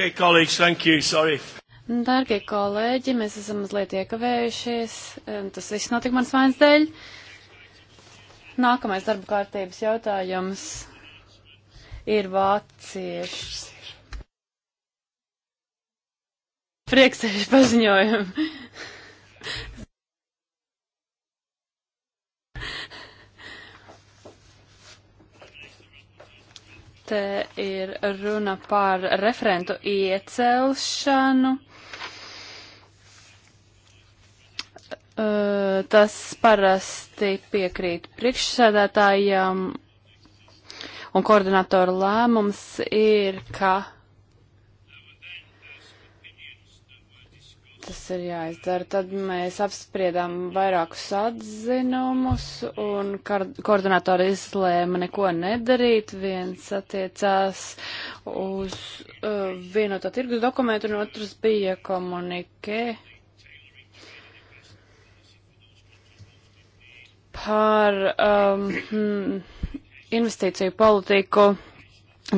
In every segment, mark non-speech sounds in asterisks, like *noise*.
Okay, colleagues, thank you, sorry. Dārgie kolēģi, mēs esam mazliet iekavējušies, tas viss notika manas vainas dēļ. Nākamais darba kārtības jautājums ir vāciešs. Priekšsēžu paziņojumu. Te ir runa par referentu iecelšanu. Tas parasti piekrīt priekšsēdētājiem, un koordinatoru lēmums ir, ka tas ir jāizdara. Tad mēs apspriedām vairākus atzinumus, un koordinātori izlēma neko nedarīt. Viens attiecās uz uh, vienotā tirgus dokumentu, un otrs bija komunikē par um, hmm, investīciju politiku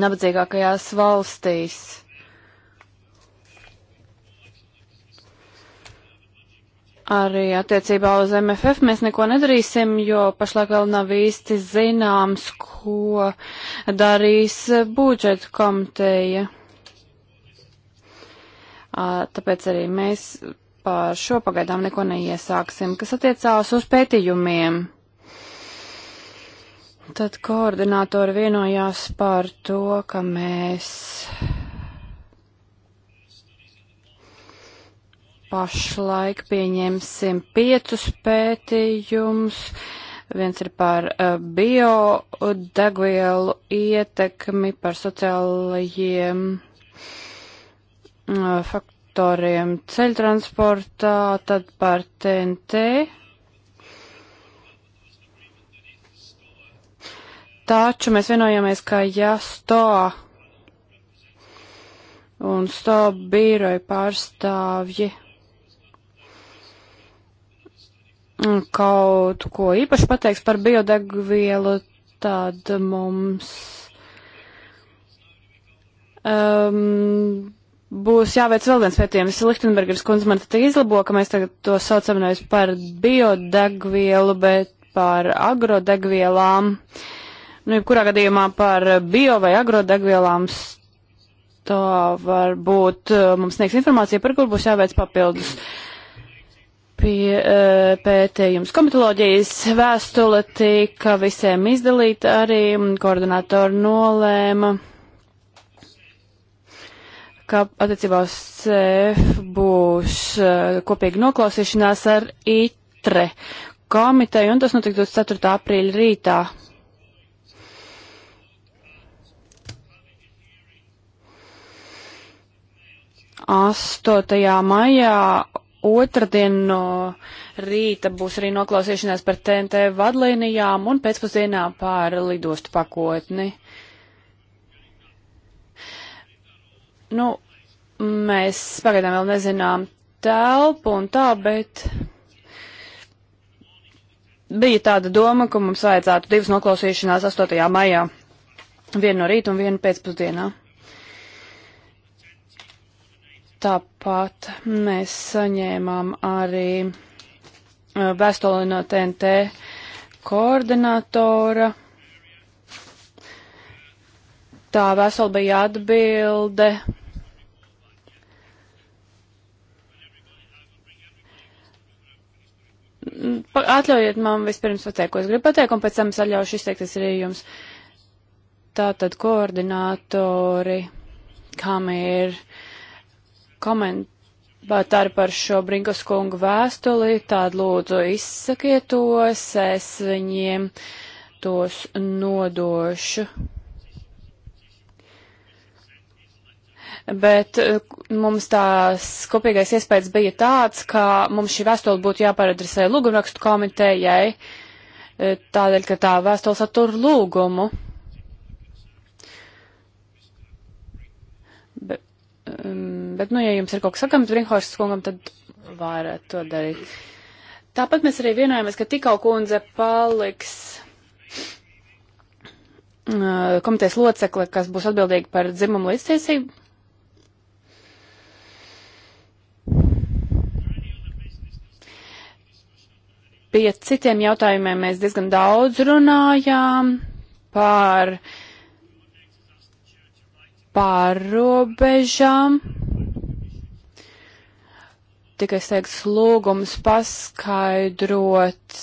nabadzīgākajās valstīs. Arī attiecībā uz MFF mēs neko nedarīsim, jo pašlaik vēl nav īsti zināms, ko darīs budžeta komiteja. Tāpēc arī mēs par šo pagaidām neko neiesāksim, kas attiecās uz pētījumiem. Tad koordinātori vienojās par to, ka mēs pašlaik pieņemsim piecus pētījumus. Viens ir par eh, biodegvielu ietekmi, par sociālajiem eh, faktoriem ceļtransportā, tad par TNT. Taču mēs vienojāmies, ka ja sto un sto bīroja pārstāvji Mm, kaut ko īpaši pateiks par biodegvielu, tad mums um, būs jāveic vēl viens pētījums. Lichtenbergers kundze man te izlabo, ka mēs tagad to saucam nevis par biodegvielu, bet par agrodegvielām. Nu, jebkurā gadījumā par bio vai agrodegvielām tā varbūt uh, mums sniegs informācija, par kur būs jāveic papildus. Uh, pie, uh, pētījums. Komitoloģijas vēstule tika visiem izdalīta arī, un koordinātori nolēma, ka attiecībā uz CF būs uh, eh, kopīgi noklausīšanās ar ITRE komiteju, un tas notika 4. aprīļa rītā. Astotajā maijā Otradien no rīta būs arī noklausīšanās par TNT vadlīnijām un pēcpusdienā par lidostu pakotni. Nu, mēs pagaidām vēl nezinām telpu un tā, bet bija tāda doma, ka mums vajadzētu divas noklausīšanās 8. maijā. Vienu no rīta un vienu pēcpusdienā. Tāpat mēs saņēmām arī eh, vēstuli no TNT koordinatora. Tā vēstule bija atbilde Atļaujiet man vispirms pateikt, ko es gribu pateikt, un pēc tam es atļaušu izteikties arī jums. Tātad koordinātori, kam ir komentāri par šo Brinkos kungu vēstuli, tād lūdzu izsakiet tos, es viņiem tos nodošu. bet eh, mums tās kopīgais iespējas bija tāds, ka mums šī vēstule būtu jāparadresē lūgumrakstu komitejai, eh, tādēļ, ka tā vēstule satura lūgumu. Bet, Um, bet, nu, ja jums ir kaut kas sakams Brinkhorsts kungam, tad varat to darīt. Tāpat mēs arī vienojamies, ka tikau kundze paliks uh, komitejas locekle, kas būs atbildīga par dzimumu līdztiesību. Pie citiem jautājumiem mēs diezgan daudz runājām par uh, pārrobežām. Tikai es teiktu, lūgums paskaidrot,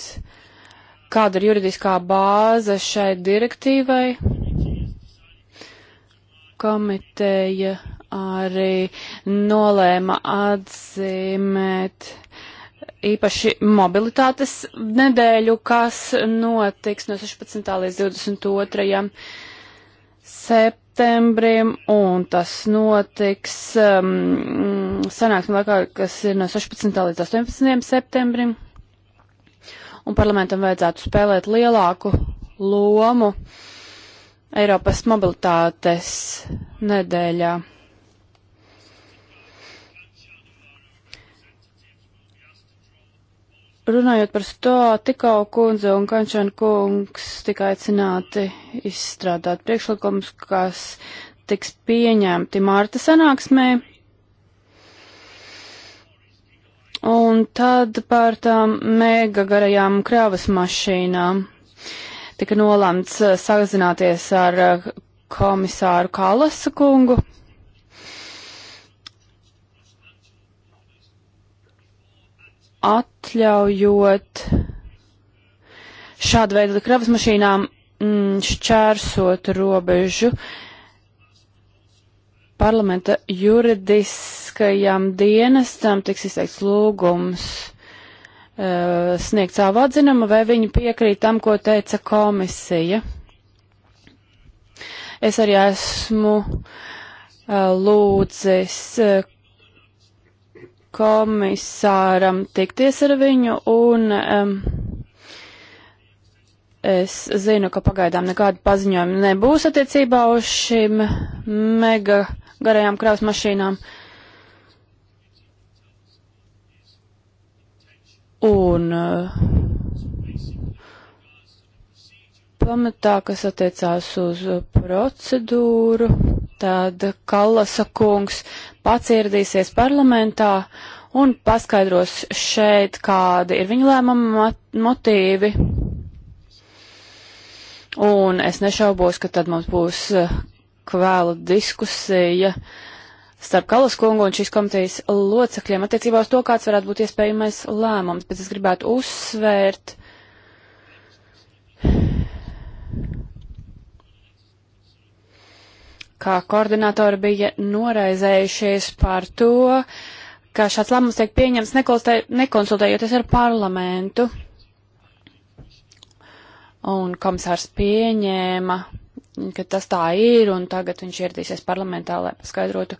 kāda ir juridiskā bāze šai direktīvai. Komiteja arī nolēma atzīmēt īpaši mobilitātes nedēļu, kas notiks no 16. līdz 22 septembrim, un tas notiks um, sanāksmē laikā, kas ir no 16. līdz 18. septembrim. Un parlamentam vajadzētu spēlēt lielāku lomu Eiropas mobilitātes nedēļā. Runājot par to, tikau kundze un kančana kungs tika aicināti izstrādāt priekšlikums, kas tiks pieņemti Mārta sanāksmē. Un tad par tām mega garajām kravas mašīnām tika nolēmts sazināties ar eh, komisāru Kalasu kungu atļaujot šādu veidu kravas mašīnām mm, šķērsot robežu. Parlamenta juridiskajam dienestam tiks izteikts lūgums uh, sniegt savu atzinumu, vai viņi piekrīt tam, ko teica komisija. Es arī esmu uh, lūdzis uh, komisāram tikties ar viņu, un um, es zinu, ka pagaidām nekādu paziņojumu nebūs attiecībā uz šīm mega garajām kravas mašīnām. Un uh, pamatā, kas attiecās uz procedūru tad Kallasa kungs pats ieradīsies parlamentā un paskaidros šeit, kādi ir viņa lēmuma motīvi. Un es nešaubos, ka tad mums būs eh, kvēla diskusija starp Kalas kungu un šīs komitejas locekļiem attiecībā uz to, kāds varētu būt iespējamais lēmums, bet es gribētu uzsvērt kā koordinatori bija noraizējušies par to, ka šāds lēmums tiek pieņemts nekonsultējoties ar parlamentu. Un komisārs pieņēma, ka tas tā ir, un tagad viņš ieradīsies parlamentā, lai paskaidrotu,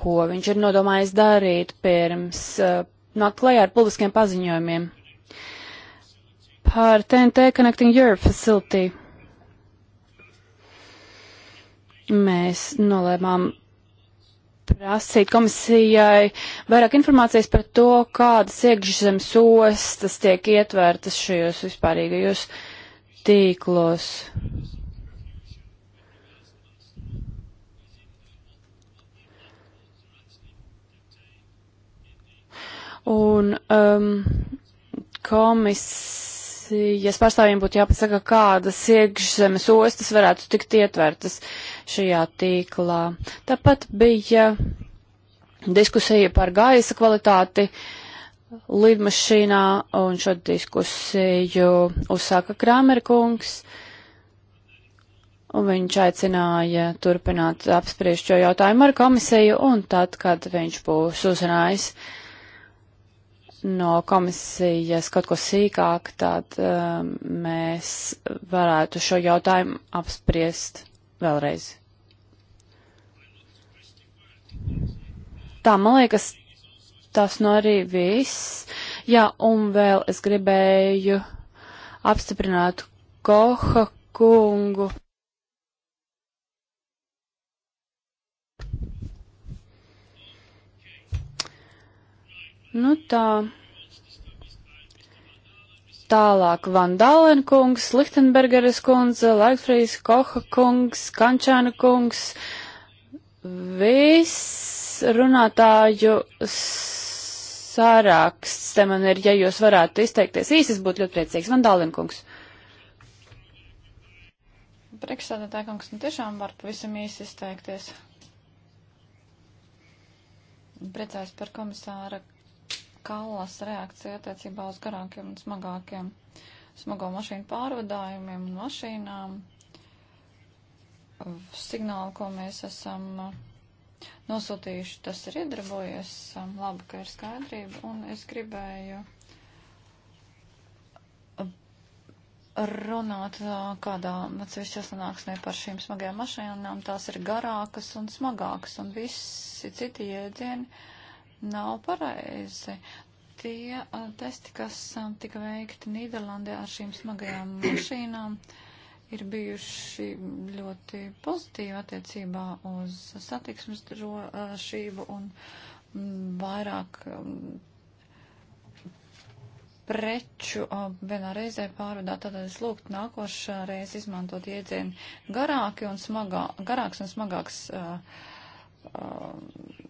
ko viņš ir nodomājis darīt pirms uh, nāk klajā ar publiskiem paziņojumiem. Par TNT Connecting Europe Facility Mēs nolēmām prasīt komisijai vairāk informācijas par to, kādas iekšzemes ostas tiek ietvērtas šajos vispārīgajos tīklos. Un um, komisija komisijas pārstāvjiem būtu jāpasaka, kādas iekšzemes ostas varētu tikt ietvertas šajā tīklā. Tāpat bija diskusija par gaisa kvalitāti lidmašīnā, un šo diskusiju uzsāka Krāmerkungs. Un viņš aicināja turpināt apspriest šo jautājumu ar komisiju, un tad, kad viņš būs uzrājis uh, no komisijas kaut ko sīkāk, tad um, mēs varētu šo jautājumu apspriest vēlreiz. Tā, man liekas, tas no arī viss. Jā, un vēl es gribēju apstiprināt Koha kungu. Nu tā. Tālāk Van Dalen kungs, Lichtenbergeres kundze, Laikfrīs Koha kungs, Kančēna kungs. Viss runātāju saraksts te man ir, ja jūs varētu izteikties īsi, es būtu ļoti priecīgs. Van Dalen kungs. Priekšsēdētāj kungs, nu tiešām var pavisam īsi izteikties. Priecājos par komisāra Kallas reakcija attiecībā uz garākiem un smagākiem smago mašīnu pārvadājumiem un mašīnām. Signāli, ko mēs esam nosūtījuši, tas ir iedarbojies. Labi, ka ir skaidrība. Un es gribēju runāt kādā atsevišķā sanāksmē par šīm smagajām mašīnām. Tās ir garākas un smagākas, un visi citi jēdzieni nav pareizi. Tie a, testi, kas a, tika veikti Nīderlandē ar šīm smagajām mašīnām, ir bijuši ļoti pozitīvi attiecībā uz satiksmes drošību un vairāk preču vienā reizē pārvadā, tad es lūgtu nākošā reize izmantot iedzienu garāki un smagā, garāks un smagāks uh, uh,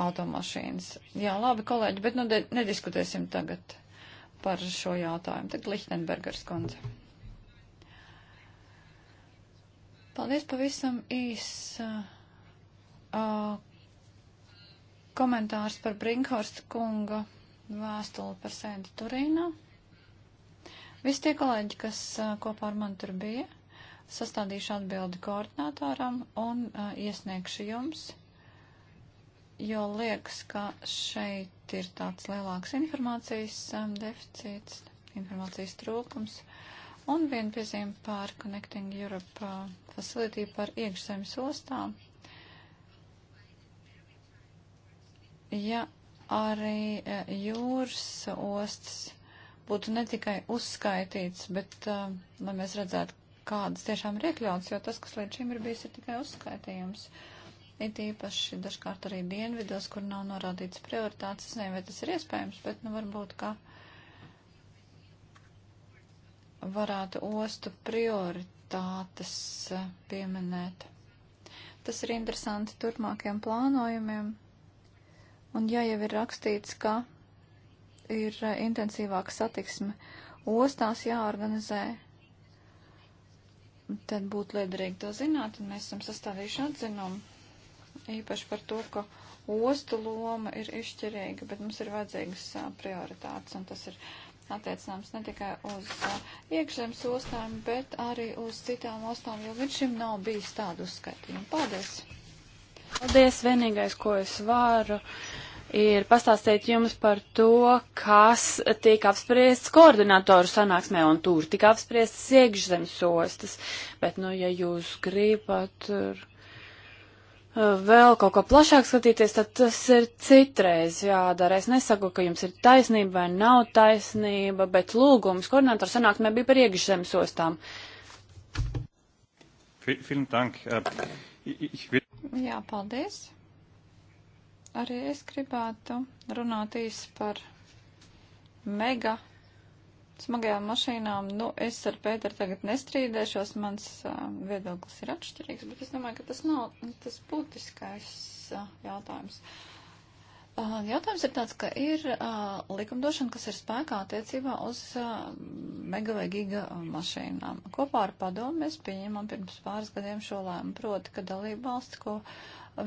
automašīnas. Jā, labi, kolēģi, bet nu nediskutēsim tagad par šo jautājumu. Tagad Lichtenbergers kundze. Paldies pavisam īs uh, komentārs par Brinkhorsta kunga vēstuli par sēdi Turīnā. Visi tie kolēģi, kas uh, kopā ar mani tur bija, sastādīšu atbildi koordinātāram un uh, iesniegšu jums jo liekas, ka šeit ir tāds lielāks informācijas um, deficīts, informācijas trūkums. Un viena piezīme par Connecting Europe uh, facility par iekšzemes ostām. Ja arī uh, jūras ostas būtu ne tikai uzskaitīts, bet uh, lai mēs redzētu, kādas tiešām ir iekļauts, jo tas, kas līdz šim ir bijis, ir tikai uzskaitījums. Uh, It īpaši dažkārt arī dienvidos, kur nav norādīts prioritātes. Es nezinu, vai tas ir iespējams, bet nu varbūt, ka varētu ostu prioritātes eh, pieminēt. Tas ir interesanti turpmākiem plānojumiem. Un ja jau ir rakstīts, ka ir eh, intensīvāka satiksme ostās jāorganizē, tad būtu liederīgi to zināt, un mēs esam sastādījuši atzinumu īpaši par to, ka ostu loma ir izšķirīga, bet mums ir vajadzīgas prioritātes, un tas ir attiecināms ne tikai uz iekšzemes ostām, bet arī uz citām ostām, jo līdz šim nav bijis tādu uzskaitījumu. Paldies! Paldies! Vienīgais, ko es varu, ir pastāstīt jums par to, kas tika apspriests koordinatoru sanāksmē, un tur tika apspriestas iekšzemes ostas, bet, nu, ja jūs gribat. Tur vēl kaut ko plašāk skatīties, tad tas ir citreiz jādara. Es nesaku, ka jums ir taisnība vai nav taisnība, bet lūgums koordinātoru sanāksmē bija par iekšzemes ostām. Äh, Jā, paldies. Arī es gribētu runāt īsi par mega smagajām mašīnām, nu, es ar Pēteru tagad nestrīdēšos, mans uh, viedoklis ir atšķirīgs, bet es domāju, ka tas nav tas būtiskais uh, jautājums. Uh, Jautājums ir tāds, ka ir uh, likumdošana, kas ir spēkā attiecībā uz uh, mega vai giga mašīnām. Kopā ar padomu mēs pieņemam pirms pāris gadiem šo lēmu, proti, ka dalība valsts, ko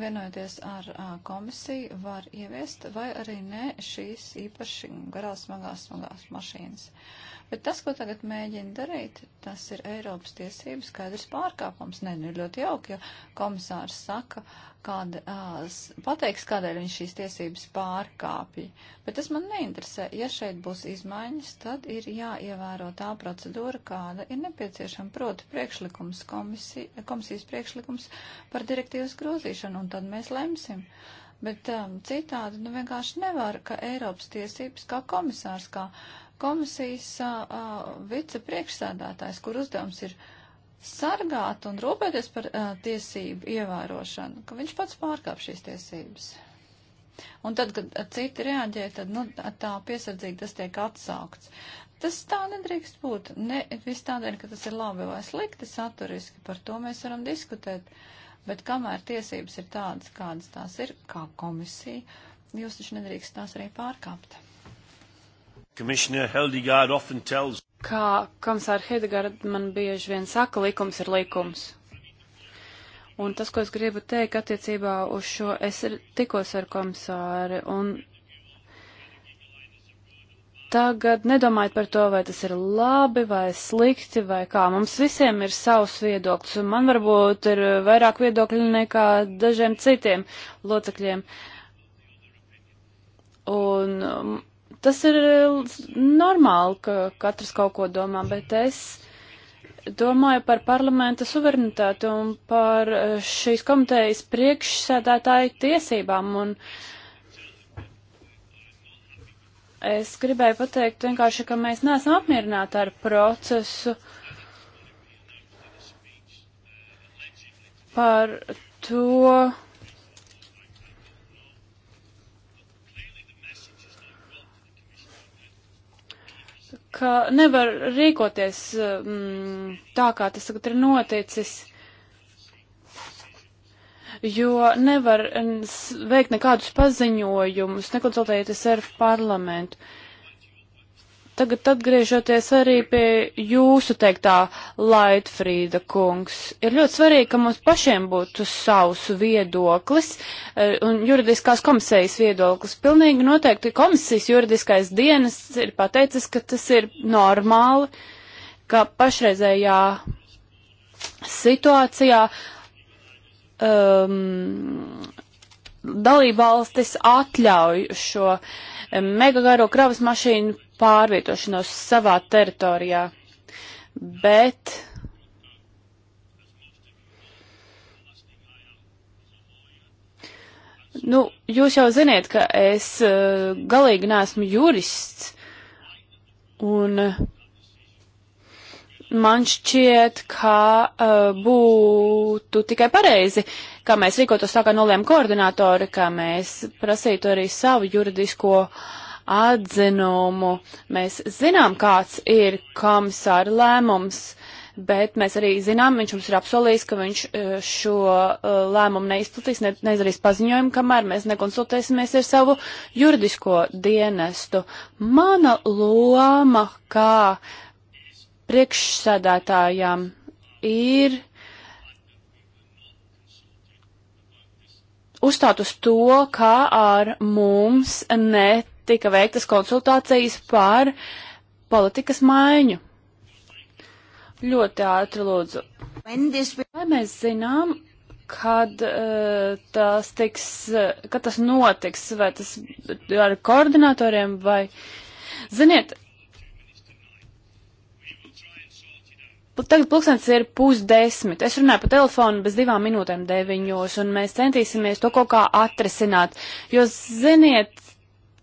vienojoties ar uh, komisiju, var ieviest vai arī ne šīs īpaši garās smagās smagās mašīnas. Uh, Bet tas, ko tagad mēģina darīt, tas ir Eiropas tiesības skaidrs pārkāpums. Nē, nu ir ļoti jauki, ja komisārs saka, kāda, uh, pateiks, kādēļ viņš šīs tiesības pārkāpja. Bet tas man neinteresē. Ja šeit būs izmaiņas, tad ir jāievēro tā procedūra, kāda ir nepieciešama. Proti priekšlikums komisija, komisijas priekšlikums par direktīvas grozīšanu, un tad mēs lemsim. Bet um, citādi nu, vienkārši nevar, ka Eiropas tiesības kā komisārs, kā uh, komisijas uh, vicepriekšsēdētājs, kur uzdevums ir sargāt un rūpēties par uh, tiesību ievērošanu, ka viņš pats pārkāp šīs tiesības. Un tad, kad citi reaģē, tad nu, tā piesardzīgi tas tiek atsaukts. Tas tā nedrīkst būt. Ne vis tādēļ, ka tas ir labi vai slikti saturiski, par to mēs varam diskutēt. Bet kamēr tiesības ir tādas, kādas tās ir, kā komisija, jūs taču nedrīkst tās arī pārkāpt. Tells... Kā komisāra Hedegārda man bieži vien saka, likums ir likums. Un tas, ko es gribu teikt attiecībā uz šo, es tikos ar komisāri un tagad nedomājiet par to, vai tas ir labi vai slikti vai kā. Mums visiem ir savs viedoklis, un man varbūt ir vairāk viedokļi nekā dažiem citiem locekļiem. Un um, Tas ir eh, normāli, ka katrs kaut ko domā, bet es domāju par parlamenta suverenitāti un par eh, šīs komitejas priekšsēdētāju tiesībām. Un es gribēju pateikt vienkārši, ka mēs neesam apmierināti ar procesu par to, ka nevar rīkoties eh, mm, tā, kā tas tagad ir noticis, jo nevar mm, veikt nekādus paziņojumus, nekonsultējoties ar parlamentu. Uh, Tagad atgriežoties arī pie jūsu teiktā, Laitfrīda kungs, ir ļoti svarīgi, ka mums pašiem būtu savs viedoklis eh, un juridiskās komisijas viedoklis. Pilnīgi noteikti komisijas juridiskais dienas ir pateicis, ka tas ir normāli, ka pašreizējā situācijā um, dalībvalstis atļauj šo uh, megagaro kravas mašīnu pārvietošanos savā teritorijā, bet Nu, jūs jau ziniet, ka es uh, galīgi neesmu jurists, un uh, man šķiet, ka uh, būtu tikai pareizi, kā mēs rīkotos tā, kā nolēma koordinātori, kā mēs prasītu arī savu juridisko atzinumu. Mēs zinām, kāds ir komisāra lēmums, bet mēs arī zinām, viņš mums ir apsolījis, ka viņš uh, šo uh, lēmumu neizplatīs, ne, neizdarīs paziņojumu, kamēr mēs nekonsultēsimies ar savu juridisko dienestu. Mana loma, kā uh, priekšsēdētājām ir uzstāt uz to, kā ar mums netika veiktas konsultācijas par politikas maiņu. Ļoti ātri lūdzu. Vai mēs zinām, kad uh, tas tiks, uh, kad tas notiks, vai tas ar koordinatoriem, vai, ziniet, Nu, tagad pulkstenis ir pusdesmit. Es runāju pa telefonu bez divām minūtēm deviņos, un mēs centīsimies to kaut kā atrisināt. Jo, ziniet,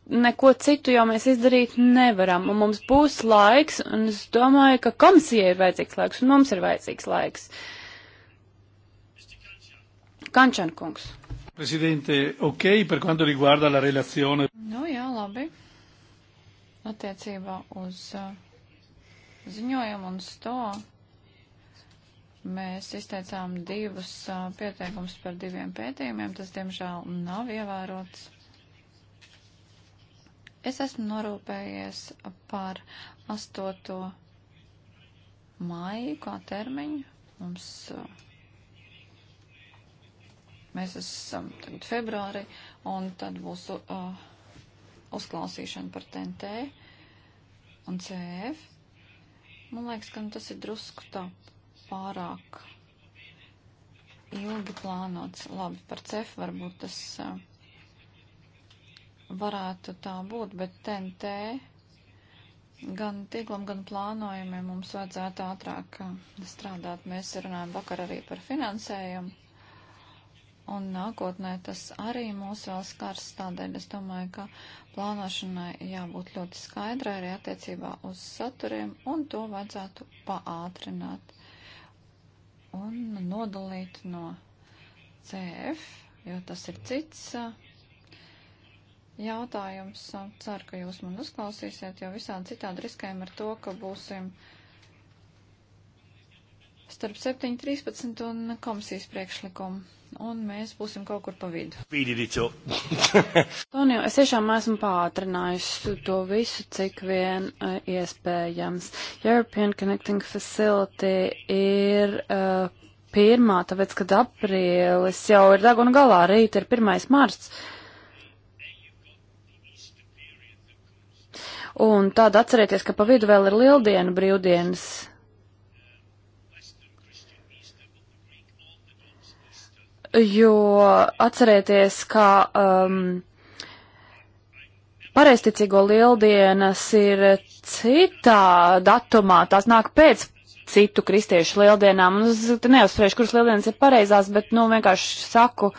neko citu jau mēs izdarīt nevaram, un mums būs laiks, un es domāju, ka komisijai ir vajadzīgs laiks, un mums ir vajadzīgs laiks. Kančankungs. Presidente, ok, par quanto riguarda la relazione. Nu jā, labi. Attiecībā uz uh, ziņojumu un stāvu Mēs izteicām divus uh, pieteikumus par diviem pētījumiem, tas diemžēl nav ievērots. Es esmu norūpējies par 8. māju kā termiņu. Mums, uh, mēs esam tagad februāri, un tad būs uh, uzklausīšana par TNT un CF. Man liekas, ka nu, tas ir drusku tā pārāk ilgi plānots. Labi, par CEF varbūt tas eh, varētu tā būt, bet TNT gan tīklam, gan plānojumiem mums vajadzētu ātrāk eh, strādāt. Mēs runājam vakar arī par finansējumu. Un nākotnē tas arī mūs vēl skars, tādēļ es domāju, ka plānošanai jābūt ļoti skaidrai arī attiecībā uz saturiem, un to vajadzētu paātrināt un nodalīt no CF, jo tas ir cits jautājums. Ceru, ka jūs man uzklausīsiet, jo visādi citādi riskējam ar to, ka būsim uh, starp 7.13 un komisijas priekšlikumu. Un mēs būsim kaut kur pa vidu. *laughs* Tonio, es tiešām esmu pātrinājusi to visu, cik vien uh, iespējams. European Connecting Facility ir uh, pirmā, tāpēc, kad aprīlis jau ir deguna galā, rīt ir pirmais marts. Un tāda atcerieties, ka pa vidu vēl ir lieldienu brīvdienas jo atcerieties, ka um, pareisticīgo lieldienas ir citā datumā, tās nāk pēc citu kristiešu lieldienām. Es neuzspriešu, kuras lieldienas ir pareizās, bet nu, vienkārši saku,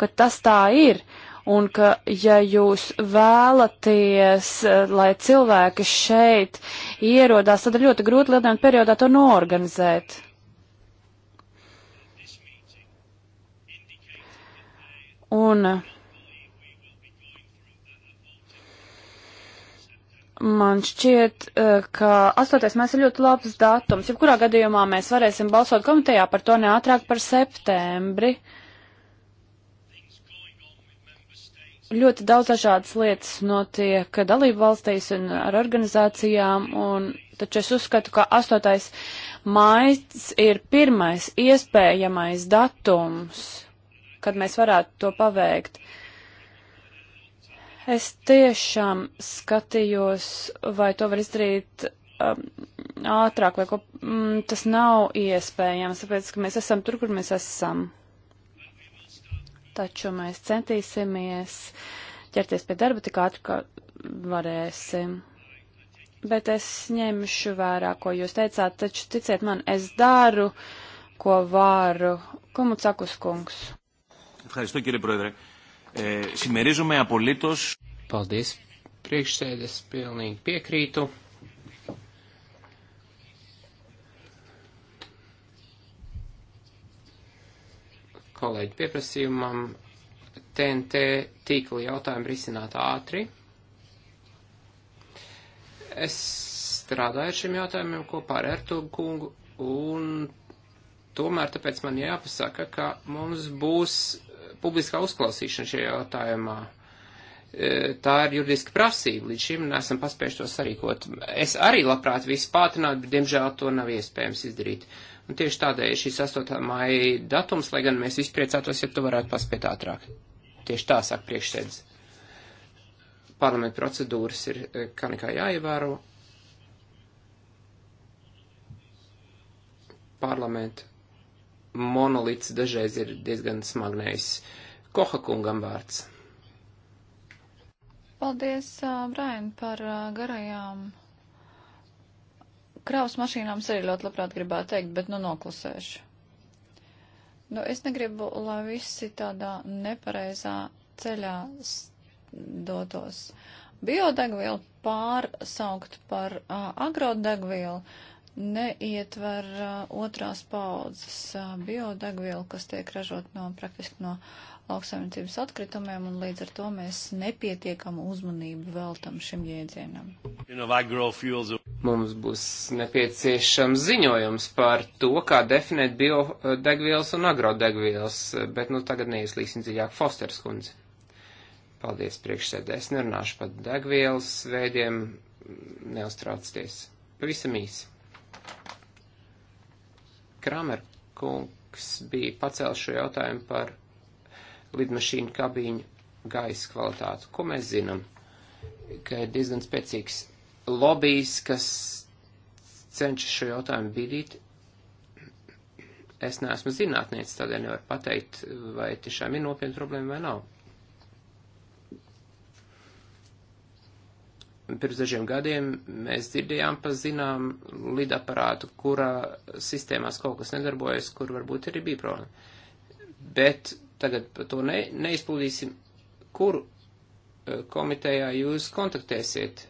ka tas tā ir. Un ka, ja jūs vēlaties, eh, lai cilvēki šeit ierodās, tad ir ļoti grūti lieldienu periodā to noorganizēt. Un man šķiet, eh, ka 8. mēs ir ļoti labs datums. Jebkurā gadījumā mēs varēsim balsot komitejā par to neatrāk par septembri. Ļoti daudz dažādas lietas notiek dalību valstīs un ar organizācijām, un taču es uzskatu, ka 8. maijs ir pirmais iespējamais datums kad mēs varētu to paveikt. Es tiešām skatījos, vai to var izdarīt um, ātrāk, vai ko mm, tas nav iespējams, tāpēc, ka mēs esam tur, kur mēs esam. Taču mēs centīsimies ķerties pie darba tik ātri, kā varēsim bet es ņemšu vērā, ko jūs teicāt, taču ticiet man, es daru, ko varu. Komucakus kungs. Ευχαριστώ κύριε Πρόεδρε. Ε, συμμερίζομαι απολύτως. Paldies. Priekšsēdes pilnīgi piekrītu. Kolēģi pieprasījumam TNT tīkla jautājumu risināt ātri. Es strādāju ar šiem jautājumiem kopā ar Ertugu kungu un Tomēr tāpēc man jāpasaka, ka mums būs eh, publiskā uzklausīšana šajā jautājumā. Eh, tā ir juridiska prasība, līdz šim nesam paspējuši to sarīkot. Es arī labprāt visu pātrināt, bet diemžēl to nav iespējams izdarīt. Un tieši tādēļ šis 8. māja datums, lai gan mēs vispriecātos, ja tu varētu paspēt ātrāk. Tieši tā saka priekšsēdz. Parlamenta procedūras ir eh, kā nekā jāievēro. Parlamenta monolīts dažreiz ir diezgan smagnējs. Koha kungam vārds. Paldies, Brain, par garajām kravas mašīnām. Es arī ļoti labprāt gribētu teikt, bet nu noklusēšu. Nu, es negribu, lai visi tādā nepareizā ceļā dotos. Biodegvielu pārsaukt par uh, agrodegvielu. Uh, neietver otrās paudzes biodegvielu, kas tiek ražot no praktiski no lauksaimniecības atkritumiem, un līdz ar to mēs nepietiekamu uzmanību veltam šim jēdzienam. Mums būs nepieciešams ziņojums par to, kā definēt biodegvielas un agrodegvielas, bet nu tagad neieslīgsim dziļāk Fosters kundze. Paldies priekšsēdē, es nerunāšu par degvielas veidiem, neuztraucieties. Pavisam īsi Kramer kungs bija pacēlis šo jautājumu par lidmašīnu kabīņu gaisa kvalitāti. Ko mēs zinām? Ka ir diezgan spēcīgs lobijs, kas cenšas šo jautājumu bīdīt. Es neesmu zinātnieks, tādēļ nevaru pateikt, vai tiešām ir nopietna problēma vai nav. Pirms dažiem gadiem mēs dzirdējām pa zinām lidaparātu, kurā sistēmās kaut kas nedarbojas, kur varbūt arī bija problēma. Bet tagad par to ne, neizpildīsim, kur eh, komitejā jūs kontaktēsiet.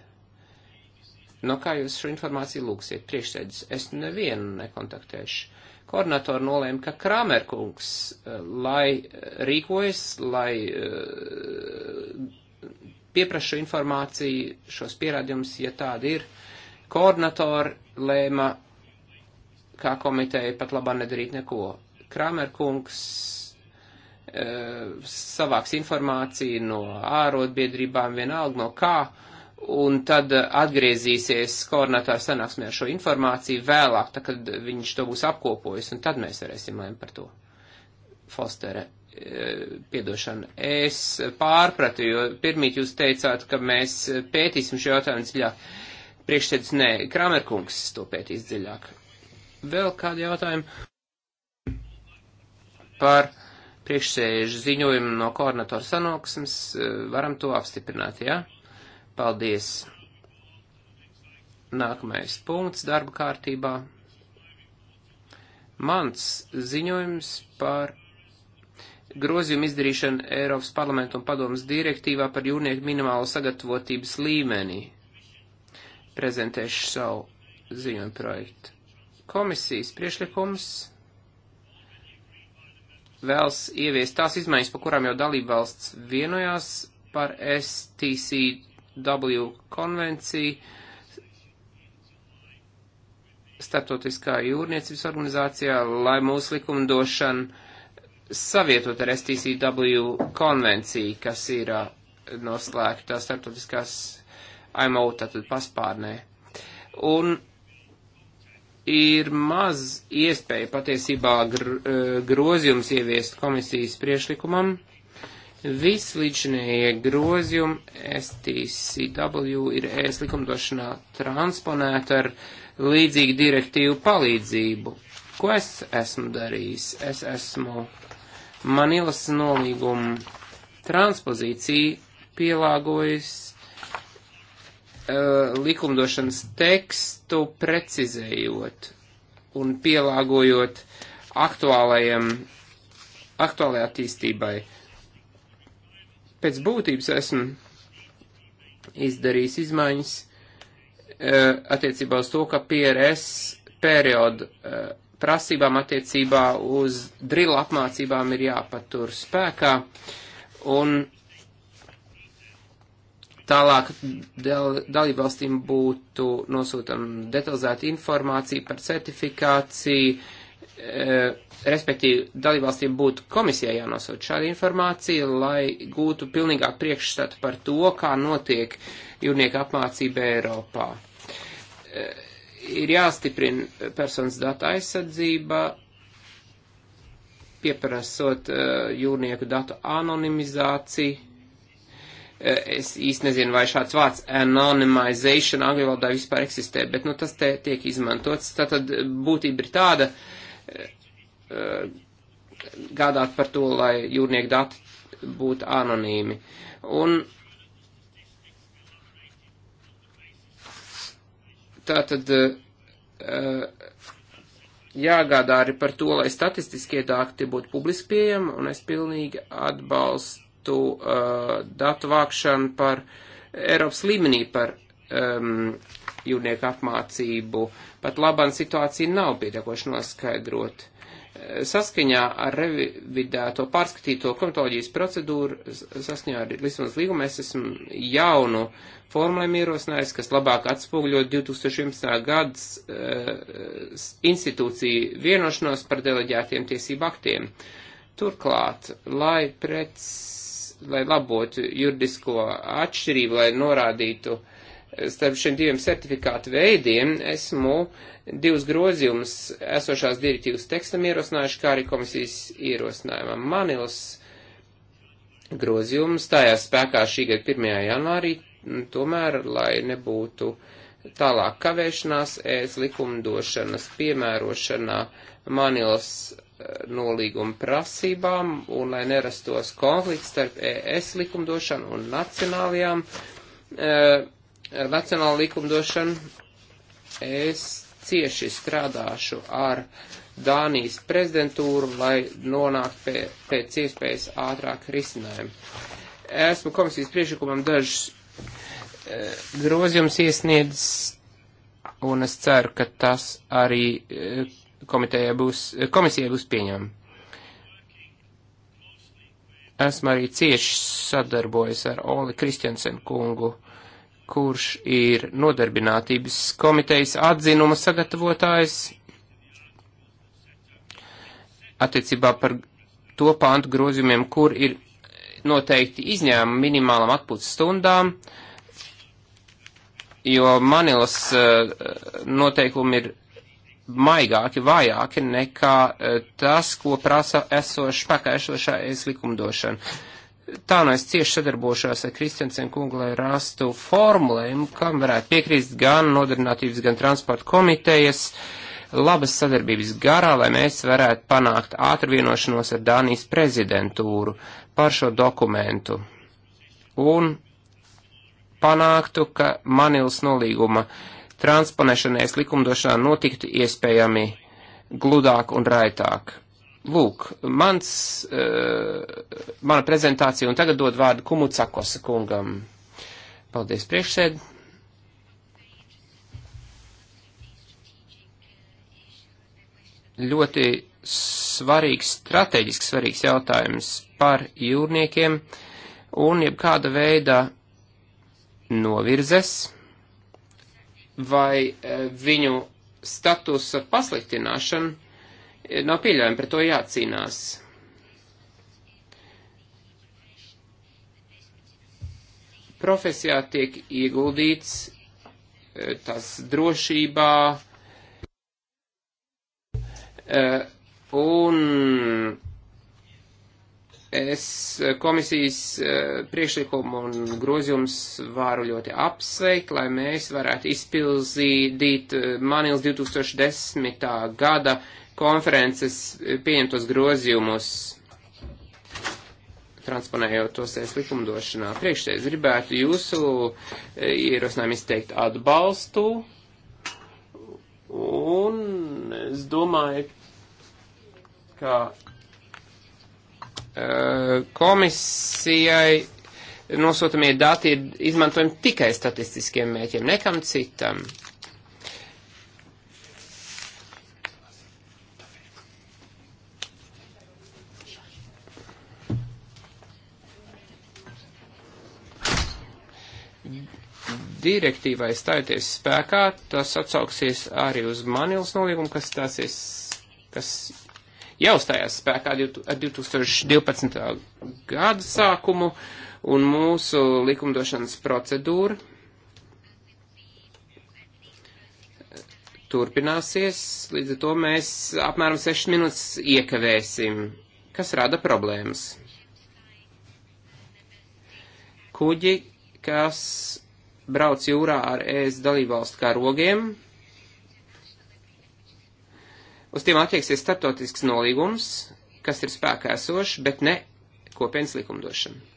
No nu, kā jūs šo informāciju lūksiet? Priekšsēdus, es nevienu nekontaktēšu. Koordinatori nolēma, ka Kramerkungs, eh, lai eh, rīkojas, lai pieprašu informāciju, šos pierādījumus, ja tādi ir. Koordinatori lēma, kā komiteja pat labā nedarīt neko. Kramerkungs e, savāks informāciju no ārotbiedrībām vienalga no kā, un tad atgriezīsies koordinatāra sanāksmē ar šo informāciju vēlāk, tad, kad viņš to būs apkopojis, un tad mēs varēsim lēmt par to. Fostere piedošanu. Es pārpratu, jo pirmīt jūs teicāt, ka mēs pētīsim šo jautājumu dziļāk. Priekšteic, nē, Kramerkungs to pētīs dziļāk. Vēl kādi jautājumi par priekšsēžu ziņojumu no koordinatora sanoksmes. Eh, varam to apstiprināt, jā? Ja? Paldies. Nākamais punkts darba kārtībā. Mans ziņojums par grozījumu izdarīšanu Eiropas parlamentu un padomas direktīvā par jūrnieku minimālo sagatavotības līmeni. Prezentēšu savu ziņojumu projektu. Komisijas priešlikums vēlas ieviest tās izmaiņas, par kurām jau dalībvalsts vienojās par STCW konvenciju, Startautiskā jūrniecības organizācijā, lai mūsu likumdošana savietot ar STCW konvenciju, kas ir uh, noslēgta starptautiskās IMO, tātad paspārnē. Un ir maz iespēja patiesībā gr uh, grozījums ieviest komisijas priešlikumam. Viss līdzinējie grozījumi STCW ir ES likumdošanā transponēta ar līdzīgu direktīvu palīdzību. Ko es esmu darījis? Es esmu uh, Manilas nolīguma transpozīcija pielāgojas uh, likumdošanas tekstu precizējot un pielāgojot aktuālajiem, aktuālajai attīstībai. Pēc būtības esmu izdarījis izmaiņas uh, attiecībā uz to, ka PRS periodu uh, prasībām attiecībā uz drila apmācībām ir jāpatur spēkā. Un tālāk dalībvalstīm būtu nosūtam detalizēta informācija par certifikāciju, e, respektīvi dalībvalstīm būtu komisijai jānosūt šāda informācija, lai gūtu pilnīgāk priekšstatu par to, kā notiek jūrnieku apmācība Eiropā. E, ir jāstiprina personas data aizsardzība, pieprasot uh, jūrnieku datu anonimizāciju. Uh, es īsti nezinu, vai šāds vārds anonimization angļu valodā vispār eksistē, bet nu, tas te tiek izmantots. Tātad būtība ir tāda uh, gādāt par to, lai jūrnieku dati būtu anonīmi. Un uh, Tātad eh, eh, jāgādā arī par to, lai statistiskie dākti būtu publiski pieejami, un es pilnīgi atbalstu uh, datu vākšanu par Eiropas līmenī par um, jūrnieku apmācību. Pat labam situācija nav pietiekoši noskaidrot saskaņā ar revidēto pārskatīto komitoloģijas procedūru, saskaņā ar Lisabonas līgumu, es esmu jaunu formulēm ierosinājis, kas labāk atspūgļo 2011. gadas uh, eh, institūciju vienošanos par deleģētiem tiesību aktiem. Turklāt, lai pret, lai labotu juridisko atšķirību, lai norādītu uh, starp šiem diviem certifikātu veidiem esmu divus grozījumus esošās direktīvas tekstam ierosinājuši, kā arī komisijas ierosinājumam. Manils grozījums stājās spēkā šī gada 1. janvārī, tomēr, lai nebūtu tālāk kavēšanās, es likumdošanas piemērošanā Manilas nolīguma prasībām un lai nerastos konflikts starp ES likumdošanu un nacionālajām uh, nacionālu likumdošanu. Es cieši strādāšu ar Dānijas prezidentūru, lai nonāktu pie, pēc iespējas ātrāk risinājumu. Esmu komisijas priekšlikumam dažus e, grozījums iesniedz, un es ceru, ka tas arī e, būs, e, komisijai būs pieņemama. Esmu arī cieši sadarbojies ar Oli Kristiansen kungu. E, kurš ir nodarbinātības komitejas atzinuma sagatavotājs attiecībā par to pāntu grozījumiem, kur ir noteikti izņēmumi minimālam atpūtas stundām, jo Manilas eh, noteikumi ir maigāki, vājāki nekā eh, tas, ko prasa esoša spēkā esošais likumdošana tā no nu es cieši sadarbošos ar Kristensen kungu, lai rastu formulējumu, kam varētu piekrist gan nodarbinātības, gan transporta komitejas labas sadarbības garā, lai mēs varētu panākt ātru vienošanos ar Dānijas prezidentūru par šo dokumentu. Un panāktu, ka Manils nolīguma transponēšanais likumdošanā notiktu iespējami gludāk un raitāk Lūk, mans, uh, mana prezentācija, un tagad dod vārdu Kumucakosa kungam. Paldies priekšsēd. Ļoti svarīgs, strateģiski svarīgs jautājums par jūrniekiem un jebkāda veida novirzes vai eh, viņu statusa pasliktināšanu nav pieļaujami, pret to jācīnās. Profesijā tiek ieguldīts e, tas drošībā e, un es komisijas e, priekšlikumu un grozījums varu ļoti apsveikt, lai mēs varētu izpildīt Manils 2010. gada uh, konferences pieņemtos grozījumus, transponējot tos es likumdošanā. Priekšsēdz gribētu jūsu e, ierosinājumu izteikt atbalstu, un es domāju, ka e, komisijai nosūtamie dati ir izmantojami tikai statistiskiem mēķiem, nekam citam. direktīvai stājoties spēkā, tas atsauksies arī uz Manilas nolīgumu, kas stāsies, kas jau stājās spēkā ar 2012. gada sākumu, un mūsu likumdošanas procedūra turpināsies, līdz ar to mēs apmēram 6 minūtes iekavēsim, kas rada problēmas. Kuģi, kas brauc jūrā ar ES dalībvalstu karogiem. Uz tiem attieksies starptautisks nolīgums, kas ir spēkā esošs, bet ne kopienas likumdošana.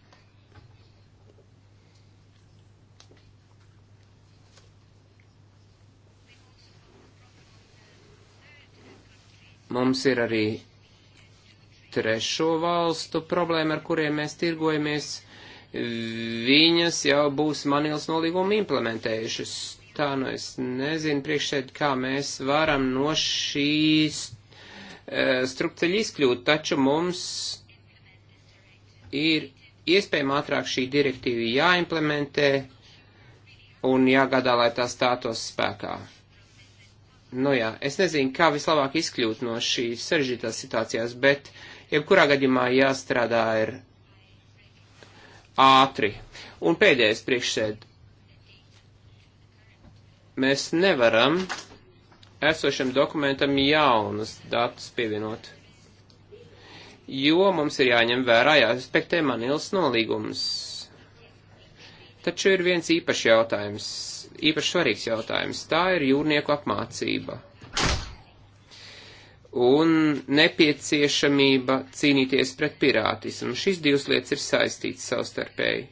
Mums ir arī trešo valstu problēma, ar kuriem mēs tirgojamies. Uh, viņas jau būs Manils nolīgumu implementējušas. Tā nu es nezinu priekšsēd, kā mēs varam no šīs e, strupceļa izkļūt, taču mums ir iespējama ātrāk šī direktīva jāimplementē un jāgadā, lai tā stātos spēkā. Nu jā, es nezinu, kā vislabāk izkļūt no šīs sarežģītās situācijās, bet jebkurā gadījumā jāstrādā ir ātri. Un pēdējais priekšsēd. Mēs nevaram esošam dokumentam jaunas datus pievienot, jo mums ir jāņem vērā, jārespektē Manils nolīgums. Taču ir viens īpašs jautājums, īpaši svarīgs jautājums. Tā ir jūrnieku apmācība un nepieciešamība cīnīties pret pirātismu. Šīs divas lietas ir saistītas savstarpēji.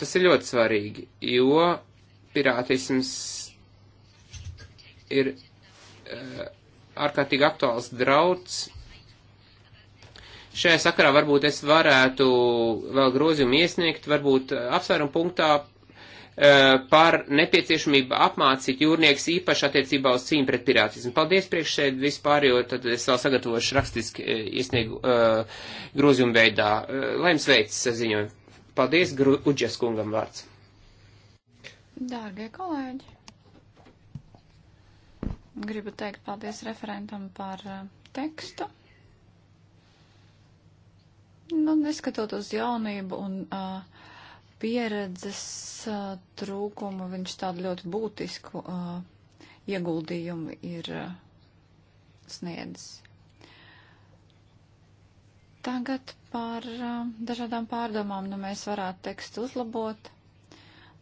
Tas ir ļoti svarīgi, jo pirātisms ir uh, ārkārtīgi aktuāls drauds. Šajā sakarā varbūt es varētu vēl grozījumu iesniegt, varbūt eh, apsvērumu punktā Eh, par nepieciešamību apmācīt jūrnieks īpaši attiecībā uz cīņu pret pirātismu. Paldies priekšsēd vispār, jo tad es vēl sagatavošu rakstiski eh, iesniegu uh, grozījumu veidā. Uh, lai jums veicas ziņojumu. Paldies, Gru Uģes kungam vārds. Dārgie kolēģi, gribu teikt paldies referentam par uh, tekstu. Nu, neskatot uz jaunību un uh, pieredzes trūkumu, viņš tādu ļoti būtisku ieguldījumu ir sniedzis. Tagad par dažādām pārdomām, nu mēs varētu tekstu uzlabot.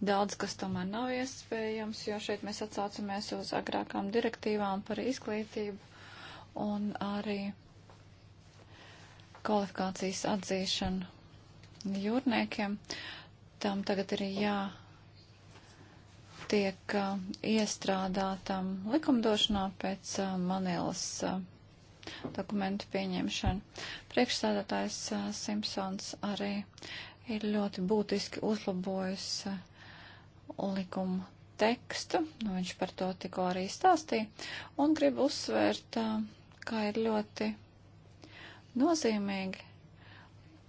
Daudz, kas tomēr nav iespējams, jo šeit mēs atsaucamies uz agrākām direktīvām par izglītību un arī kvalifikācijas atzīšanu jūrniekiem. Uh, tam tagad ir jātiek iestrādātam likumdošanā pēc Manielas dokumentu pieņemšanu. Priekšsēdētājs Simpsons arī ir ļoti būtiski uzlabojis likuma tekstu, nu, viņš par to tikko arī stāstīja, un grib uzsvērt, kā ir ļoti nozīmīgi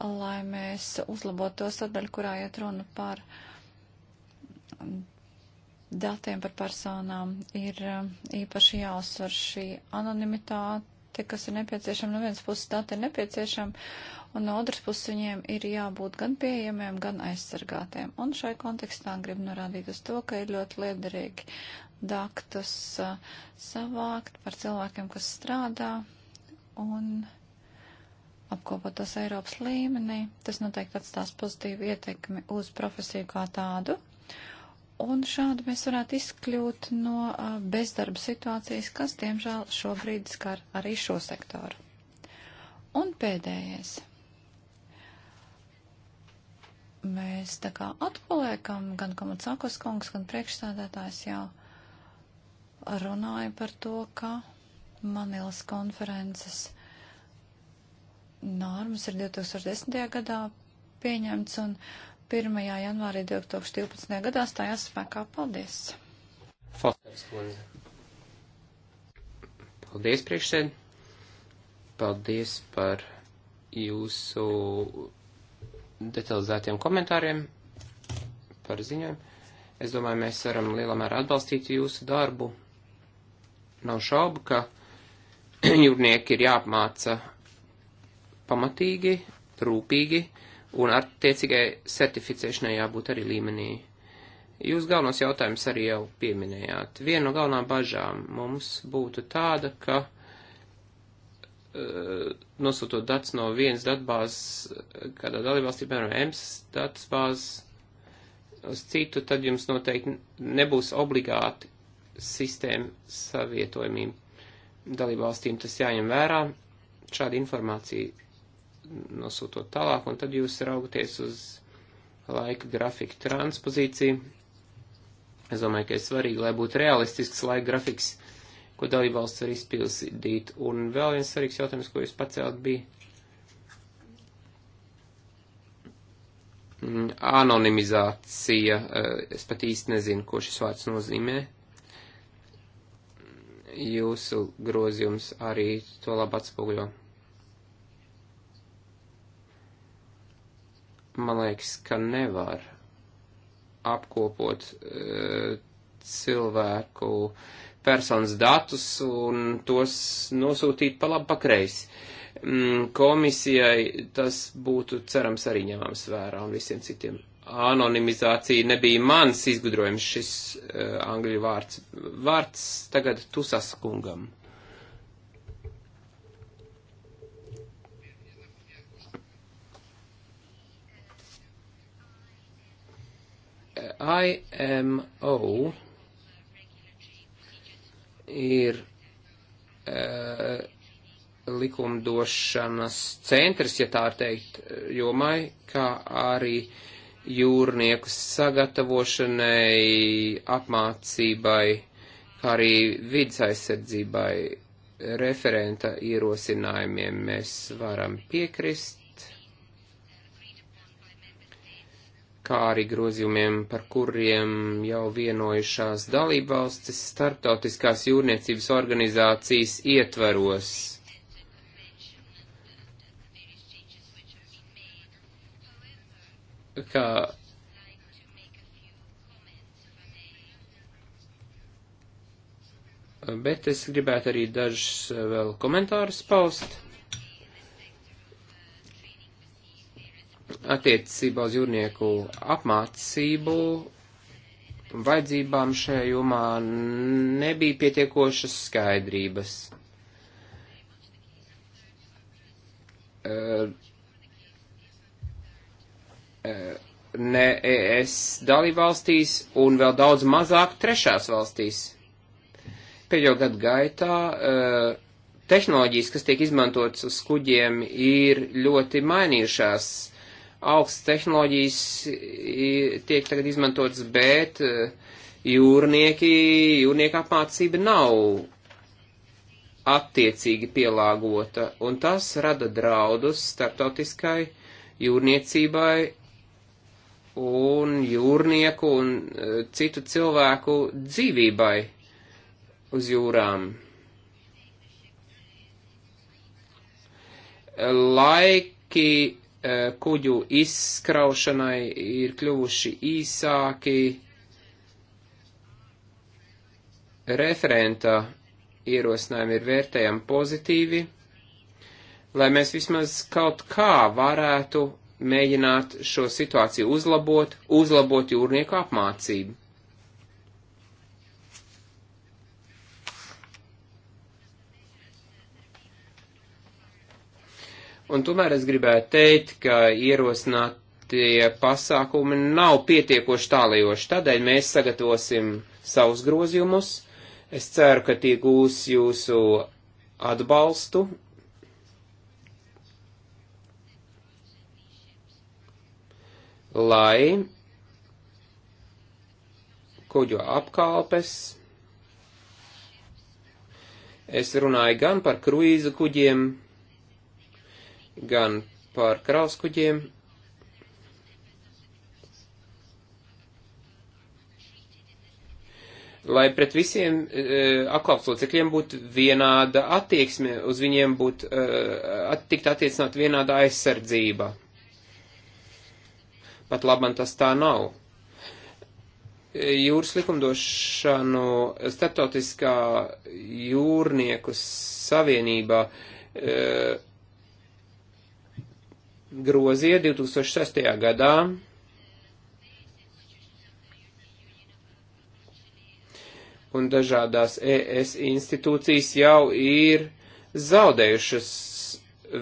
lai mēs uzlabotu to sadaļu, kurā iet runa par um, datiem par personām, ir um, īpaši jāuzsver šī anonimitāte, kas ir nepieciešama. No vienas puses dati ir nepieciešama, un no otras puses viņiem ir jābūt gan pieejamiem, gan aizsargātiem. Un šai kontekstā gribu norādīt uz to, ka ir ļoti liederīgi daktus uh, savākt par cilvēkiem, kas strādā, un apkopotos Eiropas līmenī. Tas noteikti atstās pozitīvu ietekmi uz profesiju kā tādu. Un šādi mēs varētu izkļūt no bezdarba situācijas, kas, diemžēl, šobrīd skar arī šo sektoru. Un pēdējais. Mēs tā kā atpaliekam, gan Komatsakos kungs, gan priekšstādētājs jau runāja par to, ka Manilas konferences normas ir 2010. gadā pieņemts un 1. janvārī 2012. gadā stājās spēkā. Paldies! Fosters kundze. Paldies, priekšsēd. Paldies par jūsu detalizētiem komentāriem par ziņojumu. Es domāju, mēs varam lielā mērā atbalstīt jūsu darbu. Nav šaubu, ka *clears throat* jūrnieki ir jāapmāca pamatīgi, rūpīgi, un attiecīgai certificēšanai jābūt arī līmenī. Jūs galvenos jautājumus arī jau pieminējāt. Viena no galvenām bažām mums būtu tāda, ka eh, nosūtot datus no vienas datbāzes kādā dalībvalstī, piemēram, EMS datbāzes uz citu, tad jums noteikti nebūs obligāti sistēma savietojumība dalībvalstīm. Tas jāņem vērā. Šāda informācija nosūtot tālāk, un tad jūs raugoties uz laika grafika transpozīciju. Es domāju, ka ir svarīgi, lai būtu realistisks laika grafiks, ko dalībvalsts var izpildīt. Un vēl viens svarīgs jautājums, ko jūs pacēlat, bija anonimizācija. Eh, es pat īsti nezinu, ko šis vārds nozīmē. Jūsu grozījums arī to labi atspoguļo. man liekas, ka nevar apkopot uh, cilvēku personas datus un tos nosūtīt pa labi pakreis. Mm, komisijai tas būtu cerams arī ņemams vērā un visiem citiem. Anonimizācija nebija mans izgudrojums šis uh, angļu vārds. Vārds tagad tusas kungam. IMO ir uh, likumdošanas centrs, ja tā teikt, jomai, kā arī jūrnieku sagatavošanai, apmācībai, kā arī vidas aizsardzībai referenta ierosinājumiem mēs varam piekrist kā arī grozījumiem, par kuriem jau vienojušās dalībvalstis starptautiskās jūrniecības organizācijas ietvaros. Kā Bet es gribētu arī dažus vēl komentārus paust. attiecībā uz jūrnieku apmācību vajadzībām šajā jomā nebija pietiekošas skaidrības. Eh, eh, ne es dalībvalstīs un vēl daudz mazāk trešās valstīs. Pēdējo gadu gaitā eh, tehnoloģijas, kas tiek izmantotas uz kuģiem, ir ļoti mainījušās augsts tehnoloģijas tiek tagad izmantotas, bet e, jūrnieki, jūrnieku apmācība nav attiecīgi pielāgota, un tas rada draudus starptautiskai jūrniecībai un jūrnieku un e, citu cilvēku dzīvībai uz jūrām. Laiki Eh, kuģu izskraušanai ir kļuvuši īsāki. Referenta ierosinājumi ir vērtējami pozitīvi, lai mēs vismaz kaut kā varētu mēģināt šo situāciju uzlabot, uzlabot jūrnieku apmācību. Un tomēr es gribētu teikt, ka ierosinātie pasākumi nav pietiekoši tālajoši. Tādēļ mēs sagatavosim savus grozījumus. Es ceru, ka tie gūs jūsu atbalstu. Lai kuģu apkalpes. Es runāju gan par kruīzu kuģiem, gan par krauskuģiem, lai pret visiem uh, e, akvāps locekļiem būtu vienāda attieksme, uz viņiem būtu uh, e, tikt attiecināt vienāda aizsardzība. Pat labam tas tā nav. E, jūras likumdošanu starptautiskā jūrnieku savienībā uh, grozīja 2006. gadā un dažādās ES institūcijas jau ir zaudējušas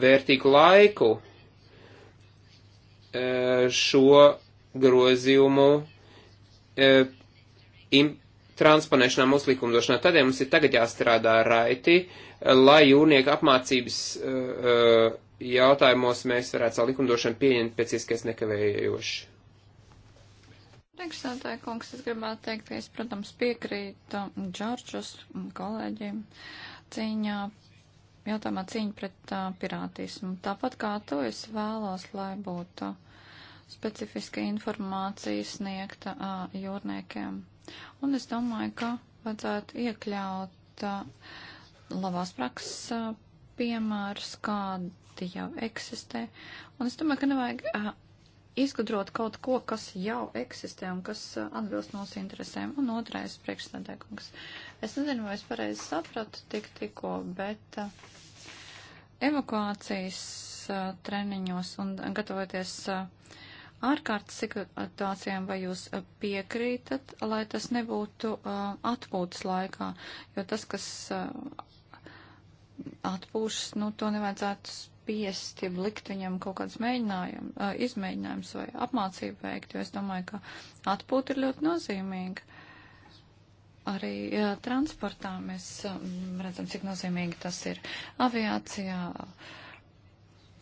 vērtīgu laiku e, šo grozījumu e, transponēšanā mūsu likumdošanā. Tādēļ ja mums ir tagad jāstrādā raiti, lai jūrnieku apmācības uh, jautājumos mēs varētu savu likumdošanu pieņemt pēc ieskais nekavējoši. Priekšsēdētāji kungs, es gribētu teikt, ka es, protams, piekrītu Džordžus kolēģiem cīņā, jautājumā cīņa pret uh, pirātismu. Tāpat kā to es vēlos, lai būtu specifiska informācija sniegta uh, jūrniekiem. Un es domāju, ka vajadzētu iekļaut uh, labās prakses piemērus, kāda tie jau eksistē. Un es domāju, ka nevajag uh, izgudrot kaut ko, kas jau eksistē un kas uh, atbilst mūsu interesēm. Un otrais priekšsēdēkungs. Es nezinu, vai es pareizi sapratu tik tikko, bet uh, evakuācijas uh, treniņos un gatavoties. Uh, ārkārtas situācijām, vai jūs piekrītat, lai tas nebūtu uh, atpūtas laikā, jo tas, kas uh, atpūšas, nu, to nevajadzētu spiest, ja likt viņam kaut kāds mēģinājums, izmēģinājums vai apmācību veikt, jo es domāju, ka atpūta ir ļoti nozīmīga. Arī jā, transportā mēs redzam, cik nozīmīgi tas ir aviācijā,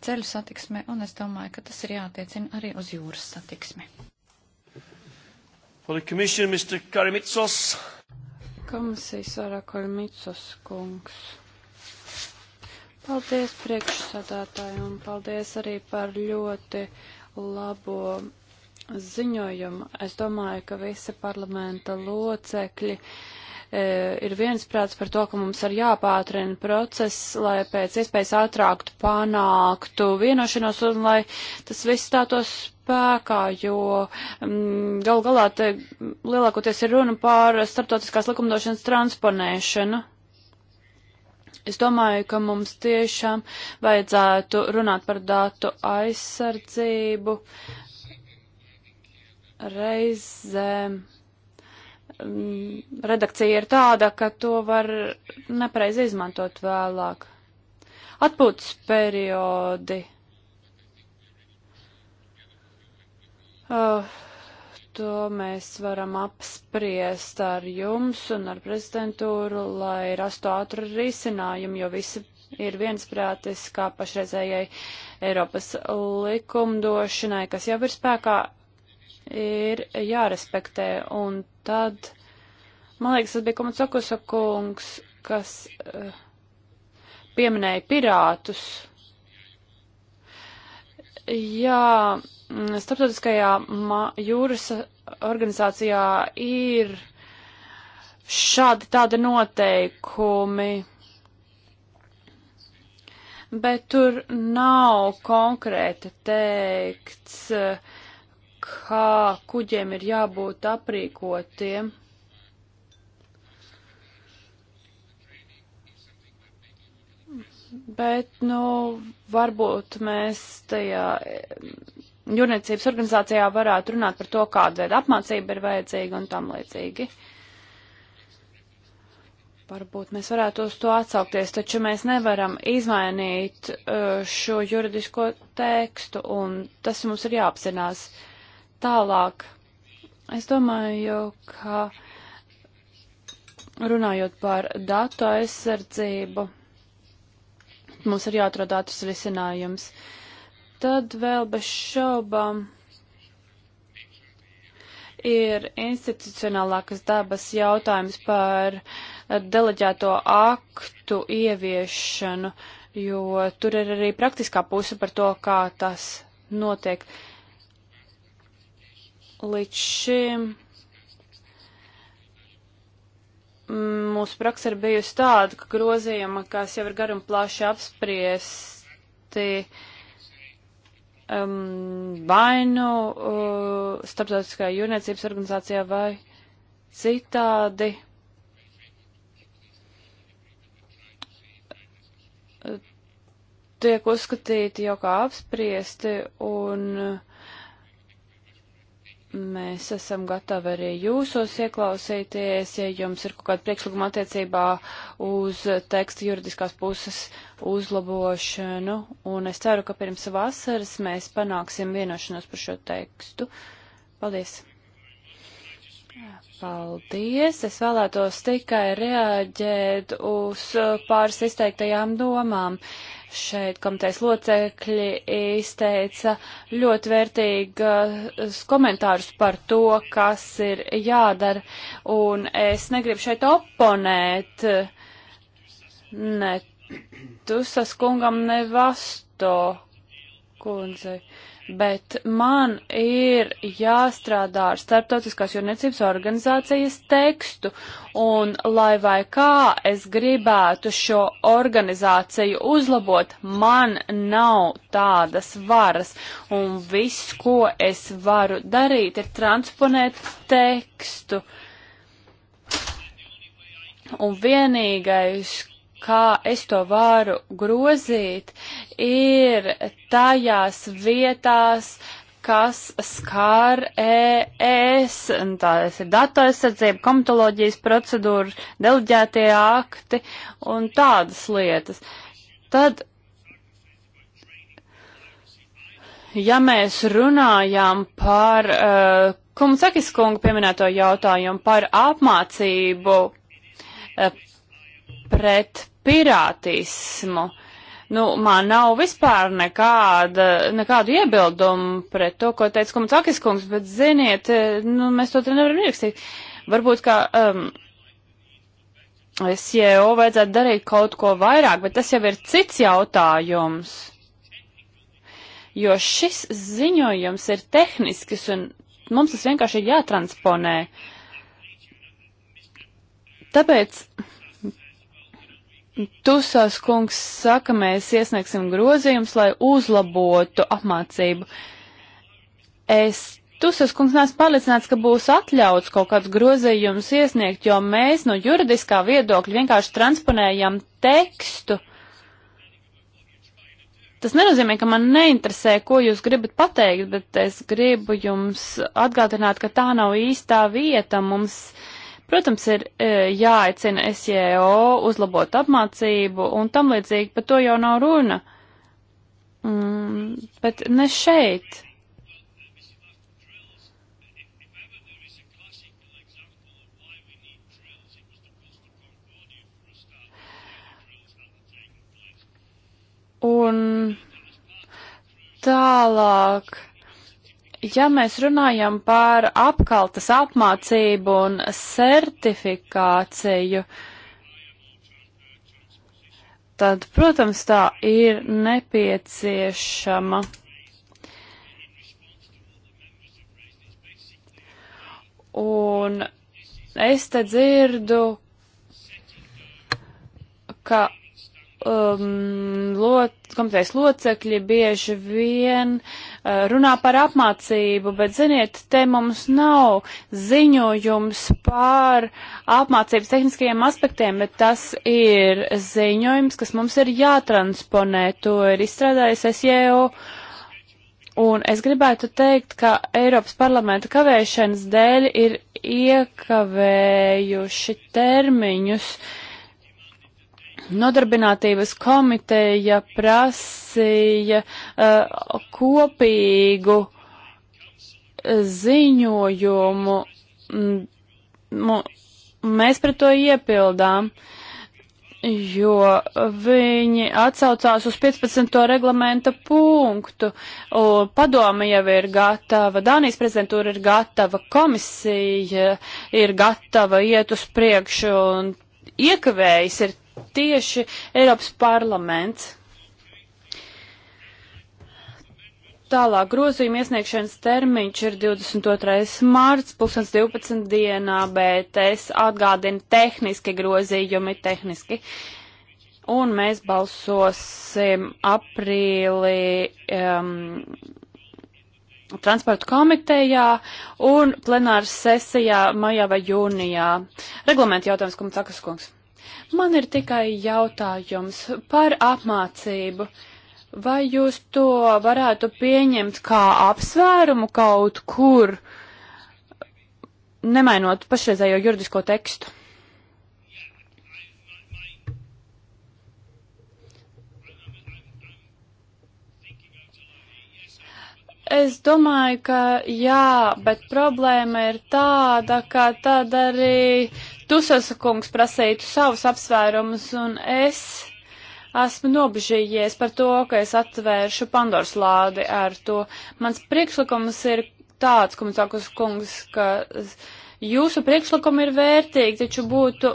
ceļu satiksmē, un es domāju, ka tas ir jātiecina arī uz jūras satiksmi. For the commission, Mr. Karimitsos. Komisijas vārā Karimitsos kungs. Paldies priekšsādātāju un paldies arī par ļoti labo ziņojumu. Es domāju, ka visi parlamenta locekļi e, ir viensprāts par to, ka mums ir jāpātrina process, lai pēc iespējas ātrāk panāktu vienošanos un lai tas viss stātos spēkā, jo mm, gal galā te lielākoties ir runa par starptautiskās likumdošanas transponēšanu. Es domāju, ka mums tiešām vajadzētu runāt par datu aizsardzību reizēm. Mm, redakcija ir tāda, ka to var nepareiz izmantot vēlāk. Atpūtas periodi. Uh, to mēs varam apspriest ar jums un ar prezidentūru, lai rastu ātru risinājumu, jo visi ir viensprātis, kā pašreizējai Eiropas likumdošanai, kas jau ir spēkā, ir jārespektē. Un tad, man liekas, tas bija Komatsokusa kungs, kas uh, pieminēja pirātus. Jā, Starptautiskajā jūras organizācijā ir šādi tādi noteikumi, bet tur nav konkrēti teikts, kā kuģiem ir jābūt aprīkotiem. Bet, nu, varbūt mēs tajā jūrniecības organizācijā varētu runāt par to, kāda veida apmācība ir vajadzīga un tam līdzīgi. Varbūt mēs varētu uz to atsaukties, taču mēs nevaram izmainīt uh, šo juridisko tekstu, un tas mums ir jāapzinās. Tālāk, es domāju, ka runājot par datu aizsardzību, mums ir jāatrod datus risinājums. Uh, tad vēl bez šaubām ir institucionālākas dabas jautājums par deleģēto aktu ieviešanu, jo tur ir arī praktiskā puse par to, kā tas notiek. Līdz šim mūsu praksa ir bijusi tāda, ka grozījuma, kas jau ir gar un plaši apspriesti, uh, um, vai nu uh, starptautiskajā jūrniecības organizācijā vai citādi. Uh, tiek uzskatīti jau kā apspriesti un uh, Mēs esam gatavi arī jūsos ieklausīties, ja jums ir kaut kāda priekšlikuma attiecībā uz teksta juridiskās puses uzlabošanu, un es ceru, ka pirms vasaras mēs panāksim vienošanos par šo tekstu. Paldies! Paldies! Es vēlētos tikai reaģēt uz pāris izteiktajām domām. Uh, šeit komitejas locekļi izteica ļoti vērtīgus eh, komentārus par to, kas ir jādara, un es negribu šeit oponēt eh, ne Tusas kungam, ne Vasto kundzei bet man ir jāstrādā ar starptautiskās jūrniecības organizācijas tekstu, un lai vai kā es gribētu šo organizāciju uzlabot, man nav tādas varas, un viss, ko es varu darīt, ir transponēt tekstu. Un vienīgais, kā es to varu grozīt, ir tajās vietās, kas skar e ES, un tās ir datu aizsardzība, komitoloģijas procedūra, deleģētie akti un tādas lietas. Tad, ja mēs runājām par uh, eh, Kumsakis kungu pieminēto jautājumu par apmācību uh, pret pirātismu. Nu, man nav vispār nekāda, nekādu iebildumu pret to, ko teica Kumcakis kungs, bet ziniet, nu, mēs to te nevaram ierakstīt. Varbūt, ka um, SEO vajadzētu darīt kaut ko vairāk, bet tas jau ir cits jautājums. Jo šis ziņojums ir tehnisks un mums tas vienkārši ir jātransponē. Tāpēc Tusās kungs saka, mēs iesniegsim grozījums, lai uzlabotu apmācību. Es, Tusās kungs, neesmu pārliecināts, ka būs atļauts kaut kāds grozījums iesniegt, jo mēs no juridiskā viedokļa vienkārši transponējam tekstu. Tas nenozīmē, ka man neinteresē, ko jūs gribat pateikt, bet es gribu jums atgādināt, ka tā nav īstā vieta mums. Uh, Protams, ir e, jāaicina SJO uzlabot apmācību un tam līdzīgi, par to jau nav runa. Mm, bet ne šeit. Un tālāk. Ja mēs runājam par apkaltas apmācību un certifikāciju, tad, protams, tā ir nepieciešama. Un es te dzirdu, ka um, lot, komitejas locekļi bieži vien uh, runā par apmācību, bet, ziniet, te mums nav ziņojums par apmācības tehniskajiem aspektiem, bet tas ir ziņojums, kas mums ir jātransponē. To ir izstrādājis SJO. Un es gribētu teikt, ka Eiropas parlamenta kavēšanas dēļ ir iekavējuši termiņus uh, Nodarbinātības komiteja prasīja uh, kopīgu uh, ziņojumu. Mm, mēs pret to iepildām, jo viņi atsaucās uz 15. reglamenta punktu. Padoma jau ir gatava, Dānijas prezidentūra ir gatava, komisija ir gatava iet uz priekšu un iekavējas ir tieši Eiropas parlaments. Tālāk grozījuma iesniegšanas termiņš ir 22. mārts, 2012. dienā, bet es atgādinu tehniski grozījumi tehniski. Un mēs balsosim aprīlī um, transporta komitejā un plenāras sesijā maijā vai jūnijā. Reglamenta jautājums, ko mums sakas kungs. Man ir tikai jautājums par apmācību. Vai jūs to varētu pieņemt kā apsvērumu kaut kur, nemainot pašreizējo juridisko tekstu? Es domāju, ka jā, bet problēma ir tāda, ka tad arī Tusas kungs prasītu savus apsvērumus, un es esmu nobežījies par to, ka es atvēršu Pandoras lādi ar to. Mans priekšlikums ir tāds, komisākus kungs, ka jūsu priekšlikumi ir vērtīgi, taču būtu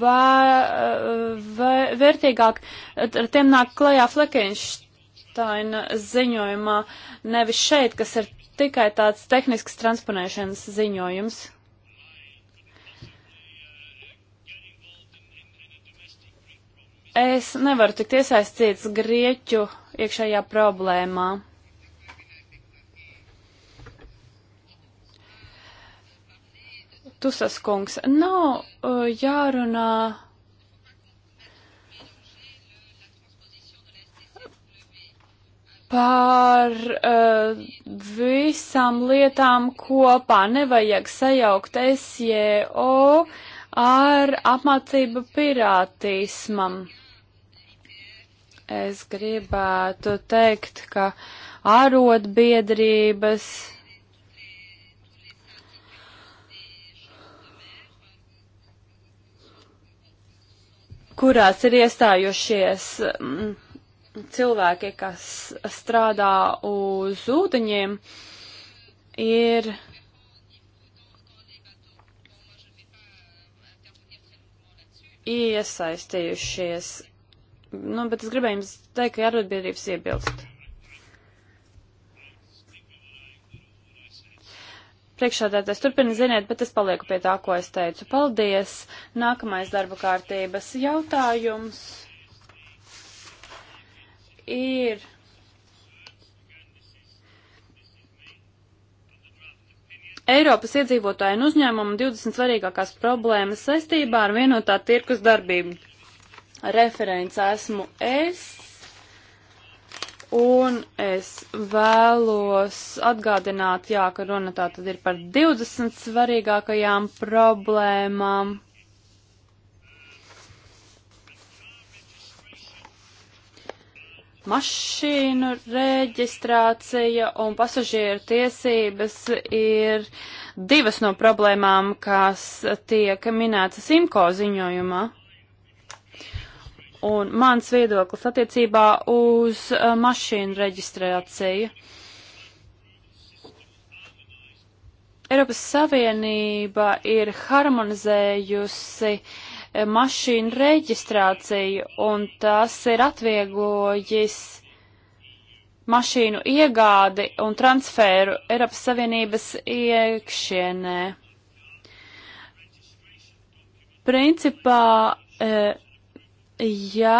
vē, vē, vērtīgāk ar tiem nāk klajā Flekenštaina ziņojumā, nevis šeit, kas ir tikai tāds tehnisks transponēšanas ziņojums. Es nevaru tikt iesaistīts Grieķu iekšējā problēmā. Tusas kungs, nav uh, jārunā par uh, visām lietām kopā. Nevajag sajaukt SJO ar apmācību pirātismam. Uh, Es gribētu teikt, ka arotbiedrības kurās ir iestājušies mm, cilvēki, kas strādā uz ūdeņiem, ir. Iesaistījušies nu, bet es gribēju jums teikt, ka arotbiedrības iebilst. Priekšādātais turpina ziniet, bet es palieku pie tā, ko es teicu. Paldies! Nākamais darba kārtības jautājums ir. Eiropas iedzīvotāju un uzņēmumu 20 svarīgākās problēmas saistībā ar vienotā tirkus darbību referents esmu es. Un es vēlos atgādināt, jā, ka runa tā tad ir par 20 svarīgākajām problēmām. Mašīnu reģistrācija un pasažieru tiesības ir divas no problēmām, kas tiek minētas IMCO ziņojumā un mans viedoklis attiecībā uz uh, mašīnu reģistrāciju. Eiropas Savienība ir harmonizējusi uh, mašīnu reģistrāciju, un tas ir atvieglojis mašīnu iegādi un transferu Eiropas Savienības iekšienē. Principā eh, ja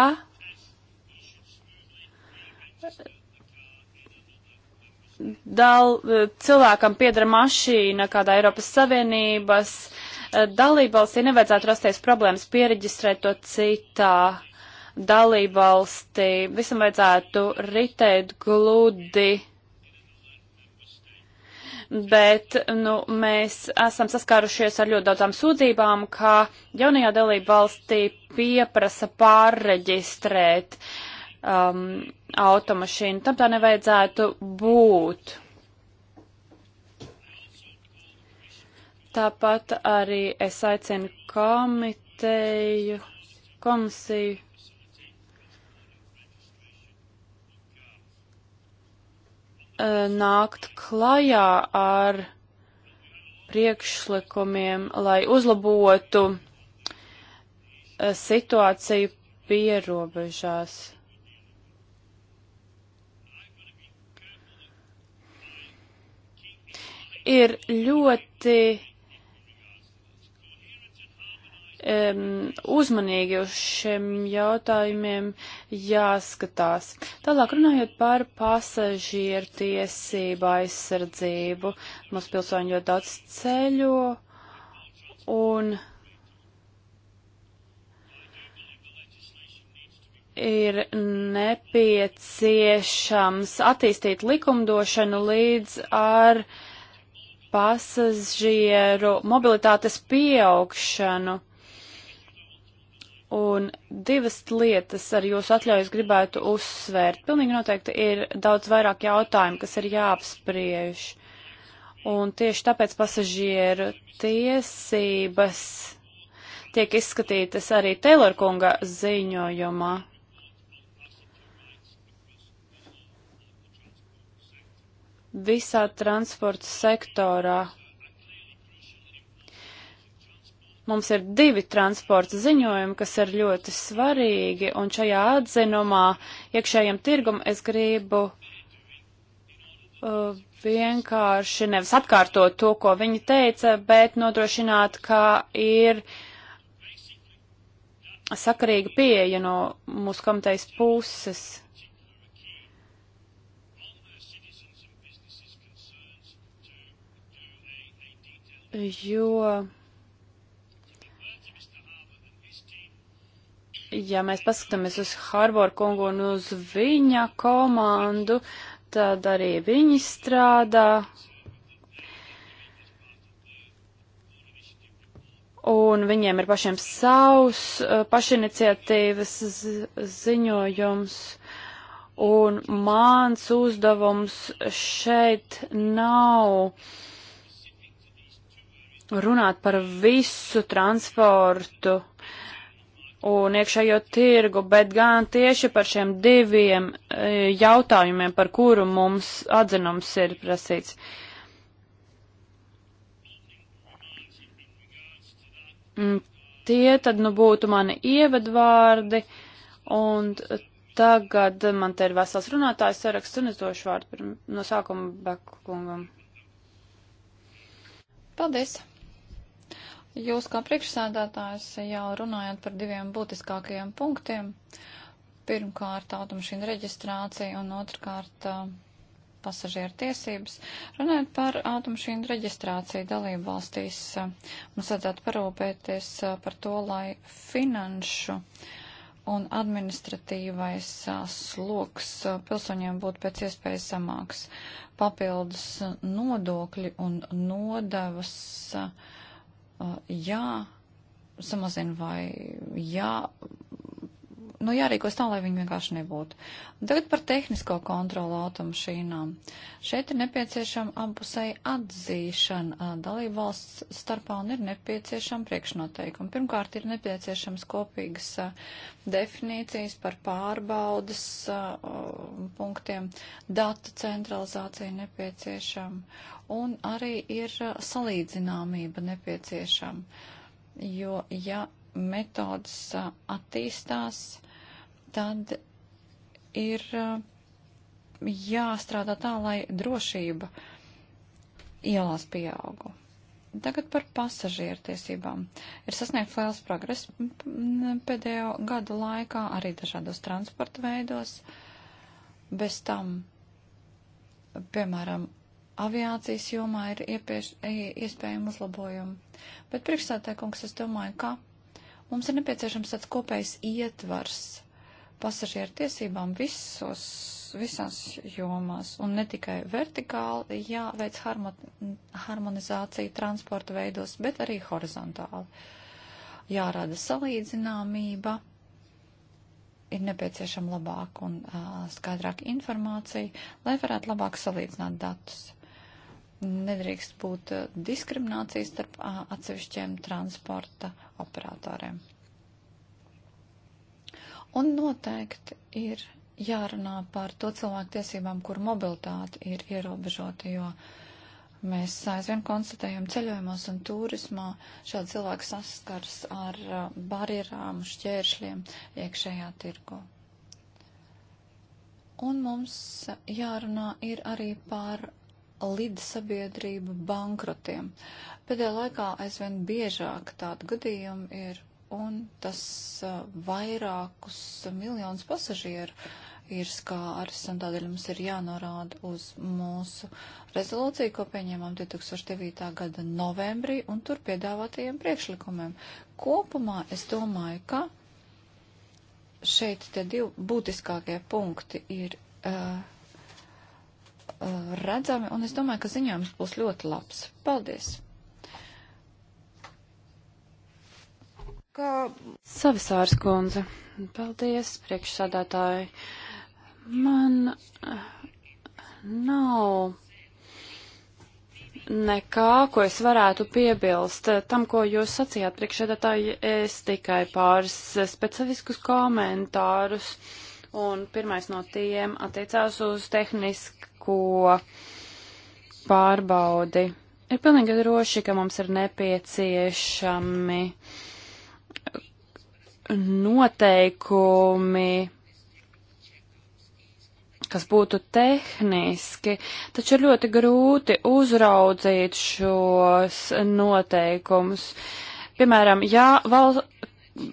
dal, cilvēkam piedara mašīna kādā Eiropas Savienības eh, dalībvalstī, nevajadzētu rasties problēmas piereģistrēt to citā dalībvalstī. Visam vajadzētu ritēt gludi bet nu, mēs esam saskārušies ar ļoti daudzām sūdzībām, ka jaunajā dalība valstī pieprasa pārreģistrēt um, automašīnu. Tam tā nevajadzētu būt. Tāpat arī es aicinu komiteju, komisiju Uh, nākt klajā ar priekšlikumiem, lai uzlabotu uh, situāciju pierobežās. Ir ļoti um, uzmanīgi uz šiem jautājumiem jāskatās. Tālāk runājot par pasažieru tiesību aizsardzību, mums pilsoņi ļoti daudz ceļo un ir nepieciešams attīstīt likumdošanu līdz ar pasažieru mobilitātes pieaugšanu. Un divas lietas ar jūsu atļaujas gribētu uzsvērt. Pilnīgi noteikti ir daudz vairāk jautājumu, kas ir jāapspriež. Un tieši tāpēc pasažieru tiesības tiek izskatītas arī Taylorkunga ziņojumā. Visā transporta sektorā Mums ir divi transporta ziņojumi, kas ir ļoti svarīgi, un šajā atzinumā iekšējiem tirgum es gribu uh, vienkārši nevis atkārtot to, ko viņi teica, bet nodrošināt, ka ir sakarīga pieeja no mūsu komitejas puses. Jo ja mēs paskatāmies uz Harbor kungu un uz viņa komandu, tad arī viņi strādā. Un viņiem ir pašiem savs eh, pašiniciatīvas ziņojums. Un mans uzdevums šeit nav runāt par visu transportu un iekšējo tirgu, bet gan tieši par šiem diviem e, jautājumiem, par kuru mums atzinums ir prasīts. Mm, tie tad nu būtu mani ievadvārdi, un tagad man te ir vesels runātājs saraksts, un es došu vārdu no sākuma Beku kungam. Paldies! Jūs kā priekšsēdētājs jau runājat par diviem būtiskākajiem punktiem. Pirmkārt, automašīna reģistrācija un otrkārt uh, pasažieru tiesības. Runājot par automašīnu reģistrāciju dalību valstīs, uh, mums vajadzētu parūpēties uh, par to, lai finanšu un administratīvais sloks pilsoņiem būtu pēc iespējas samāks. Papildus nodokļi un nodevas. Uh, Uh, jāsamazina vai jā nu, jārīkos tā, lai viņi vienkārši nebūtu. Tagad par tehnisko kontrolu automašīnām. Šeit ir nepieciešama abpusēja atzīšana dalību valsts starpā un ir nepieciešama priekšnoteikuma. Pirmkārt, ir nepieciešams kopīgas a, definīcijas par pārbaudas a, punktiem, datu centralizācija nepieciešama un arī ir a, salīdzināmība nepieciešama. Jo, ja metodas attīstās, tad ir uh, jāstrādā tā, lai drošība ielās pieaugu. Tagad par pasažieru tiesībām. Ir sasniegts liels progress pēdējo gadu laikā, arī dažādos transporta veidos. Bez tam, piemēram, aviācijas jomā ir iepieš, iespējami uzlabojumi. Bet priekšstādā kungs, es domāju, ka mums ir nepieciešams tāds kopējs ietvars pasažieru tiesībām visos, visās jomās, un ne tikai vertikāli jāveic harmonizācija transporta veidos, bet arī horizontāli. Jārada salīdzināmība, ir nepieciešama labāka un uh, skaidrāka informācija, lai varētu labāk salīdzināt datus. Nedrīkst būt uh, diskriminācijas starp uh, atsevišķiem transporta operatoriem. Un noteikti ir jārunā par to cilvēku tiesībām, kur mobilitāte ir ierobežota, jo mēs aizvien konstatējam ceļojumos un turismā šādi cilvēki saskars ar uh, barjerām, šķēršļiem iekšējā tirgu. Un mums jārunā ir arī par lidsabiedrību bankrotiem. Pēdējā laikā aizvien biežāk tādu gadījumu ir un tas vairākus miljonus pasažieru ir skāris, un tādēļ mums ir jānorāda uz mūsu rezolūciju, ko pieņēmām 2009. gada novembrī, un tur piedāvātajiem priekšlikumiem. Kopumā es domāju, ka šeit tie divi būtiskākie punkti ir uh, uh, redzami, un es domāju, ka ziņojums būs ļoti labs. Paldies! ka. Savisārs kundze, paldies, priekšsādātāji. Man eh, nav nekā, ko es varētu piebilst. Tam, ko jūs sacījāt priekšsēdētāji, es tikai pāris specifiskus komentārus. Un pirmais no tiem attiecās uz tehnisko pārbaudi. Ir pilnīgi droši, ka mums ir nepieciešami uh, noteikumi, kas būtu tehniski, taču ir ļoti grūti uzraudzīt šos noteikumus. Piemēram, ja val,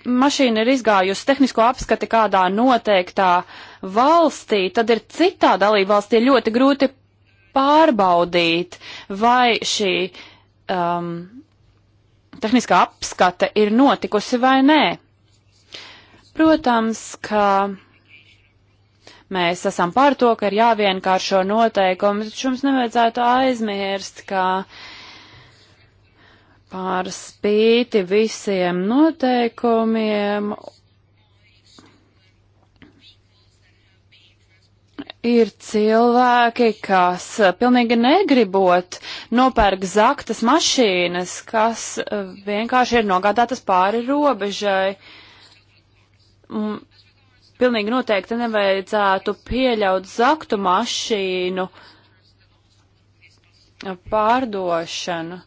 mašīna ir izgājusi tehnisko apskati kādā noteiktā valstī, tad ir citā dalība valstī ļoti grūti pārbaudīt, vai šī um, tehniskā apskate ir notikusi vai nē. Protams, ka mēs esam par to, ka ir jāvienkāršo noteikumi, taču jums nevajadzētu aizmirst, ka pār spīti visiem noteikumiem Ir cilvēki, kas pilnīgi negribot nopērk zaktas mašīnas, kas vienkārši ir nogādātas pāri robežai. Uh, m, pilnīgi noteikti nevajadzētu pieļaut zaktu mašīnu pārdošanu.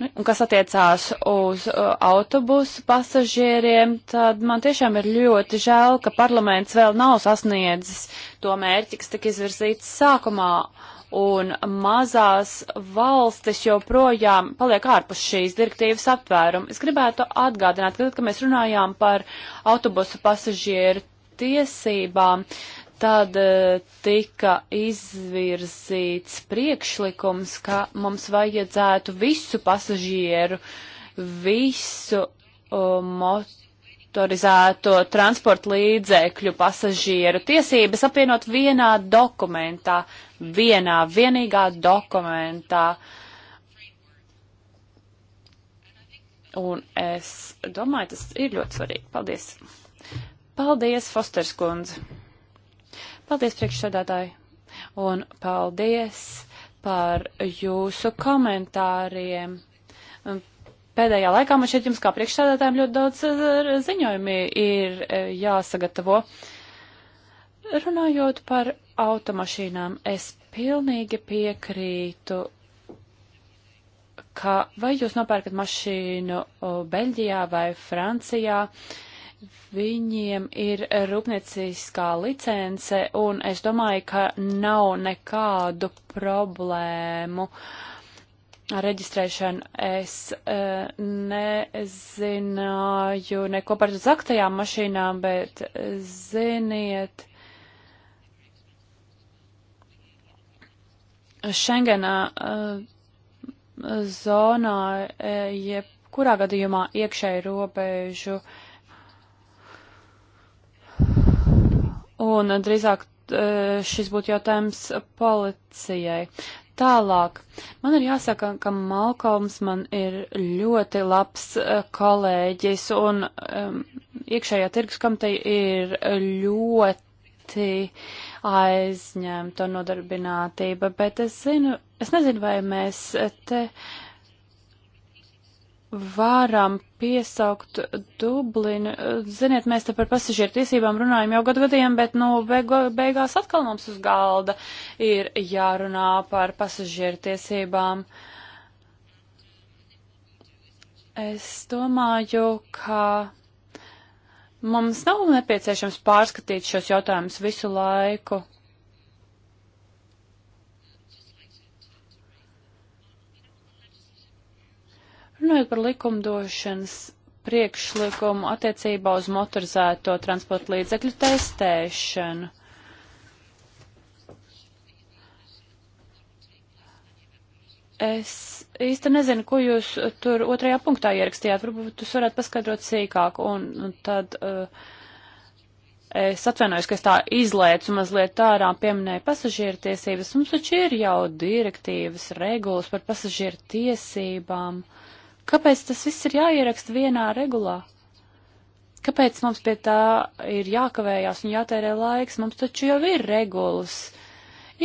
Nu, un kas attiecās uz uh, autobusu pasažieriem, tad man tiešām ir ļoti žēl, ka parlaments vēl nav sasniedzis to mērķi, kas tika izvirzīts sākumā. Uh, un mazās valstis joprojām paliek ārpus šīs direktīvas aptvērumu. Es gribētu atgādināt, ka tad, kad mēs runājām par autobusu pasažieru tiesībām, tad eh, tika izvirzīts priekšlikums, ka mums vajadzētu visu pasažieru, visu uh, eh, motu motorizēto transportu līdzekļu pasažieru tiesības apvienot vienā dokumentā, vienā vienīgā dokumentā. Un es domāju, tas ir ļoti svarīgi. Paldies! Paldies, Fosters kundze! Paldies, priekšsēdētāji! Un paldies par jūsu komentāriem! pēdējā laikā man šeit jums kā priekšsēdētājiem ļoti daudz eh, ziņojumi ir eh, jāsagatavo. Runājot par automašīnām, es pilnīgi piekrītu, ka vai jūs nopērkat mašīnu Beļģijā vai Francijā, viņiem ir rūpnieciskā licence, un es domāju, ka nav nekādu problēmu uh, reģistrēšanu. Es uh, nezināju neko par zaktajām mašīnām, bet e, ziniet, Schengenā uh, zonā, uh, jebkurā gadījumā iekšēju robežu un drīzāk šis būtu jautājums policijai tālāk. Man ir jāsaka, ka Malkolms man ir ļoti labs eh, kolēģis un um, iekšējā tirgus komiteja ir ļoti aizņemta nodarbinātība, bet es zinu, es nezinu, vai mēs te. Uh, varam piesaukt Dublinu. Ziniet, mēs te par pasažieru tiesībām runājam jau gadu gadiem, bet, nu, beigo, beigās atkal mums uz galda ir jārunā par pasažieru tiesībām. Es domāju, ka mums nav nepieciešams pārskatīt šos jautājumus visu laiku. Runājot par likumdošanas priekšlikumu attiecībā uz motorizēto transporta līdzekļu testēšanu. Es īsti nezinu, ko jūs tur otrajā punktā ierakstījāt. Varbūt jūs varētu paskaidrot sīkāk. Un, un tad uh, es atvainojos, ka es tā izlēcu mazliet ārā pieminēju pasažieru tiesības. Mums taču ir jau direktīvas regulas par pasažieru tiesībām. Uh, Kāpēc tas viss ir jāieraksta vienā regulā? Kāpēc mums pie tā ir jākavējās un jātērē laiks? Mums taču jau ir regulas,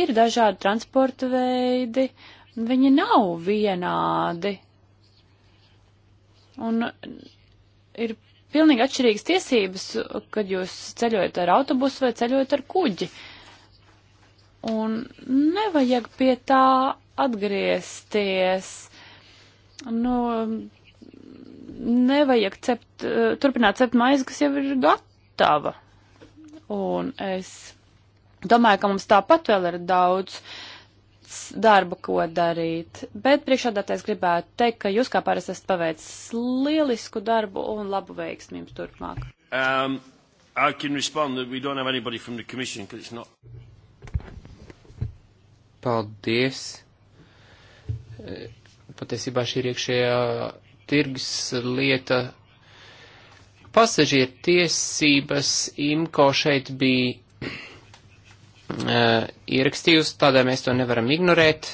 ir dažādi transporta veidi, viņi nav vienādi. Un ir pilnīgi atšķirīgas tiesības, kad jūs ceļojat ar autobusu vai ceļojat ar kuģi. Un nevajag pie tā atgriezties nu, nevajag cept, eh, turpināt cept maizi, kas jau ir gatava. Un es domāju, ka mums tāpat vēl ir daudz darbu, ko darīt. Bet priekšādātais gribētu teikt, ka jūs kā parasti esat paveicis lielisku darbu un labu veiksmi jums turpmāk. Um, I can respond that we don't have anybody from the commission because it's not. Paldies. Uh, Patiesībā šī ir iekšējā tirgus lieta. Pasažieru tiesības IMCO šeit bija uh, ierakstījusi, tādēļ mēs to nevaram ignorēt,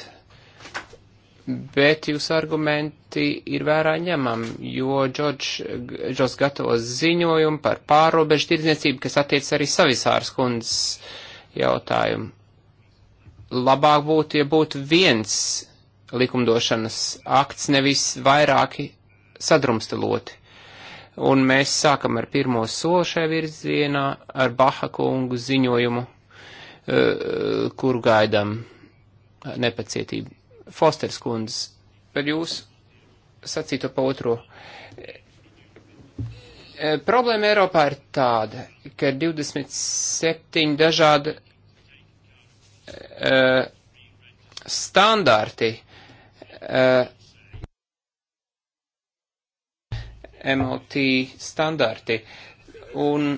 bet jūsu argumenti ir vērā ņemam, jo Džordžs gatavo ziņojumu par pārobežu tirdzniecību, kas attiec arī savisārs kundzes jautājumu. Labāk būtu, ja būtu viens likumdošanas akts, nevis vairāki sadrumstaloti. Un mēs sākam ar pirmo soli šajā virzienā, ar Baha kungu ziņojumu, eh, kuru gaidām nepacietību. Fosters kundze, par jūs sacīto pa otro. Eh, problēma Eiropā ir tāda, ka ir 27 dažādi eh, standarti, Eh, MOT standarti. Un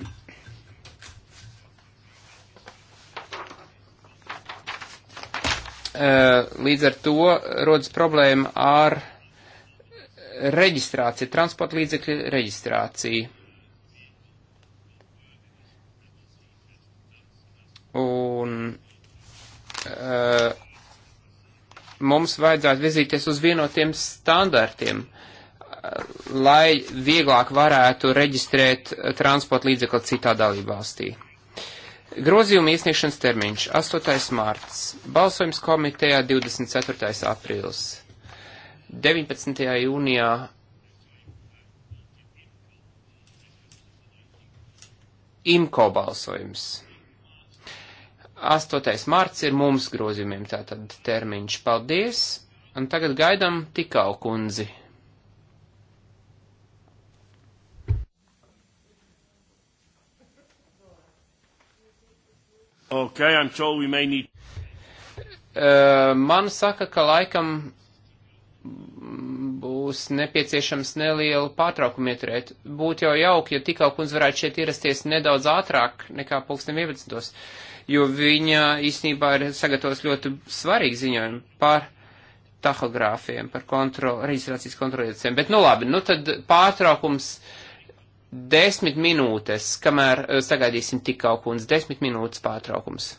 eh, līdz ar to rodas problēma ar reģistrāciju, transporta līdzekļu reģistrāciju. mums vajadzētu virzīties uz vienotiem standartiem, lai vieglāk varētu reģistrēt transporta līdzekli citā dalībvalstī. Grozījuma iesniegšanas termiņš 8. mārts, balsojums komitejā 24. aprils, 19. jūnijā IMCO balsojums. 8. marts ir mums grozījumiem tātad termiņš. Paldies! Un tagad gaidam tikau kundzi. Okay, I'm told we may need... Uh, man saka, ka laikam būs nepieciešams nelielu pārtraukumu ieturēt. Būtu jau jauki, ja tikau kundze varētu šeit ierasties nedaudz ātrāk nekā pulksten 11 jo viņa īstenībā ir sagatavos ļoti svarīgi ziņojumi par tahogrāfiem, par kontrol, reģistrācijas kontrolieticiem. Bet nu labi, nu tad pārtraukums desmit minūtes, kamēr eh, sagaidīsim tik kaut kundzes, desmit minūtes pārtraukums.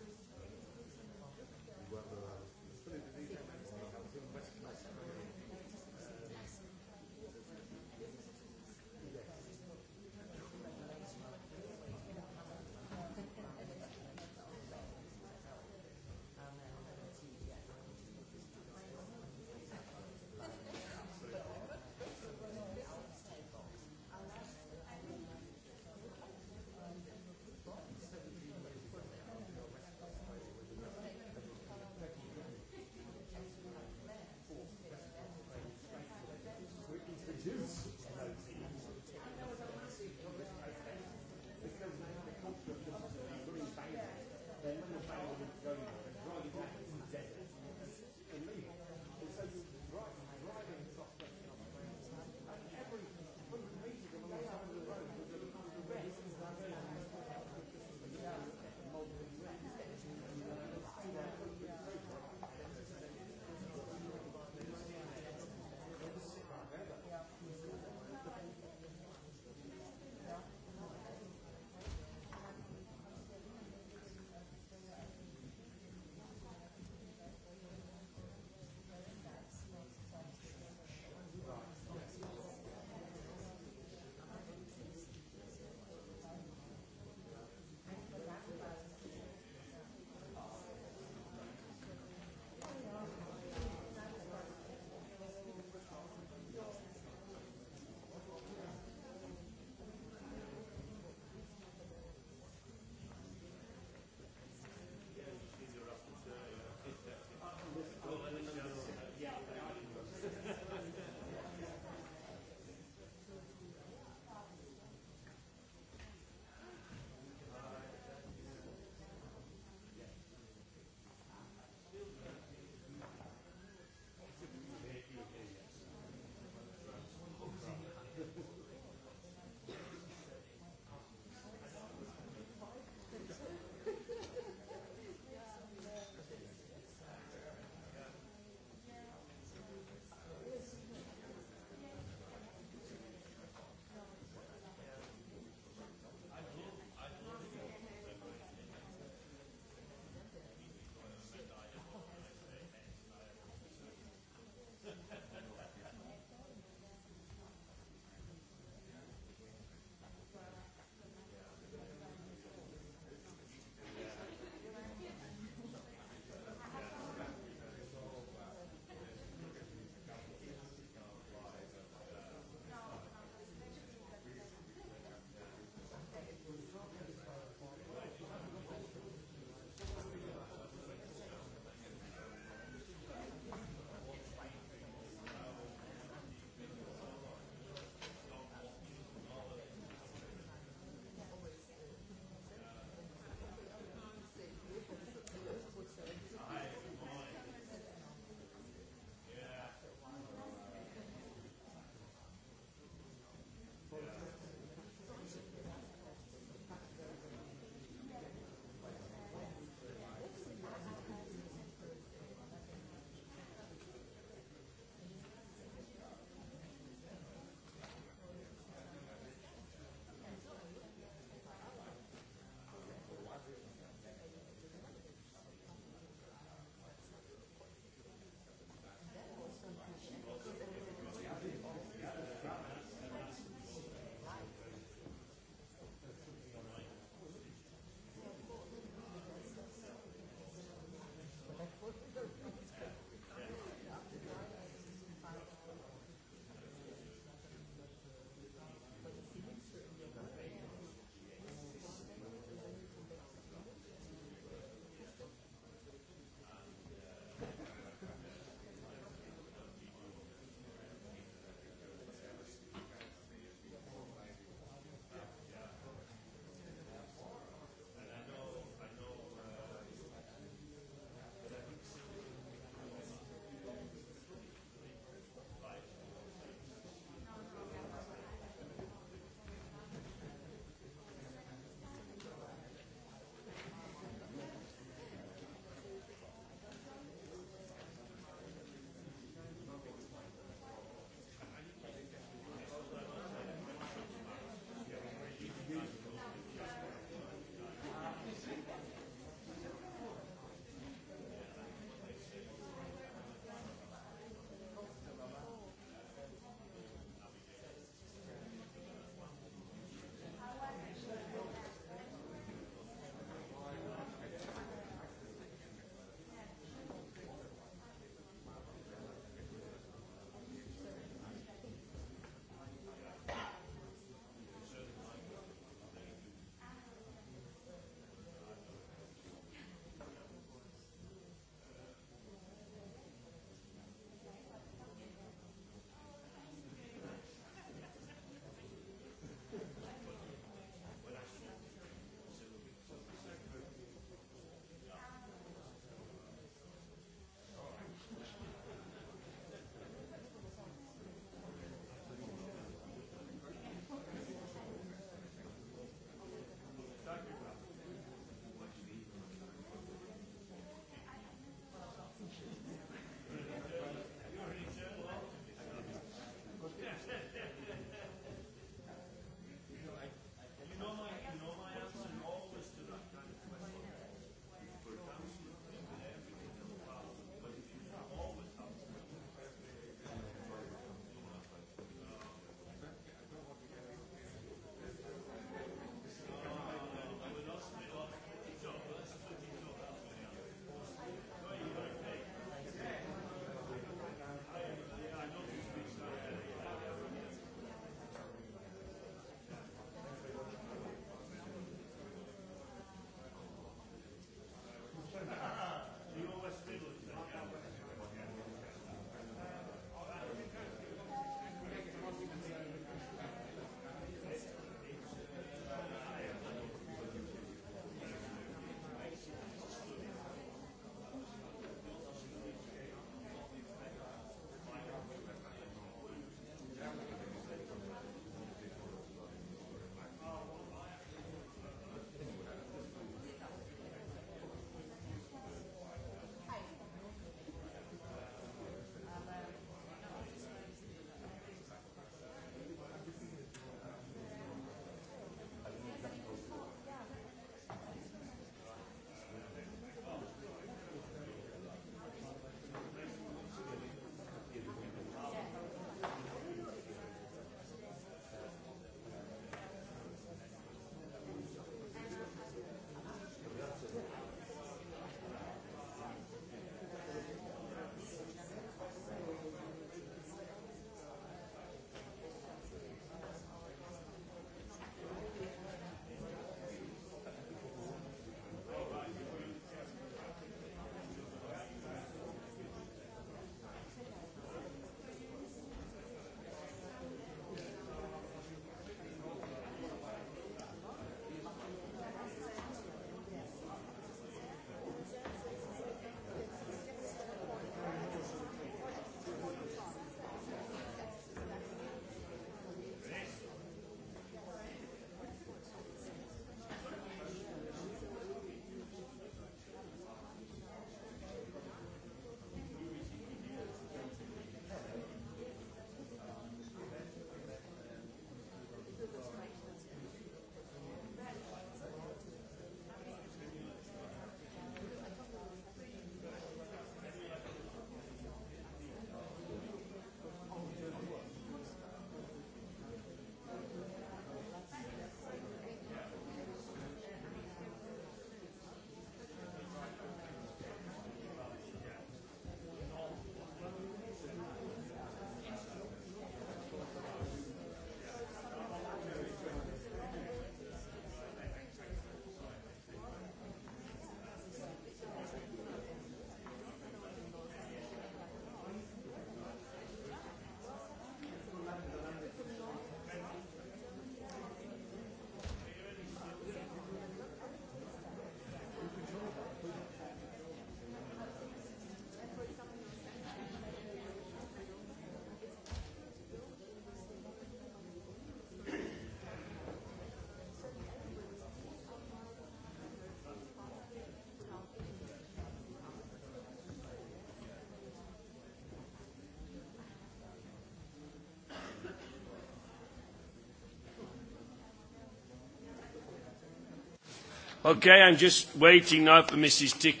Okay, I'm just waiting now for Mrs. Tick.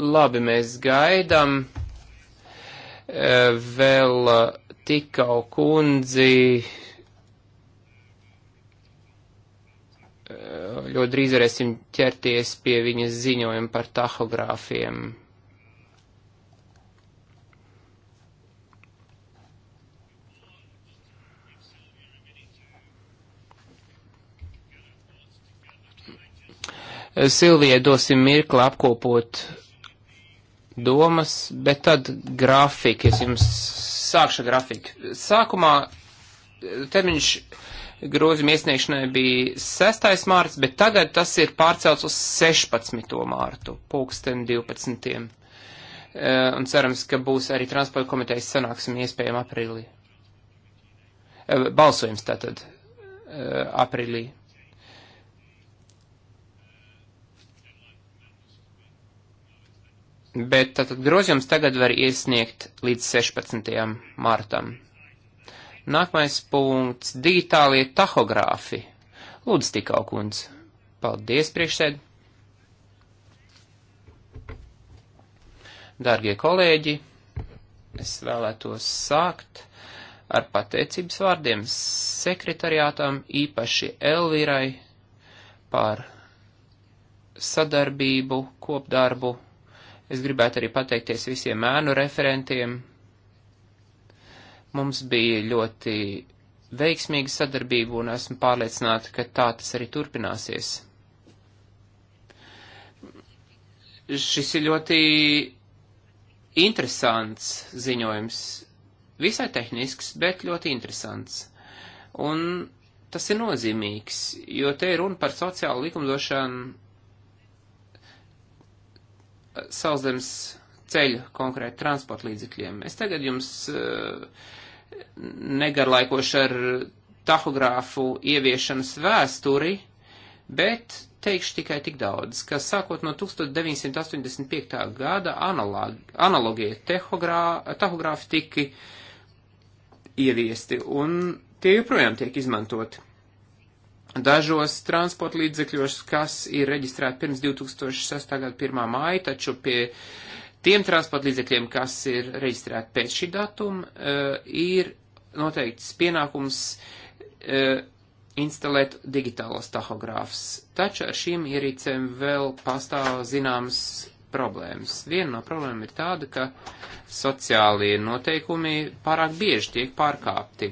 Labi, mēs gaidām eh, vēl eh, tikau kundzi. Eh, ļoti drīz varēsim ķerties pie viņas ziņojuma par tahogrāfiem. Silvijai dosim mirkli apkopot domas, bet tad grafika, es jums sākšu grafiku. Sākumā eh, termiņš grozījuma iesniegšanai bija 6. mārts, bet tagad tas ir pārcelts uz 16. mārtu, pulksten 12. Eh, un cerams, ka būs arī transporta komitejas sanāksim iespējami aprīlī. Eh, balsojums tātad aprīlī. Bet tātad grozījums tagad var iesniegt līdz 16. martam. Nākamais punkts - digitālie tahogrāfi. Lūdzu, tikau kundz. Paldies, priekšsēd. Dargie kolēģi, es vēlētos sākt ar pateicības vārdiem sekretariātām, īpaši Elvirai, par sadarbību, kopdarbu Es gribētu arī pateikties visiem mēnu referentiem. Mums bija ļoti veiksmīga sadarbība un esmu pārliecināta, ka tā tas arī turpināsies. Šis ir ļoti interesants ziņojums. Visai tehnisks, bet ļoti interesants. Un tas ir nozīmīgs, jo te ir runa par sociālu likumdošanu sauszemes ceļu konkrēti transporta līdzekļiem. Es tagad jums eh, negarlaikošu ar tahogrāfu ieviešanas vēsturi, bet teikšu tikai tik daudz, ka sākot no 1985. gada analog, analogie tahogrāfi tika ieviesti, un tie joprojām tiek izmantoti dažos transporta līdzekļos, kas ir reģistrēti pirms 2006. gada 1. māja, taču pie tiem transporta līdzekļiem, kas ir reģistrēti pēc šī datuma, eh, ir noteikts pienākums eh, instalēt digitālos tahogrāfus. Taču ar šīm ierīcēm vēl pastāv zināmas problēmas. Viena no problēmām ir tāda, ka sociālie noteikumi pārāk bieži tiek pārkāpti.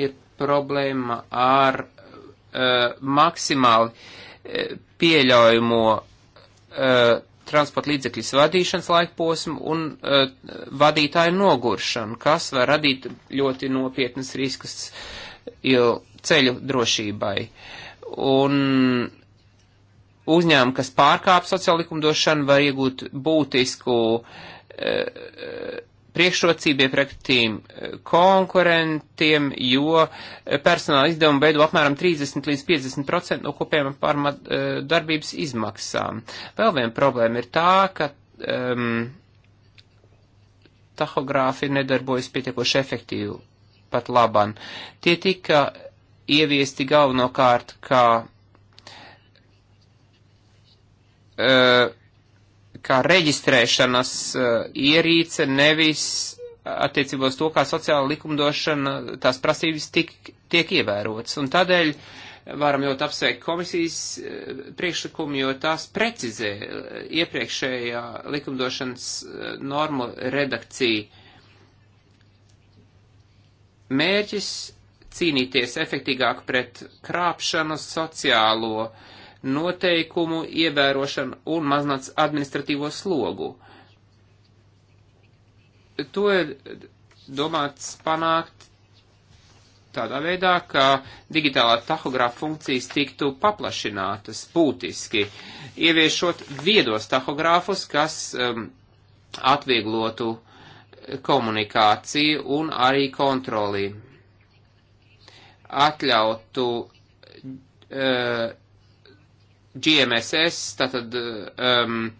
Ir problēma ar uh, maksimāli uh, pieļaujamo uh, transporta līdzekļu vadīšanas laikposmu un uh, vadītāju noguršanu, kas var radīt ļoti nopietnas riskus ceļu drošībai. Un uzņēmumi, kas pārkāp sociālikumdošanu, var iegūt būtisku uh, priekšrocību iepraktiem eh, konkurentiem, jo eh, personāla izdevuma veido apmēram 30 līdz 50% no kopējām pārmat eh, darbības izmaksām. Vēl viena problēma ir tā, ka um, tahogrāfi nedarbojas pietiekoši efektīvi pat laban. Tie tika ieviesti galvenokārt kā uh, kā reģistrēšanas eh, ierīce, nevis attiecībos to, kā sociāla likumdošana, tās prasības tik, tiek ievērotas. Un tādēļ varam ļoti apsveikt komisijas eh, priekšlikumu, jo tās precizē eh, iepriekšējā likumdošanas normu redakciju. Mērķis cīnīties efektīgāk pret krāpšanu, sociālo uh, noteikumu ievērošanu un maznāc administratīvo slogu. To ir domāts panākt tādā veidā, ka digitālā tahogrāfa funkcijas tiktu paplašinātas būtiski, ieviešot viedos tahogrāfus, kas um, atvieglotu komunikāciju un arī kontroli. Atļautu uh, GMSS, tātad um, uh,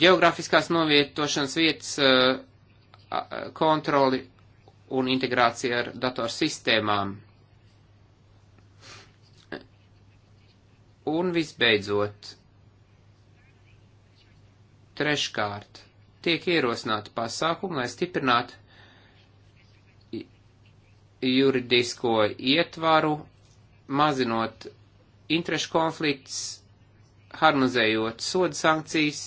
geogrāfiskās novietošanas vietas uh, kontroli un integrācija ar datorsistēmām. Un visbeidzot, treškārt, tiek ierosināti pasākumi, lai stiprinātu juridisko ietvaru, mazinot interešu konflikts, harmonizējot sodu sankcijas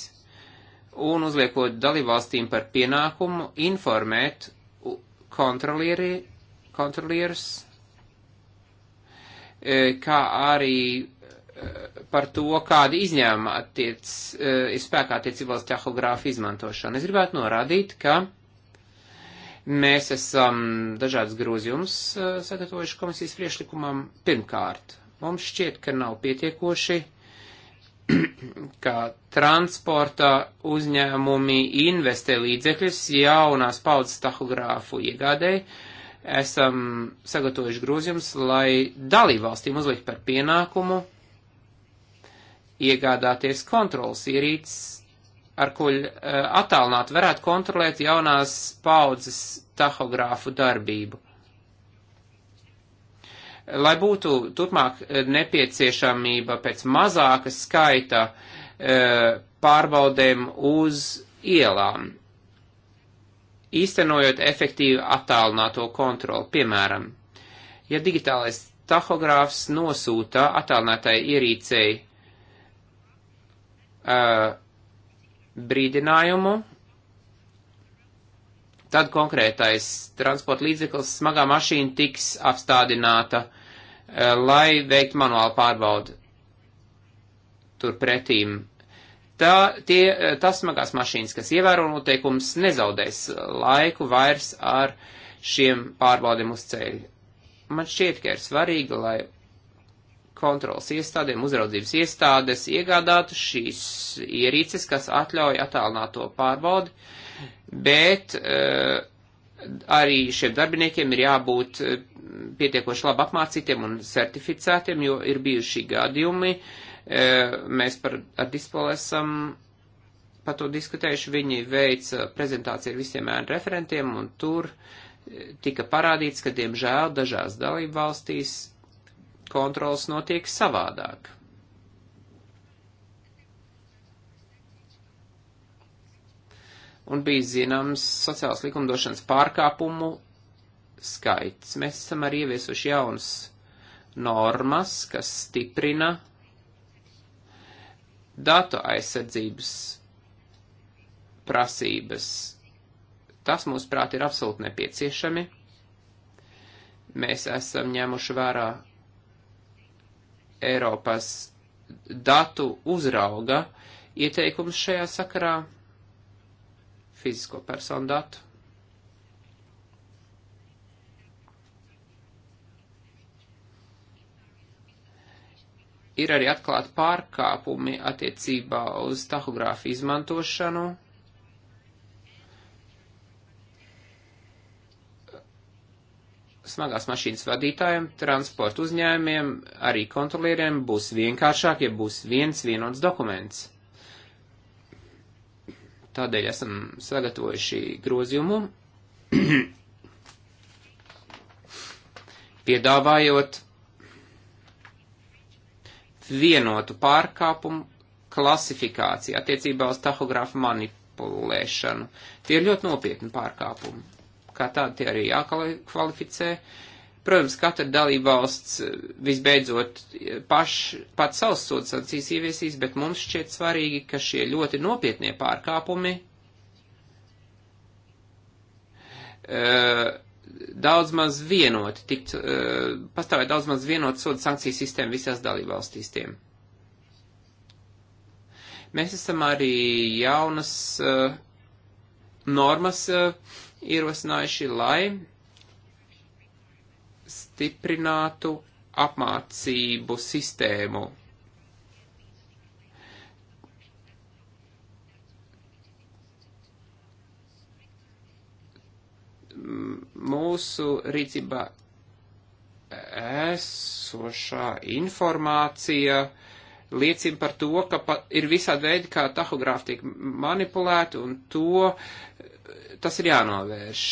un uzliekot dalībvalstīm par pienākumu informēt kontrolierus, e, kā arī e, par to, kāda izņēmuma attiec, e, ir spēkā attiecībā uz tahogrāfu izmantošanu. Es gribētu norādīt, ka mēs esam dažādas grozījumus sagatavojuši komisijas priešlikumam pirmkārt Mums šķiet, ka nav pietiekoši, *clears throat* ka transporta uzņēmumi investē līdzekļus jaunās paudzes tahogrāfu iegādēji. Esam sagatavojuši grūzījums, lai dalībvalstīm uzlikt par pienākumu iegādāties kontrolas ierīces, ar ko eh, attālināt varētu kontrolēt jaunās paudzes tahogrāfu darbību. Lai būtu turpmāk eh, nepieciešamība pēc mazāka skaita eh, pārbaudēm uz ielām, īstenojot efektīvu attālināto kontroli. Piemēram, ja digitālais tahogrāfs nosūta attālinātai ierīcei uh, brīdinājumu Tad konkrētais transporta līdzeklis smagā mašīna tiks apstādināta, eh, lai veiktu manuālu pārbaudu turpretīm. Tā, tie, eh, tas smagās mašīnas, kas ievēro noteikums, nezaudēs laiku vairs ar šiem pārbaudiem uz ceļa. Man šķiet, ka ir svarīgi, lai kontrols iestādēm, uzraudzības iestādes iegādātu šīs ierīces, kas atļauj attālināto pārbaudi, uh, bet eh, arī šiem darbiniekiem ir jābūt eh, pietiekoši labi apmācītiem un certificētiem, jo ir bijuši gadījumi, eh, mēs par ar dispolu esam par to diskutējuši, viņi veica prezentāciju ar visiem ēnu referentiem, un tur tika parādīts, ka, diemžēl, dažās dalību valstīs kontrols notiek savādāk. un bija zināms sociālas likumdošanas pārkāpumu skaits. Mēs esam arī ieviesuši jaunas normas, kas stiprina datu aizsardzības prasības. Tas, mūsuprāt, ir absolūti nepieciešami. Mēs esam ņēmuši vērā Eiropas datu uzrauga ieteikums šajā sakarā fizisko personu datu. Ir arī atklāti pārkāpumi attiecībā uz tahogrāfu izmantošanu. smagās mašīnas vadītājiem, transporta uzņēmiem, arī kontrolieriem būs vienkāršāk, ja būs viens vienots dokuments. Tādēļ esam sagatavojuši grozījumu, *clears throat* piedāvājot vienotu pārkāpumu klasifikāciju attiecībā uz tahografu manipulēšanu. Tie ir ļoti nopietni pārkāpumi. Kā tādi tie arī jākvalificē. Uh, Protams, katra dalībvalsts eh, visbeidzot paš, pats savus sodu sankcijas ieviesīs, bet mums šķiet svarīgi, ka šie ļoti nopietnie pārkāpumi uh, daudz maz vienoti, tikt, uh, pastāvēt daudz maz vienot sodu sankciju sistēmu visās dalībvalstīs tiem. Mēs esam arī jaunas uh, normas uh, ierosinājuši, lai stiprinātu apmācību sistēmu. Mūsu rīcībā esošā informācija liecina par to, ka pa, ir visādi veidi, kā tahogrāfi tiek manipulēti, un to tas ir jānovērš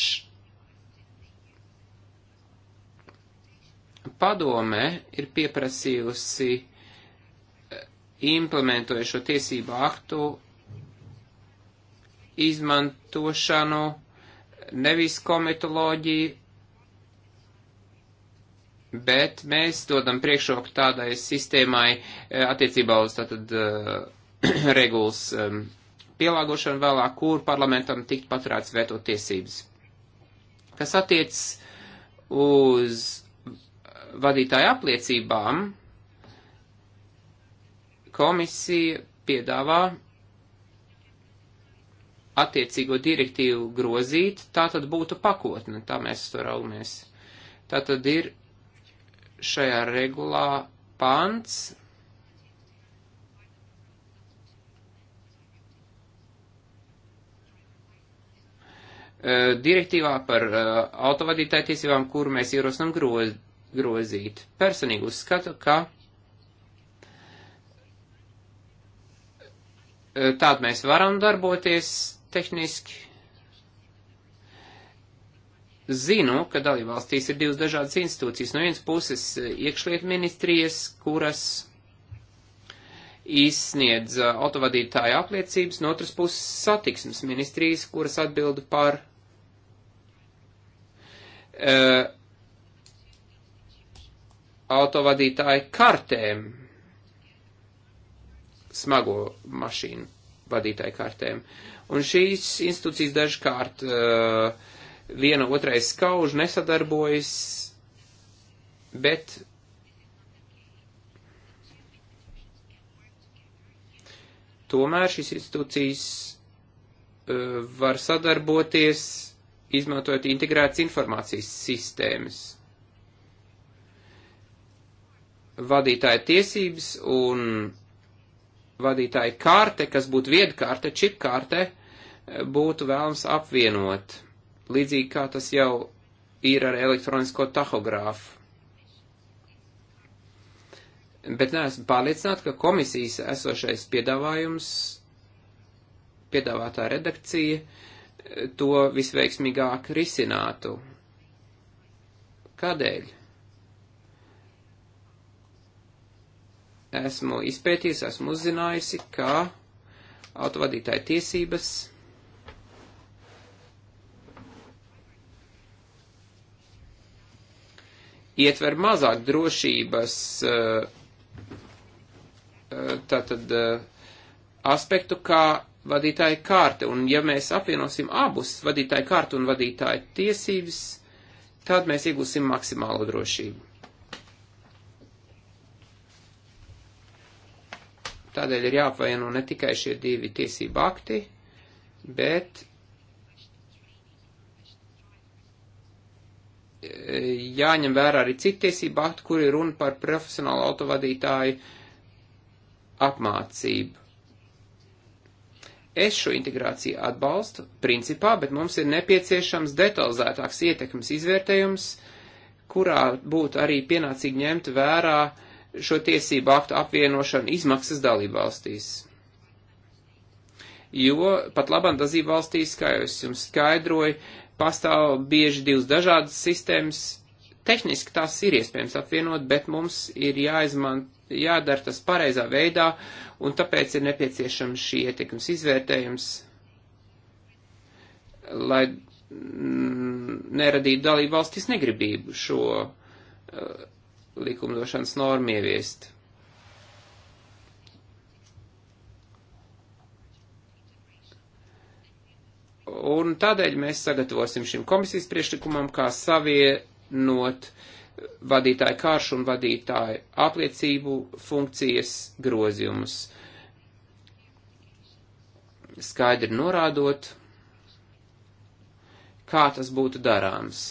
padome ir pieprasījusi eh, implementojušo tiesību aktu izmantošanu nevis komitoloģiju, bet mēs dodam priekšroku tādai sistēmai eh, attiecībā uz tātad eh, *clears throat* regulas ehm, pielāgošanu vēlāk, kur parlamentam tikt paturēts veto tiesības. Kas attiec uz vadītāju apliecībām komisija piedāvā attiecīgo direktīvu grozīt, tā tad būtu pakotne, tā mēs to raugamies. Tā tad ir šajā regulā pants. Direktīvā par uh, autovadītāju tiesībām, kur mēs ierosinām grozi, grozīt. Personīgi uzskatu, ka e, tād mēs varam darboties tehniski. Zinu, ka dalībvalstīs ir divas dažādas institūcijas. No vienas puses e, iekšliet ministrijas, kuras izsniedz e, autovadītāju apliecības, no otras puses satiksmes ministrijas, kuras atbild par uh, autovadītāju kartēm, smago mašīnu vadītāju kartēm. Un šīs institūcijas dažkārt uh, viena otrai skauž, nesadarbojas, bet tomēr šīs institūcijas uh, var sadarboties, izmantojot integrētas informācijas sistēmas vadītāja tiesības un vadītāja kārte, kas būtu viedkārte, čipkārte, būtu vēlams apvienot, līdzīgi kā tas jau ir ar elektronisko tahogrāfu. Bet neesmu pārliecināta, ka komisijas esošais piedāvājums, piedāvātā redakcija, to visveiksmīgāk risinātu. Kādēļ? esmu izpētījis, esmu uzzinājusi, ka autovadītāja tiesības ietver mazāk drošības eh, eh, tātad eh, aspektu kā vadītāja kārta, un ja mēs apvienosim abus, vadītāja kārtu un vadītāja tiesības, tad mēs iegūsim maksimālo drošību. Tādēļ ir jāapvaino ne tikai šie divi tiesība akti, bet e, jāņem vērā arī citi tiesība akti, kuri runa par profesionālu autovadītāju apmācību. Es šo integrāciju atbalstu principā, bet mums ir nepieciešams detalizētāks ietekmes izvērtējums, kurā būtu arī pienācīgi ņemt vērā uh, šo tiesību aktu apvienošanu izmaksas dalībvalstīs. Jo pat labam dalībvalstīs, kā jau es jums skaidroju, pastāv bieži divas dažādas sistēmas. Tehniski tās ir iespējams apvienot, bet mums ir jāizmanto, jādara tas pareizā veidā, un tāpēc ir nepieciešams šī ietekmes izvērtējums, lai mm, neradītu dalību valstis negribību šo uh, likumdošanas normu ieviest. Un tādēļ mēs sagatavosim šim komisijas priekšlikumam, kā savienot vadītāju kāršu un vadītāju apliecību funkcijas grozījumus. Skaidri norādot, kā tas būtu darāms.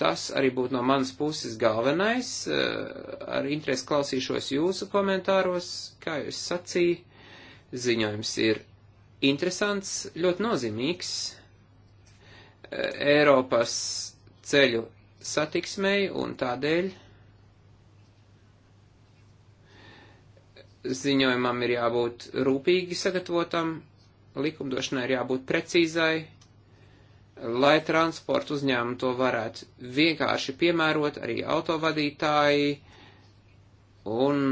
Tas arī būtu no manas puses galvenais. Eh, ar interesi klausīšos jūsu komentāros, kā jūs sacīju. Ziņojums ir interesants, ļoti nozīmīgs eh, Eiropas ceļu satiksmei un tādēļ ziņojumam ir jābūt rūpīgi sagatavotam, likumdošanai ir jābūt precīzai lai transporta uzņēmumi to varētu vienkārši piemērot arī autovadītāji un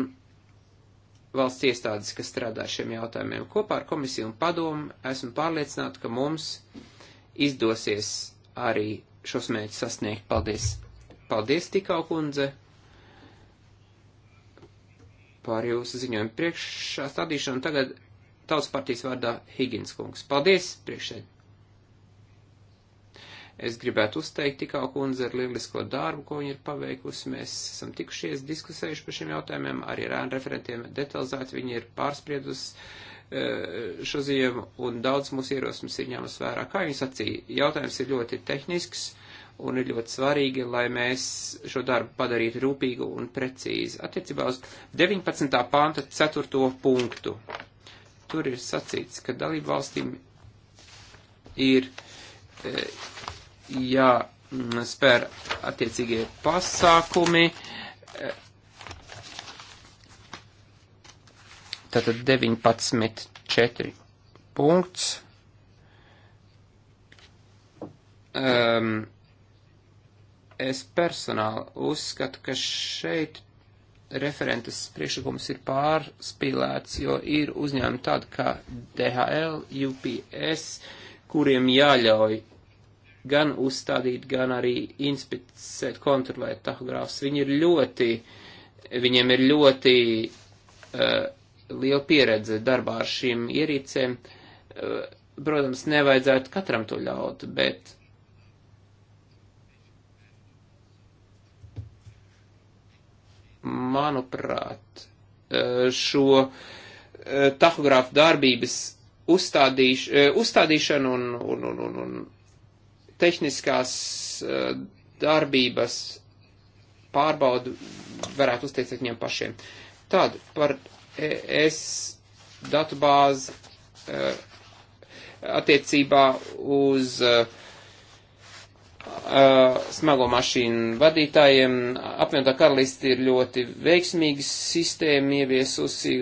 valsts iestādes, kas strādā šiem jautājumiem. Kopā ar komisiju un padomu esmu pārliecināta, ka mums izdosies arī šos mērķus sasniegt. Paldies! Paldies, Tikau kundze! Par jūsu ziņojumu priekšā stādīšanu tagad Tautas partijas vārdā Higgins kungs. Paldies, priekšsēdētāji! Es gribētu uzteikt tikā kundze ar lielisko darbu, ko viņa ir paveikusi. Mēs esam tikušies, diskusējuši par šiem jautājumiem, arī ar ēnu referentiem detalizēti. Viņa ir pārspriedusi e, šo ziemu un daudz mūsu ierosmes ir ņēmas vērā. Kā viņa sacīja, jautājums ir ļoti tehnisks un ir ļoti svarīgi, lai mēs šo darbu padarītu rūpīgu un precīzi. Attiecībā uz 19. panta 4. punktu. Tur ir sacīts, ka dalību valstīm ir. E, jāspēr attiecīgie pasākumi. Tātad 19.4 punkts. Um, es personāli uzskatu, ka šeit referentes priekšlikums ir pārspīlēts, jo ir uzņēmumi tādi kā DHL, UPS, kuriem jāļauj gan uzstādīt, gan arī inspicēt, kontrolēt tahogrāfus. Viņi ir ļoti, viņiem ir ļoti uh, liela pieredze darbā ar šīm ierīcēm. Uh, protams, nevajadzētu katram to ļaut, bet manuprāt, eh, šo tahogrāfu darbības uzstādīš, uzstādīšanu un, un, un, un, un tehniskās eh, darbības pārbaudu varētu uzteikt viņiem pašiem. Tad par ES datubāzi eh, attiecībā uz uh, Uh, smago mašīnu vadītājiem. Apvienotā karalisti ir ļoti veiksmīga sistēma ieviesusi.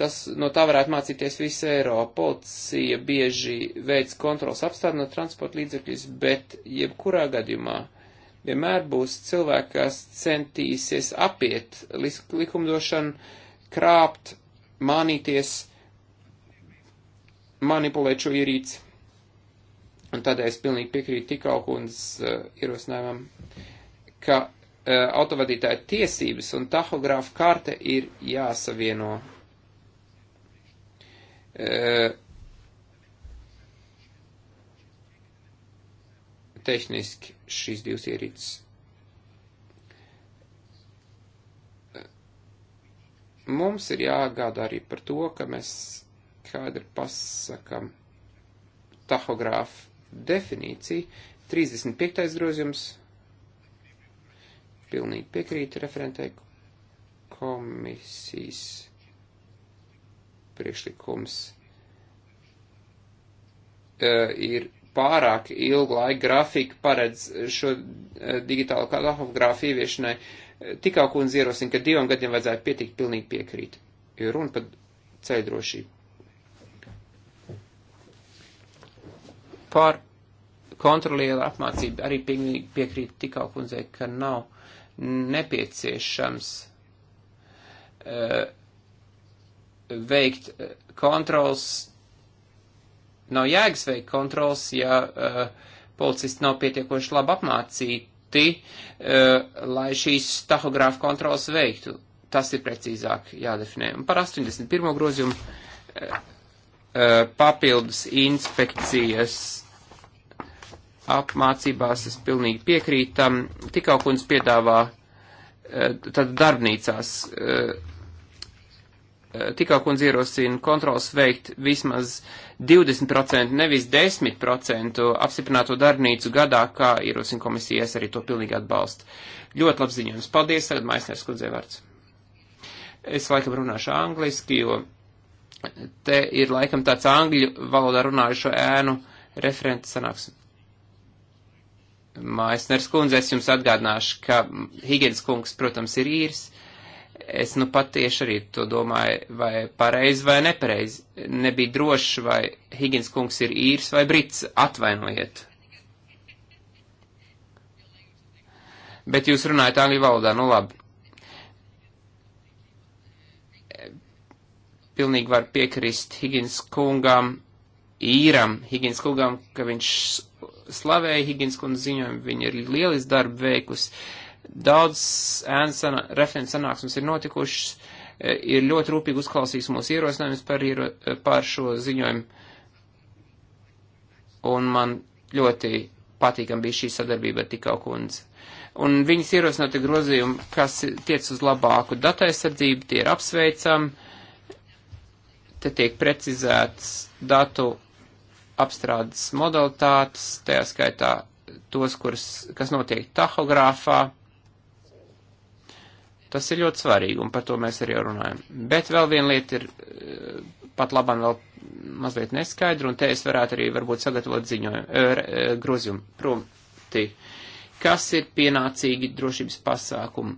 Tas, no tā varētu mācīties visa Eiropa. Policija bieži veic kontrols apstākļu no transporta līdzekļus, bet jebkurā gadījumā vienmēr būs cilvēki, kas centīsies apiet likumdošanu, krāpt, mānīties, manipulēt šo ierīci Un tādēļ es pilnīgi piekrītu tikau kundas uh, eh, ierosinājumam, ka uh, autovadītāja tiesības un tahogrāfa karte ir jāsavieno. Uh, tehniski šīs divas ierīces. Uh, mums ir jāgādā arī par to, ka mēs skaidri pasakam tahogrāfu definīciju. 35. grozījums pilnīgi piekrīt referentē komisijas priekšlikums uh, ir pārāk ilgu laiku grafiku paredz šo uh, digitālo tahogrāfu ieviešanai. E, Tikā kundze ierosina, ka diviem gadiem vajadzētu pietikt pilnīgi piekrīt, jo runa par ceļdrošību. Par kontrolieru apmācību arī piekrīt tikau kundzei, ka nav nepieciešams uh, veikt eh, kontrols, nav jēgas veikt kontrols, ja uh, policisti nav pietiekoši labi apmācīti, uh, lai šīs tahogrāfa kontrols veiktu. Tas ir precīzāk jādefinē. Un par 81. grozījumu papildus inspekcijas apmācībās, es pilnīgi piekrītu tam, tikau kundz piedāvā eh, tad darbnīcās. Eh, eh, tikau kundz ierosina kontrols veikt vismaz 20%, nevis 10% apstiprināto darbnīcu gadā, kā ierosina komisija, es arī to pilnīgi atbalstu. Ļoti labs ziņojums. Paldies, tagad Maisnēs kundzei vārds. Es laikam runāšu angliski, jo te ir laikam tāds angļu valodā runājušo ēnu referents sanāksme. Maisners kundze, es jums atgādināšu, ka Higgins kungs, protams, ir īrs. Es nu pat tieši arī to domāju, vai pareizi vai nepareizi. Nebija droši, vai Higgins kungs ir īrs vai brits. Atvainojiet. Bet jūs runājat angļu valodā, nu labi. Pilnīgi var piekrist Higgins kungam, īram Higgins kungam, ka viņš slavēju Higgins kundzi ziņojumu, viņa ir lielis darbu veikusi. Daudz ēnsana, referents sanāksmes ir notikušas, e, ir ļoti rūpīgi uzklausījis mūsu ierosinājumus par, iero, e, par šo ziņojumu. Un man ļoti patīkam bija šī sadarbība ar tikau kundzi. Un viņas ierosināti grozījumi, kas tiec uz labāku dataizsardzību, tie ir apsveicami. Te tiek precizēts datu apstrādes modalitātes, tajā skaitā tos, kuras, kas notiek tahogrāfā. Tas ir ļoti svarīgi, un par to mēs arī runājam. Bet vēl viena lieta ir eh, pat labam vēl mazliet neskaidra, un te es varētu arī varbūt sagatavot ziņojumu, eh, eh, grozījumu. Proti, kas ir pienācīgi drošības pasākumi?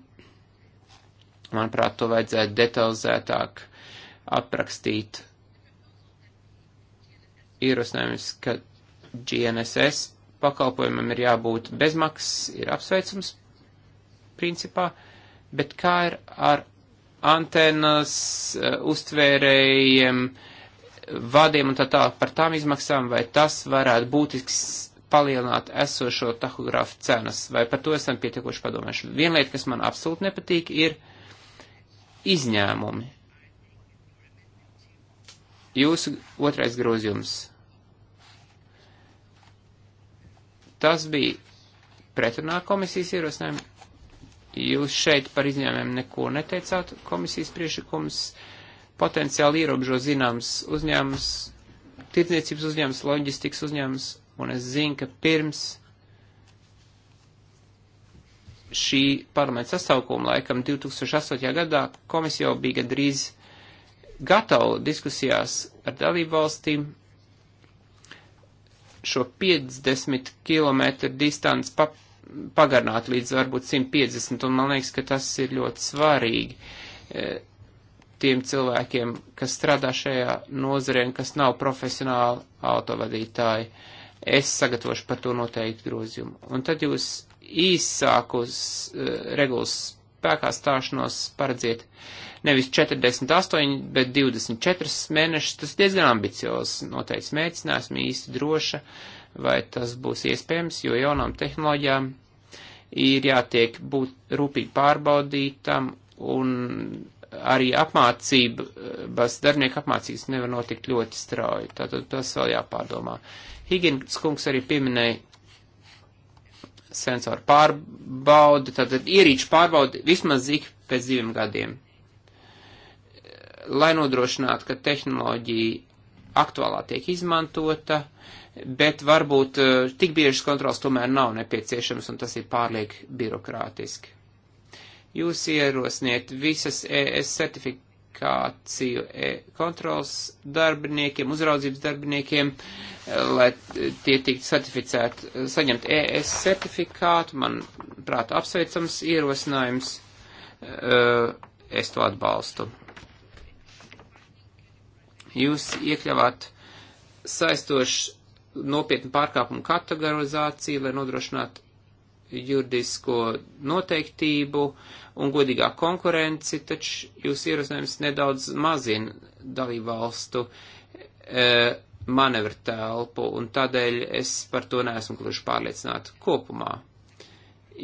Manuprāt, to vajadzētu detalizētāk aprakstīt ierosinājums, ka GNSS pakalpojumam ir jābūt bezmaksas, ir apsveicums principā, bet kā ir ar antenas uh, uztvērējiem, vadiem un tā tā par tām izmaksām, vai tas varētu būtisks palielināt esošo tahogrāfu cenas, vai par to esam pietiekoši padomājuši. Viena lieta, kas man absolūti nepatīk, ir izņēmumi. Jūsu otrais grozījums. Tas bija pretrunā komisijas ierosinājumiem. Jūs šeit par izņēmumiem neko neteicāt. Komisijas priešakums potenciāli ierobežo zināms uzņēmums, tirdzniecības uzņēmums, loģistikas uzņēmums, un es zinu, ka pirms šī parlamenta sasaukuma laikam 2008. gadā komisija jau bija gadrīz gatavi diskusijās ar dalību valstīm šo 50 km distanci pa, pagarināt līdz varbūt 150, un man liekas, ka tas ir ļoti svarīgi e, tiem cilvēkiem, kas strādā šajā nozarē un kas nav profesionāli autovadītāji. Es sagatavošu par to noteikti grozījumu. Un tad jūs īsāk uz e, eh, regulas spēkā stāšanos paredziet nevis 48, bet 24 mēnešus. Tas diezgan ambiciozs noteikts mērķis, neesmu īsti droša, vai tas būs iespējams, jo jaunām tehnoloģijām ir jātiek būt rūpīgi pārbaudītam un arī apmācības, darbinieku apmācības nevar notikt ļoti strauji. Tātad tas vēl jāpārdomā. Higgins kungs arī pieminēja sensoru pārbaudi, tātad ierīču pārbaudi vismaz ik pēc diviem gadiem lai nodrošinātu, ka tehnoloģija aktuālā tiek izmantota, bet varbūt eh, tik biežas kontrols tomēr nav nepieciešams un tas ir pārliek birokrātiski. Jūs ierosniet visas ES certifikāciju e kontrols darbiniekiem, uzraudzības darbiniekiem, lai tie tiktu certificēti, saņemt ES certifikātu, man prāt apsveicams ierosinājums, eh, es to atbalstu. Jūs iekļavāt saistošu nopietnu pārkāpumu kategorizāciju, lai nodrošinātu juridisko noteiktību un godīgā konkurenci, taču jūs ierosinājums nedaudz mazina dalībvalstu e, manevru telpu, un tādēļ es par to neesmu gluži pārliecināta kopumā.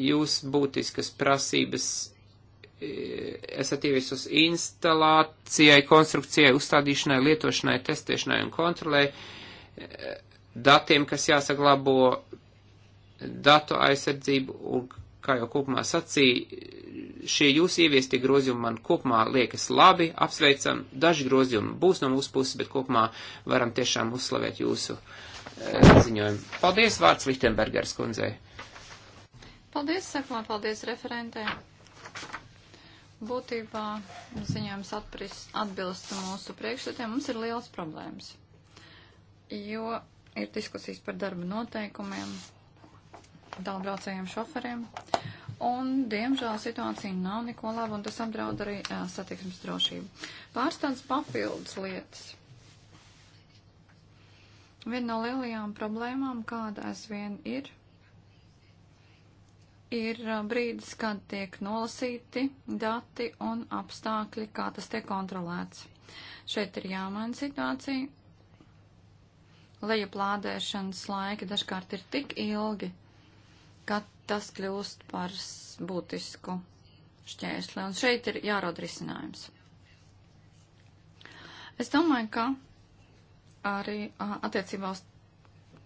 Jūs būtiskas prasības esat ievis uz instalācijai, konstrukcijai, uzstādīšanai, lietošanai, testēšanai un kontrolē, eh, datiem, kas jāsaglabo, datu aizsardzību un, kā jau kopumā sacīja, šie jūs ieviestie grozījumi man kopumā liekas labi, apsveicam, daži grozījumi būs no mūsu puses, bet kopumā varam tiešām uzslavēt jūsu eh, ziņojumu. Paldies, vārds Lichtenbergers kundzei. Paldies, sakumā, paldies referentē. Būtībā ziņojums atbilst mūsu priekšstatiem. Mums ir liels problēmas, jo ir diskusijas par darba noteikumiem, tālbraucējiem šoferiem. Un, diemžēl, situācija nav neko laba, un tas apdraud arī jā, satiksmes drošību. Pāris tādas papildus lietas. Viena no lielajām problēmām, kāda aizvien ir, ir uh, brīdis, kad tiek nolasīti dati un apstākļi, kā tas tiek kontrolēts. Šeit ir jāmaina situācija. Lejuplādēšanas laiki dažkārt ir tik ilgi, ka tas kļūst par būtisku šķērsli. Un šeit ir jārod risinājums. Es domāju, ka arī a, uh, attiecībā uz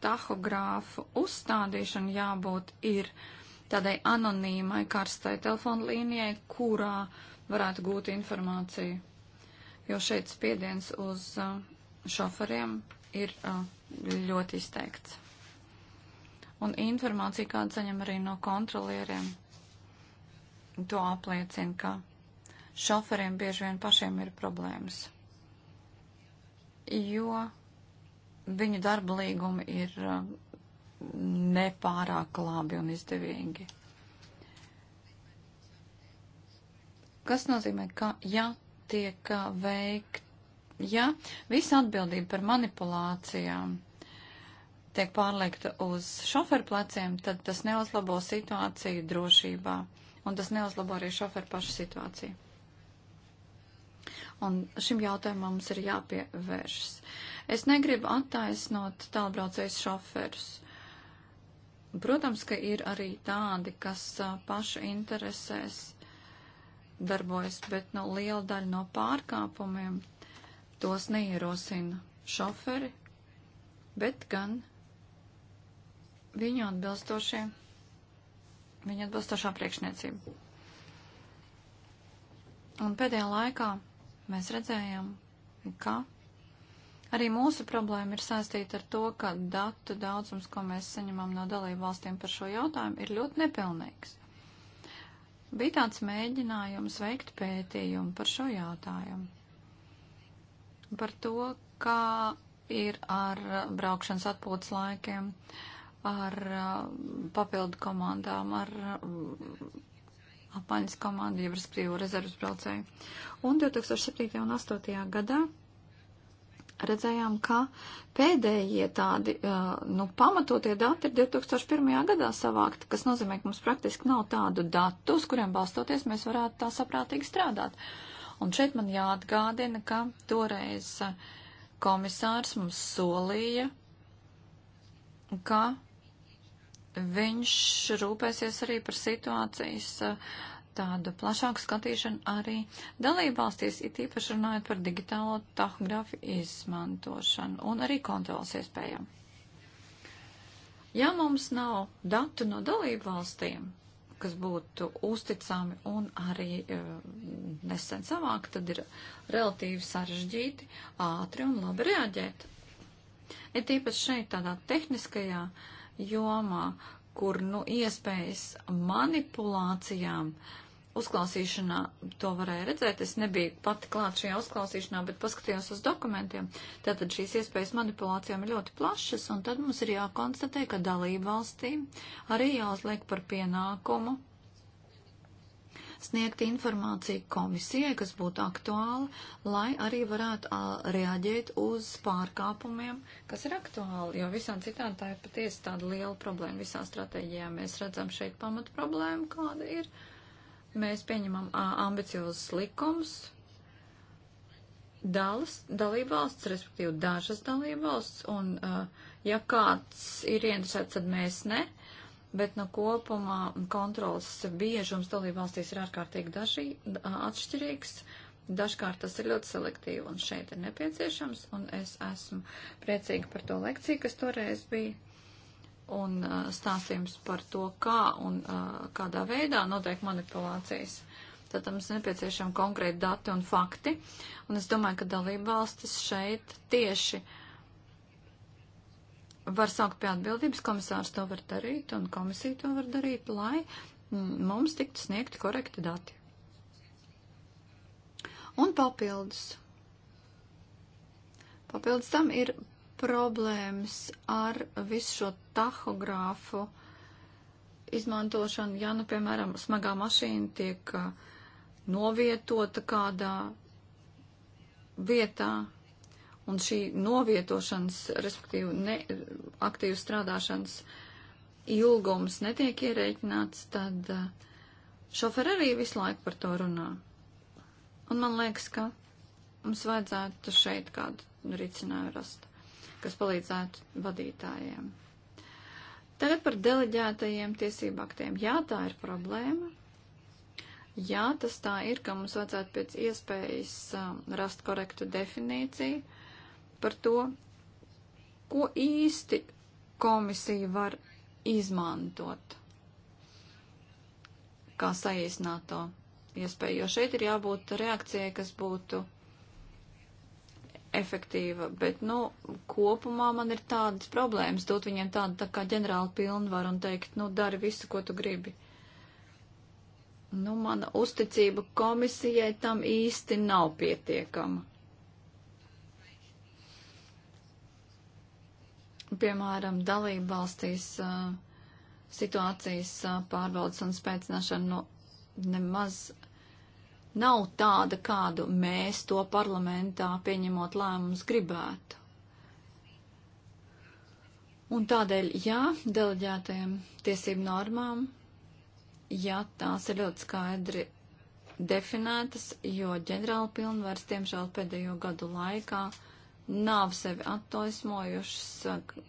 tahogrāfu uzstādīšanu jābūt ir uh, tādai anonīmai karstai telefonu līnijai, kurā varētu gūt informāciju. Jo šeit spiediens uz uh, šoferiem ir uh, ļoti izteikts. Un informācija, kāda saņem arī no kontrolieriem, to apliecina, ka šoferiem bieži vien pašiem ir problēmas. Jo viņu darba līgumi ir uh, nepārāk labi un izdevīgi. Kas nozīmē, ka ja tiek uh, veikt, ja visa atbildība par manipulācijām tiek pārliekta uz šoferu pleciem, tad tas neuzlabo situāciju drošībā, un tas neuzlabo arī šoferu pašu situāciju. Un šim jautājumam mums ir jāpievēršas. Es negribu attaisnot tālbraucējus šoferus. Protams, ka ir arī tādi, kas paša interesēs darbojas, bet no nu, liela daļa no pārkāpumiem tos neierosina šoferi, bet gan viņu atbilstošie, viņa atbilstošā priekšniecība. Un pēdējā laikā mēs redzējām, ka Arī mūsu problēma ir saistīta ar to, ka datu daudzums, ko mēs saņemam no dalību valstīm par šo jautājumu, ir ļoti nepilnīgs. Bija tāds mēģinājums veikt pētījumu par šo jautājumu. Par to, kā ir ar braukšanas atpūtas laikiem, ar uh, papildu komandām, ar uh, apaņas komandu, jeb ar brīvu rezervas braucēju. Un 2007. un 2008. gadā redzējām, ka pēdējie tādi, nu, pamatotie dati ir 2001. gadā savākti, kas nozīmē, ka mums praktiski nav tādu datu, uz kuriem balstoties mēs varētu tā saprātīgi strādāt. Un šeit man jāatgādina, ka toreiz komisārs mums solīja, ka viņš rūpēsies arī par situācijas uh, tādu plašāku skatīšanu arī dalībvalstīs, it īpaši runājot par digitālo tahografu izmantošanu un arī kontrolas iespējām. Ja mums nav datu no dalībvalstīm, kas būtu uzticami un arī e, nesen savāk, tad ir relatīvi sarežģīti ātri un labi reaģēt. Ir tīpaši šeit tādā tehniskajā jomā, kur, nu, iespējas manipulācijām uh, uzklausīšanā to varēja redzēt. Es nebiju pati klāt šajā uzklausīšanā, bet paskatījos uz dokumentiem. Tātad šīs iespējas manipulācijām ir ļoti plašas, un tad mums ir jākonstatē, ka dalību valstīm arī jāuzliek par pienākumu sniegt informāciju komisijai, kas būtu aktuāla, lai arī varētu a, reaģēt uz pārkāpumiem, kas ir aktuāli, jo visām citām tā ir patiesi tāda liela problēma. Visā stratēģijā mēs redzam šeit pamat problēmu, kāda ir. Uh, mēs pieņemam ambiciozus likums. Dalas, dalībvalsts, respektīvi dažas dalībvalsts, un uh, ja kāds ir interesēts, tad mēs ne, bet no kopumā kontrols biežums dalībvalstīs ir ārkārtīgi dažī, uh, atšķirīgs, dažkārt tas ir ļoti selektīvi un šeit ir nepieciešams, un es esmu priecīga par to lekciju, kas toreiz bija un uh, stāstījums par to, kā un uh, kādā veidā notiek manipulācijas. Tad mums nepieciešami konkrēti dati un fakti, un es domāju, ka dalībvalstis šeit tieši var saukt pie atbildības, komisārs to var darīt, un komisija to var darīt, lai mm, mums tiktu sniegti korekti dati. Un papildus. Papildus tam ir problēmas ar visu šo tahogrāfu izmantošanu, ja, nu, piemēram, smagā mašīna tiek uh, novietota kādā vietā, un šī novietošanas, respektīvi ne, aktīvu strādāšanas ilgums netiek ierēķināts, tad uh, šoferi arī visu laiku par to runā. Un man liekas, ka mums vajadzētu šeit kādu ricinājumu rast kas palīdzētu vadītājiem. Tagad par deleģētajiem tiesību aktiem. Jā, tā ir problēma. Jā, tas tā ir, ka mums vajadzētu pēc iespējas um, rast korektu definīciju par to, ko īsti komisija var izmantot, kā saīsināt to iespēju. Jo šeit ir jābūt reakcijai, kas būtu efektīva, bet, nu, kopumā man ir tādas problēmas dot viņiem tādu tā kā ģenerāli pilnvaru un teikt, nu, dari visu, ko tu gribi. Nu, mana uzticība komisijai tam īsti nav pietiekama. Piemēram, dalību valstīs uh, situācijas uh, pārbaudas un spēcināšana nu, nemaz nav tāda, kādu mēs to parlamentā pieņemot lēmumus gribētu. Un tādēļ, jā, deleģētajiem tiesību normām, jā, tās ir ļoti skaidri definētas, jo ģenerāla pilnvars, tiemžēl, pēdējo gadu laikā nav sevi attaismojušas,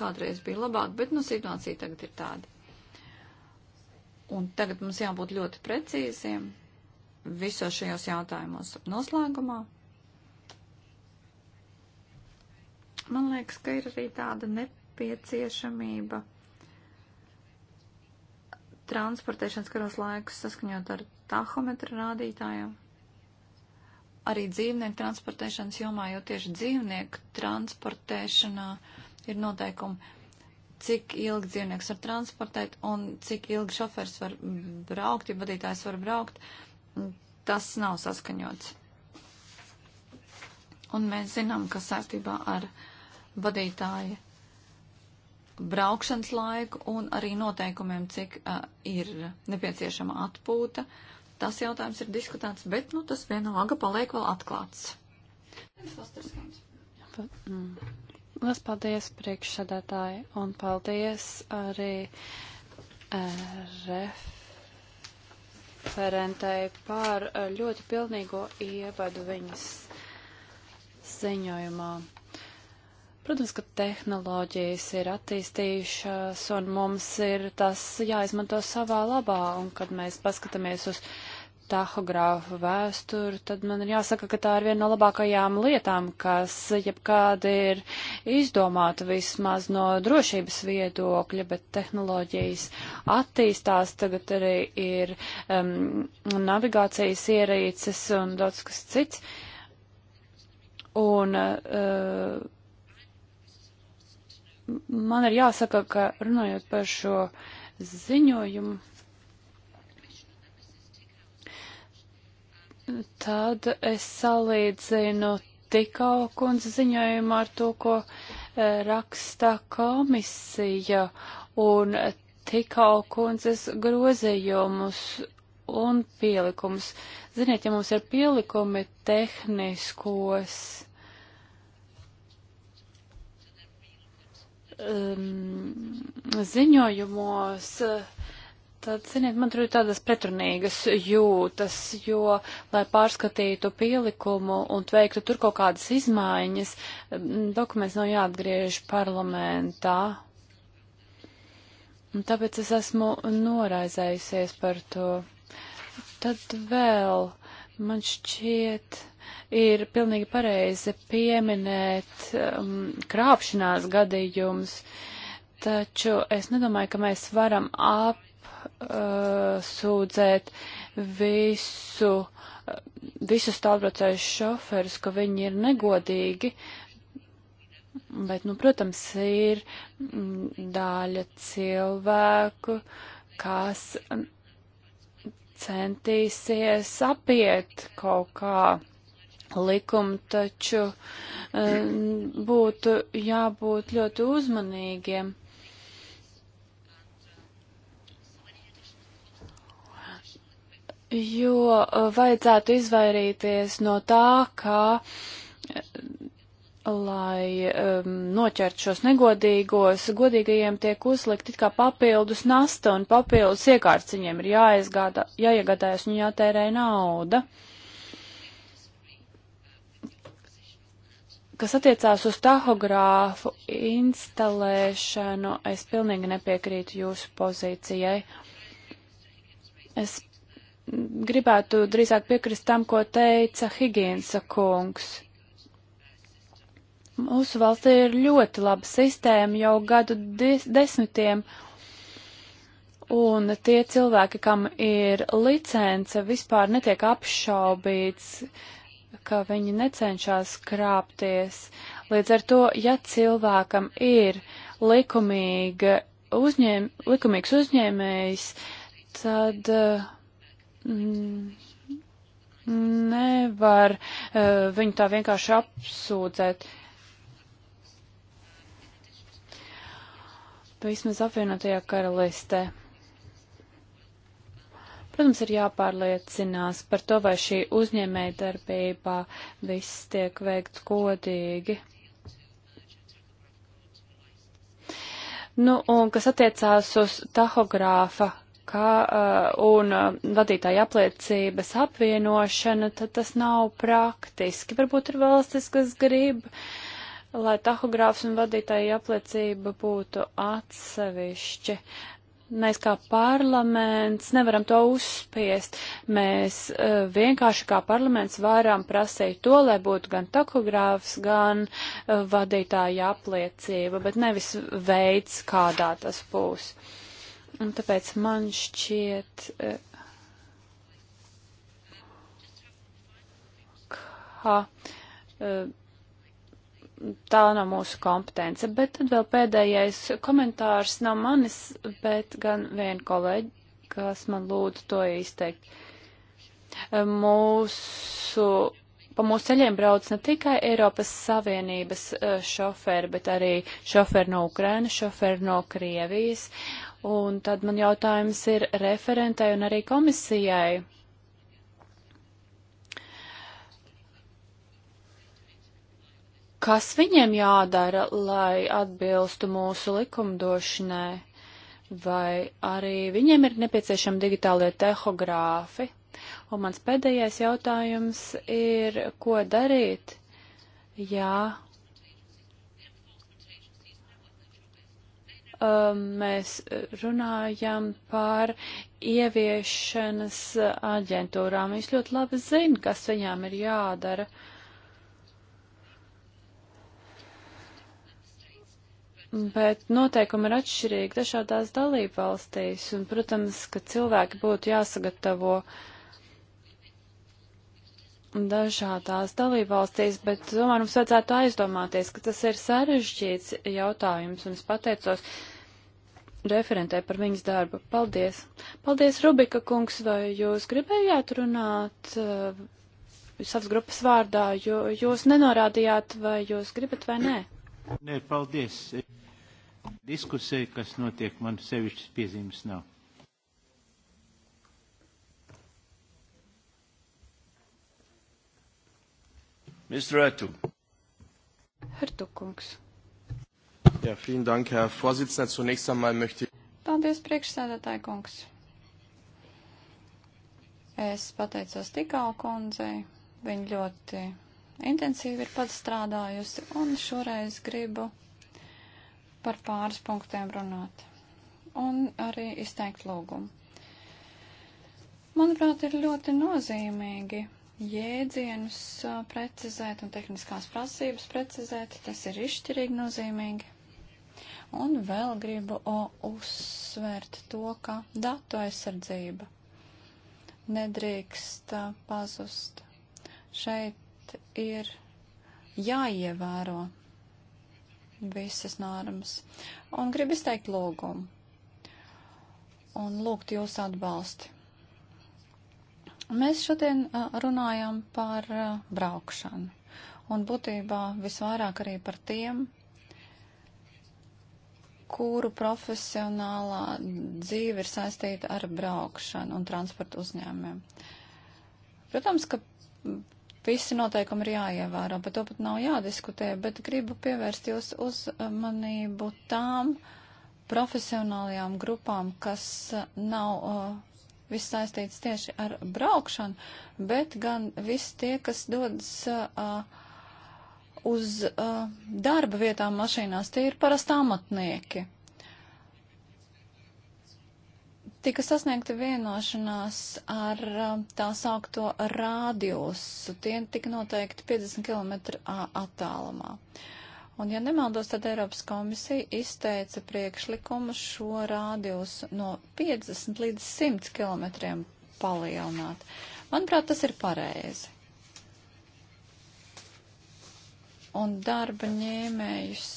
kādreiz bija labāk, bet, nu, situācija tagad ir tāda. Un tagad mums jābūt ļoti precīziem, visos šajos jautājumos. Noslēgumā man liekas, ka ir arī tāda nepieciešamība transportēšanas karos laikus saskaņot ar tahometra rādītājiem. Arī dzīvnieku transportēšanas jomā, jo tieši dzīvnieku transportēšanā ir noteikumi, cik ilgi dzīvnieks var transportēt un cik ilgi šofers var braukt, ja vadītājs var braukt. Uh, tas nav saskaņots. Un mēs zinām, ka saistībā ar vadītāja braukšanas laiku un arī noteikumiem, cik uh, ir nepieciešama atpūta, tas jautājums ir diskutēts, bet nu, tas vienalga paliek vēl atklāts. Mm. Lielas paldies priekšsēdētāji un paldies arī uh, ref referentei par eh, ļoti pilnīgo ievadu viņas ziņojumā. Protams, ka tehnoloģijas ir attīstījušās un mums ir tas jāizmanto savā labā, un kad mēs paskatāmies uz uh, tahogrāfu vēsturi, tad man ir jāsaka, ka tā ir viena no labākajām lietām, kas jebkāda ir izdomāta vismaz no drošības viedokļa, bet tehnoloģijas attīstās, tagad arī ir um, navigācijas ierīces un daudz kas cits. Un, uh, man ir jāsaka, ka runājot par šo ziņojumu Tad es salīdzinu tikau kundze ziņojumu ar to, ko e, raksta komisija un tikau kundzes grozījumus un pielikumus. Ziniet, ja mums ir pielikumi tehniskos. um, ziņojumos, uh, Tad, ziniet, man tur ir tādas pretrunīgas jūtas, jo, lai pārskatītu pielikumu un veiktu tur kaut kādas izmaiņas, dokuments nav jāatgriež parlamentā. Un tāpēc es esmu noraizējusies par to. Tad vēl, man šķiet, ir pilnīgi pareizi pieminēt um, krāpšanās gadījumus, taču es nedomāju, ka mēs varam ap uh, sūdzēt visu, uh, visus tālbraucēju šoferus, ka viņi ir negodīgi, bet, nu, protams, ir mm, daļa cilvēku, kas mm, centīsies apiet kaut kā likumu, taču mm, būtu jābūt ļoti uzmanīgiem. jo uh, vajadzētu izvairīties no tā, kā uh, lai um, noķertu šos negodīgos, godīgajiem tiek uzlikt it kā papildus nasta un papildus iekārts viņiem ir jāizgādā, jāiegādājas un jātērē nauda. Kas attiecās uz tahogrāfu instalēšanu, es pilnīgi nepiekrītu jūsu pozīcijai. Es gribētu drīzāk piekrist tam, ko teica Higiensa kungs. Mūsu valstī ir ļoti laba sistēma jau gadu desmitiem, un tie cilvēki, kam ir licence, vispār netiek apšaubīts, ka viņi necenšas krāpties. Līdz ar to, ja cilvēkam ir likumīga uzņēm, likumīgs uzņēmējs, tad uh, nevar eh, viņu tā vienkārši apsūdzēt. Vismaz apvienotajā karalistē. Protams, ir jāpārliecinās par to, vai šī uzņēmēja darbībā viss tiek veikts godīgi. Nu, un kas attiecās uz tahogrāfa kā, uh, un uh, vadītāja apliecības apvienošana, tad tas nav praktiski. Varbūt ir valstis, kas grib, lai tahogrāfs un vadītāja apliecība būtu atsevišķi. Mēs kā parlaments nevaram to uzspiest. Mēs uh, vienkārši kā parlaments varam prasīt to, lai būtu gan takogrāfs, gan vadītāja apliecība, bet nevis veids, kādā tas būs. Uh, Un tāpēc man šķiet, e, ka e, tā nav mūsu kompetence. Bet tad vēl pēdējais komentārs nav manis, bet gan viena kolēģi, kas man lūdzu to izteikt. E, mūsu, pa mūsu ceļiem brauc ne tikai Eiropas Savienības šoferi, bet arī šoferi no Ukraina, šoferi no Krievijas. Uh, Un tad man jautājums ir referentai un arī komisijai. Kas viņiem jādara, lai atbilstu mūsu likumdošanai? Vai arī viņiem ir nepieciešami digitālie tehogrāfi? Un mans pēdējais jautājums ir, ko darīt, ja um, mēs runājam par ieviešanas aģentūrām. Viņš ļoti labi zina, kas viņām ir jādara. Bet noteikumi ir atšķirīgi dažādās dalību valstīs, un, protams, ka cilvēki būtu jāsagatavo dažādās dalību valstīs, bet, domāju, mums vajadzētu aizdomāties, ka tas ir sarežģīts jautājums, un es pateicos referentē par viņas darbu. Paldies! Paldies, Rubika kungs, vai jūs gribējāt runāt uh, savas grupas vārdā, jo jūs nenorādījāt, vai jūs gribat vai nē? Nē, paldies. Diskusija, kas notiek, man sevišķas piezīmes nav. Mr. Ertu. Hertu kungs. Ja, vielen Dank, Herr Vorsitzender. Zunächst einmal möchte ich. Paldies, priekšsēdētāji kungs. Es pateicos Tikau kundzei. Viņa ļoti intensīvi ir pat strādājusi, un šoreiz gribu par pāris punktiem runāt. Un arī izteikt lūgumu. Manuprāt, ir ļoti nozīmīgi jēdzienus precizēt un tehniskās prasības precizēt. Tas ir izšķirīgi nozīmīgi. Un vēl gribu o, uzsvērt to, ka datu aizsardzība nedrīkst a, pazust. Šeit ir jāievēro visas normas. Un gribu izteikt lūgumu. Un lūgt jūs atbalsti. Mēs šodien a, runājam par a, braukšanu. Un būtībā visvairāk arī par tiem, kuru profesionālā dzīve ir saistīta ar braukšanu un transportu uzņēmumiem. Protams, ka visi noteikumi ir jāievēro, par to pat nav jādiskutē, bet gribu pievērst jūs uzmanību tām profesionālajām grupām, kas nav uh, viss saistīts tieši ar braukšanu, bet gan visi tie, kas dodas uh, uz uh, darba vietām mašīnās, tie ir parasti amatnieki. Tika sasniegta vienošanās ar uh, tā saukto rādiosu. Tie tika noteikti 50 km uh, attālumā. Un, ja nemaldos, tad Eiropas komisija izteica priekšlikumu šo rādiosu no 50 līdz 100 km palielināt. Manuprāt, tas ir pareizi un darba ņēmējus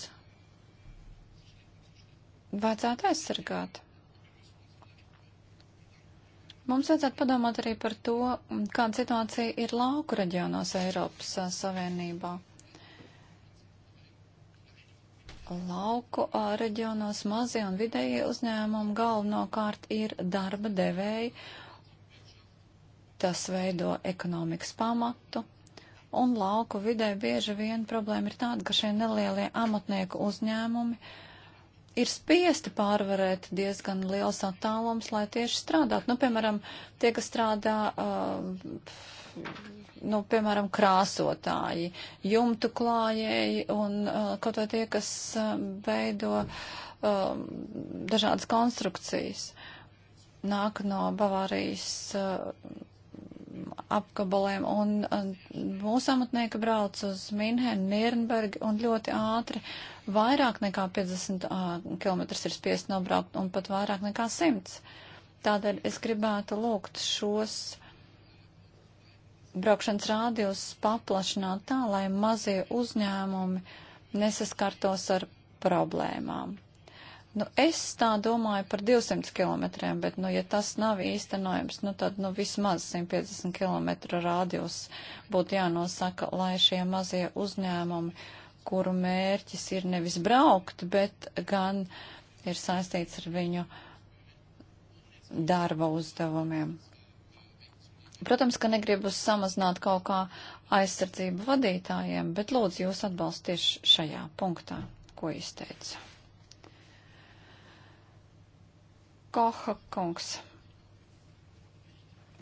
vajadzētu aizsargāt. Mums vajadzētu padomāt arī par to, kāda situācija ir lauku reģionos Eiropas Savienībā. Lauku reģionos mazie un vidējie uzņēmumi galvenokārt ir darba devēji. Tas veido ekonomikas pamatu, Un lauku vidē bieži vien problēma ir tāda, ka šie nelielie amatnieku uzņēmumi ir spiesti pārvarēt diezgan liels attālums, lai tieši strādātu. Nu, piemēram, tie, kas strādā, uh, nu, piemēram, krāsotāji, jumtu klājēji un uh, kaut vai tie, kas uh, veido um, dažādas konstrukcijas, nāk no Bavārijas uh, apgabaliem, un, un mūsu amatnieki brauc uz Minhenu, Nirnbergi, un ļoti ātri vairāk nekā 50 uh, km ir spiest nobraukt, un pat vairāk nekā 100. Tādēļ es gribētu lūgt šos braukšanas rādījus paplašināt tā, lai mazie uzņēmumi nesaskartos ar problēmām. Nu, es tā domāju par 200 km, bet, nu, ja tas nav īstenojams, nu, tad, nu, vismaz 150 km rādījus būtu jānosaka, lai šie mazie uzņēmumi, kuru mērķis ir nevis braukt, bet gan ir saistīts ar viņu darba uzdevumiem. Protams, ka negribu samazināt kaut kā aizsardzību vadītājiem, bet lūdzu jūs atbalstu tieši šajā punktā, ko izteicu. Koha kungs.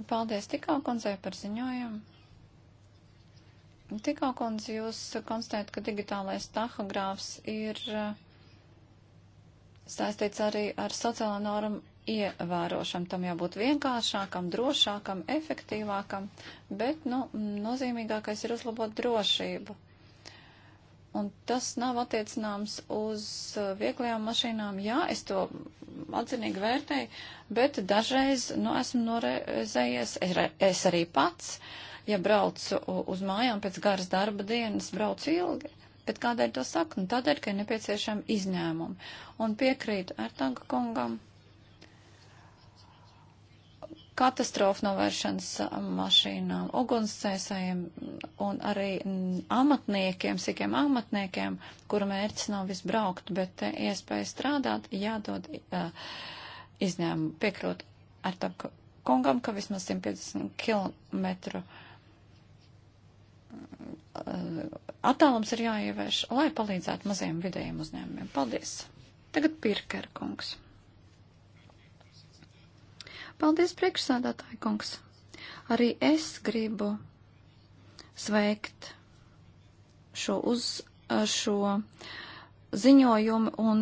Paldies tikā kundzei par ziņojumu. Tikā kundze, jūs konstatējat, ka digitālais tahogrāfs ir eh, saistīts arī ar sociālo normu ievērošanu. Tam jābūt vienkāršākam, drošākam, efektīvākam, bet, nu, nozīmīgākais ir uzlabot drošību. Un tas nav attiecināms uz uh, vieglajām mašīnām. Jā, es to atzinīgi vērtēju, bet dažreiz, nu, esmu norezējies, es arī pats, ja braucu uz mājām pēc garas darba dienas, braucu ilgi. Bet kādēļ to saku? Nu, tādēļ, ka ir nepieciešami izņēmumi. Un piekrītu Ertanga kungam katastrofu novēršanas mašīnām, ugunscēsējiem un arī amatniekiem, sikiem amatniekiem, kuru mērķis nav visbraukt, bet iespēja strādāt, jādod uh, izņēmumu piekrot ar tam kungam, ka vismaz 150 km attālums ir jāievērš, lai palīdzētu maziem vidējiem uzņēmumiem. Paldies! Tagad Pirker kungs. Paldies, priekšsādātāji kungs. Arī es gribu sveikt šo uz šo ziņojumu un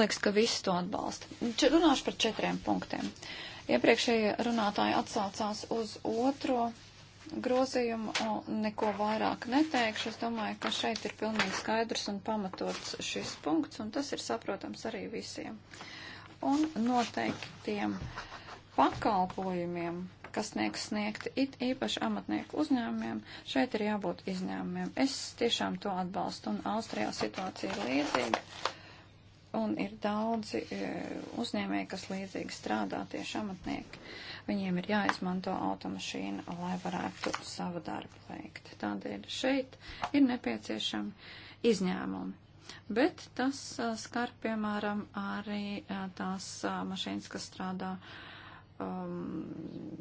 liekas, ka visi to atbalsta. Runāšu par četriem punktiem. Iepriekšējie runātāji atsaucās uz otro grozījumu, neko vairāk neteikšu. Es domāju, ka šeit ir pilnīgi skaidrs un pamatots šis punkts, un tas ir saprotams arī visiem. Un noteiktiem uh, pakalpojumiem, kas tiek sniegti it īpaši amatnieku uzņēmumiem, šeit ir jābūt izņēmumiem. Es tiešām to atbalstu, un Austrijā situācija ir līdzīga, un ir daudzi e, uzņēmēji, kas līdzīgi strādā tieši amatnieki. Viņiem ir jāizmanto automašīna, lai varētu savu darbu veikt. Tādēļ šeit ir nepieciešami izņēmumi. Bet tas a, e, skar, piemēram, arī a, e, tās a, e, mašīnas, kas strādā uh, um,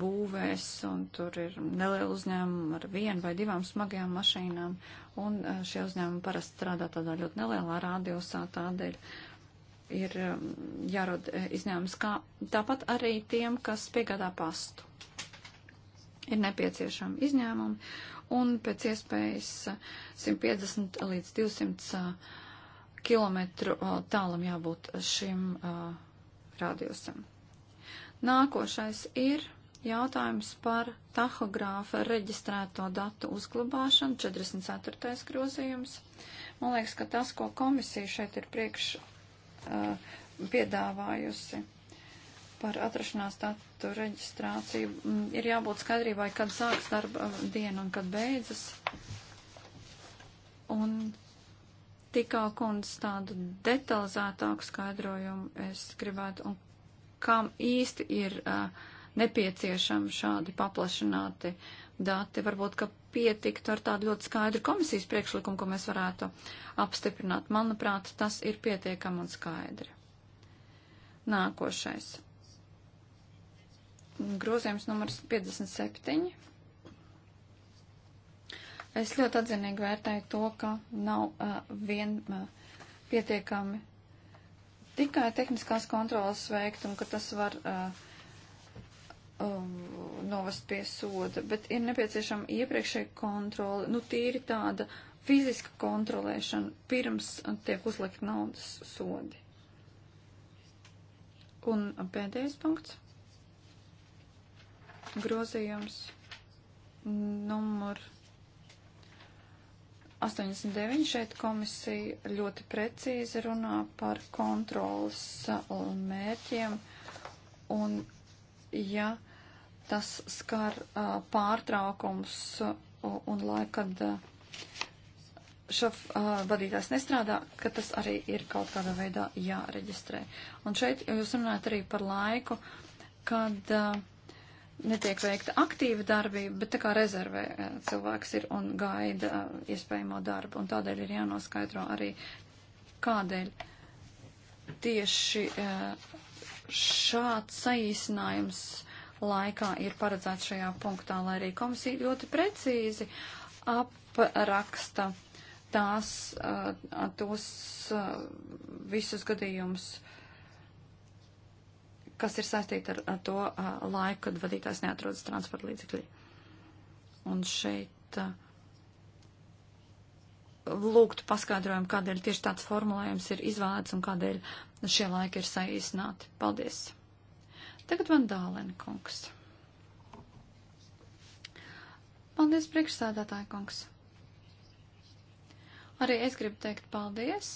būvēs, un tur ir neliela uzņēmuma ar vienu vai divām smagajām mašīnām, un uh, šie uzņēmumi parasti strādā tādā ļoti nelielā rādījusā, tādēļ ir um, jārod eh, izņēmums. Kā, tāpat arī tiem, kas piegādā pastu, ir nepieciešami izņēmumi, un pēc iespējas 150 uh, līdz 200 uh, km tālam jābūt šim rādījusam. Nākošais ir jautājums par tahogrāfa reģistrēto datu uzglabāšanu, 44. grozījums. Man liekas, ka tas, ko komisija šeit ir priekš uh, piedāvājusi par atrašanās datu reģistrāciju, mm, ir jābūt skaidrībai, kad sāks darba diena un kad beidzas. Un tikā kundz tādu detalizētāku skaidrojumu es gribētu un kam īsti ir uh, nepieciešami šādi paplašināti dati. Varbūt, ka pietiktu ar tādu ļoti skaidru komisijas priekšlikumu, ko mēs varētu apstiprināt. Manuprāt, tas ir pietiekami un skaidri. Nākošais. Grozījums numurs 57. Es ļoti atzinīgi vērtēju to, ka nav uh, vien uh, pietiekami tikai tehniskās kontrolas veikt un ka tas var uh, um, novest pie soda, bet ir nepieciešama iepriekšēja kontrola, nu tīri tāda fiziska kontrolēšana pirms tiek uzlikt naudas sodi. Un pēdējais punkts. Grozījums numur 2 89 šeit komisija ļoti precīzi runā par kontrolas mērķiem un ja tas skar uh, pārtraukums uh, un laika, kad uh, šof, uh, vadītājs nestrādā, ka tas arī ir kaut kādā veidā jāreģistrē. Un šeit jūs runājat arī par laiku, kad uh, netiek veikta aktīva darbība, bet tā kā rezervē eh, cilvēks ir un gaida eh, iespējamo darbu. Un tādēļ ir jānoskaidro arī, kādēļ tieši eh, šāds saīsinājums laikā ir paredzēts šajā punktā, lai arī komisija ļoti precīzi apraksta tās, tos visus gadījumus, kas ir saistīta ar, ar to laiku, kad vadītājs neatrodas transporta līdzeklī. Un šeit lūgtu paskaidrojumu, kādēļ tieši tāds formulējums ir izvēlēts un kādēļ šie laiki ir saīsināti. Paldies! Tagad man dālēna kungs. Paldies, priekšsādātāja kungs! Arī es gribu teikt paldies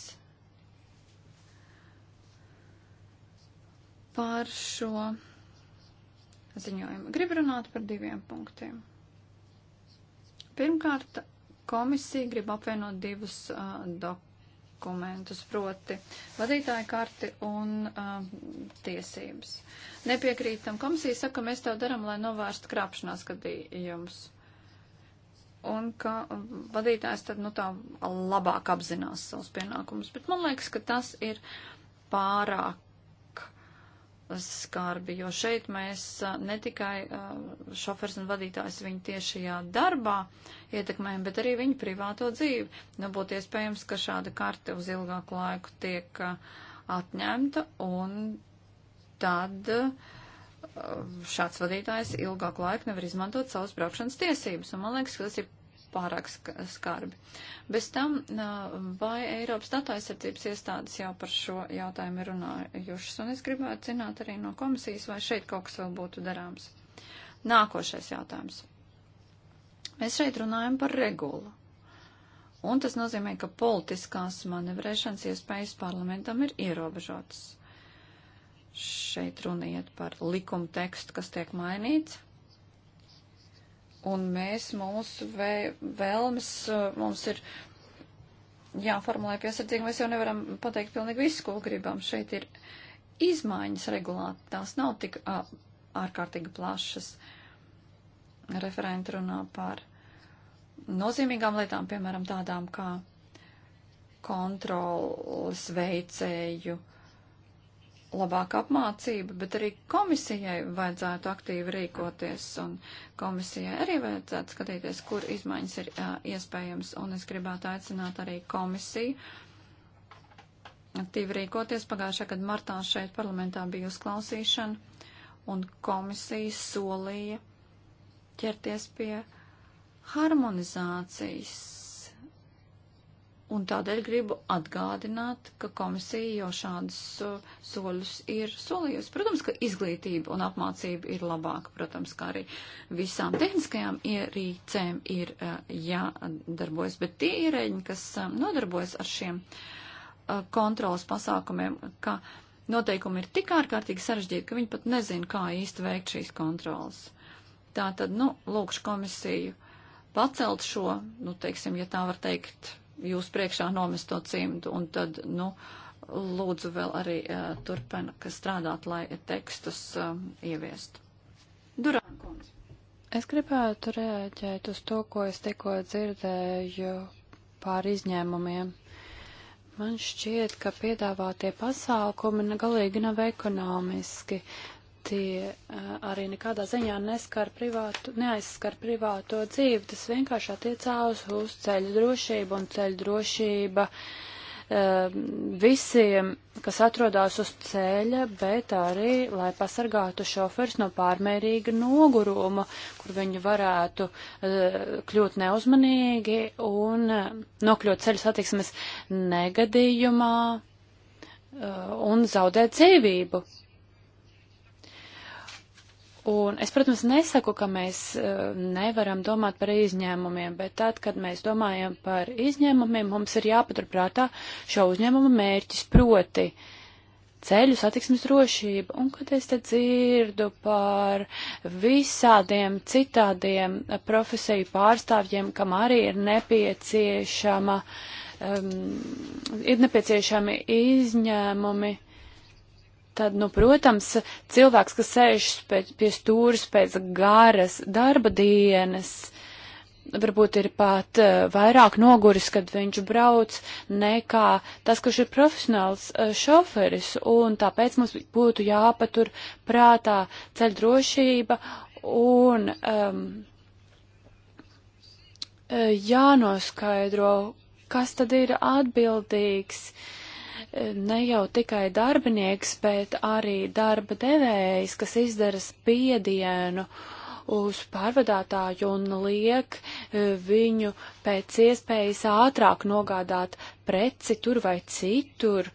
par šo ziņojumu. Gribu runāt par diviem punktiem. Pirmkārt, komisija grib apvienot divus uh, dokumentus, proti vadītāja karti un uh, tiesības. Nepiekrītam komisija saka, mēs to daram, lai novērstu krāpšanās gadījumus un ka vadītājs tad nu tā labāk apzinās savus pienākumus. Bet man liekas, ka tas ir pārāk skarbi, jo šeit mēs ne tikai šofers un vadītājs viņu tiešajā darbā ietekmējam, bet arī viņu privāto dzīvi. Nu, būtu iespējams, ka šāda karte uz ilgāku laiku tiek atņemta un tad šāds vadītājs ilgāku laiku nevar izmantot savas braukšanas tiesības. Un man liekas, ka tas ir pārāk skarbi. Bez tam, vai Eiropas datu aizsardzības iestādes jau par šo jautājumu ir runājušas, un es gribētu zināt arī no komisijas, vai šeit kaut kas vēl būtu darāms. Nākošais jautājums. Mēs šeit runājam par regulu. Un tas nozīmē, ka politiskās manevrēšanas iespējas parlamentam ir ierobežotas. Šeit runiet par likuma tekstu, kas tiek mainīts, Un mēs, mūsu vē, vēlmes, eh, mums ir jāformulē piesardzīgi, mēs jau nevaram pateikt pilnīgi visu, ko gribam. Šeit ir izmaiņas regulāti, tās nav tik a, ārkārtīgi plašas. Referenti runā par nozīmīgām lietām, piemēram, tādām kā kontrolas veicēju uh, labāka apmācība, bet arī komisijai vajadzētu aktīvi rīkoties, un komisijai arī vajadzētu skatīties, kur izmaiņas ir uh, iespējams, un es gribētu aicināt arī komisiju aktīvi rīkoties. Pagājušā gada martā šeit parlamentā bija uzklausīšana, un komisija solīja ķerties pie harmonizācijas Un tādēļ gribu atgādināt, ka komisija jau šādus uh, soļus ir solījusi. Protams, ka izglītība un apmācība ir labāka, protams, kā arī visām tehniskajām ierīcēm ir uh, jādarbojas, bet tie ierēģi, kas uh, nodarbojas ar šiem uh, kontrolas pasākumiem, ka noteikumi ir tik ārkārtīgi sarežģīti, ka viņi pat nezina, kā īsti veikt šīs kontrolas. Tā tad, nu, lūkšu komisiju pacelt šo, nu, teiksim, ja tā var teikt, jūs priekšā nomest to cimdu. Un tad, nu, lūdzu vēl arī uh, turpina, ka strādāt, lai tekstus uh, eh, ieviestu. Durānkundze. Es gribētu reaģēt uz to, ko es tikko dzirdēju pār izņēmumiem. Man šķiet, ka piedāvātie pasākumi galīgi nav ekonomiski. Uh, tie arī nekādā ziņā neskar privātu, neaizskar privāto dzīvi, tas vienkārši attiecās uz ceļu drošību un ceļu drošība visiem, kas atrodas uz ceļa, bet arī, lai pasargātu šoferis no pārmērīga noguruma, kur viņi varētu kļūt neuzmanīgi un nokļūt ceļu satiksmes negadījumā un zaudēt dzīvību. Un es, protams, nesaku, ka mēs e, nevaram domāt par izņēmumiem, bet tad, kad mēs domājam par izņēmumiem, mums ir jāpaturprātā šo uzņēmumu mērķis proti ceļu satiksmes drošība. Un, kad es te dzirdu par visādiem citādiem e, profesiju pārstāvjiem, kam arī ir nepieciešama, um, ir nepieciešami izņēmumi tad, nu, protams, cilvēks, kas sēž pēc, pie stūras pēc garas darba dienas, varbūt ir pat eh, vairāk noguris, kad viņš brauc, nekā tas, kurš ir profesionāls eh, šoferis, un tāpēc mums būtu jāpatur prātā ceļ drošība un um, jānoskaidro, kas tad ir atbildīgs. Uh, ne jau tikai darbinieks, bet arī darba devējs, kas izdara spiedienu uz pārvadātāju un liek e, viņu pēc iespējas ātrāk nogādāt preci tur vai citur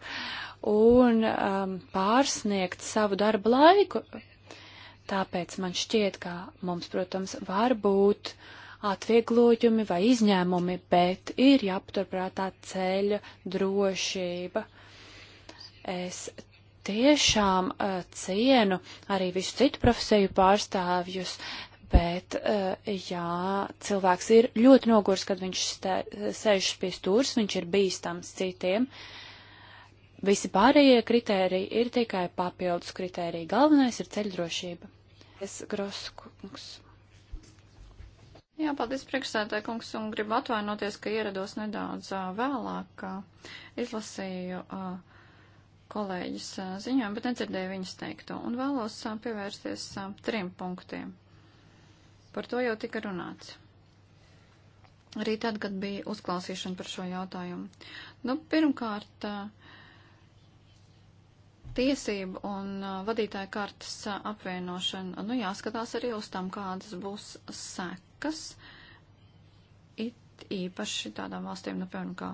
un um, pārsniegt savu darba laiku. Tāpēc man šķiet, ka mums, protams, var būt atvieglojumi vai izņēmumi, bet ir jāpaturprātā ceļa drošība. Es tiešām uh, cienu arī visu citu profesiju pārstāvjus, bet, uh, jā, cilvēks ir ļoti nogurs, kad viņš sēžas pie stūrs, viņš ir bīstams citiem. Visi pārējie kritēriji ir tikai papildus kritēriji. Galvenais ir ceļdrošība. Es groskungs. Jā, paldies priekšsētāji kungs un gribu atvainoties, ka ierados nedaudz uh, vēlāk. Uh, izlasīju uh, kolēģis ziņojumu, bet nedzirdēju viņas teikto. Un vēlos pievērsties trim punktiem. Par to jau tika runāts. Arī tad, kad bija uzklausīšana par šo jautājumu. Nu, pirmkārt, tiesību un vadītāja kartas apvienošana. Nu, jāskatās arī uz tam, kādas būs sekas. It īpaši tādām valstīm, nu, piemēram, kā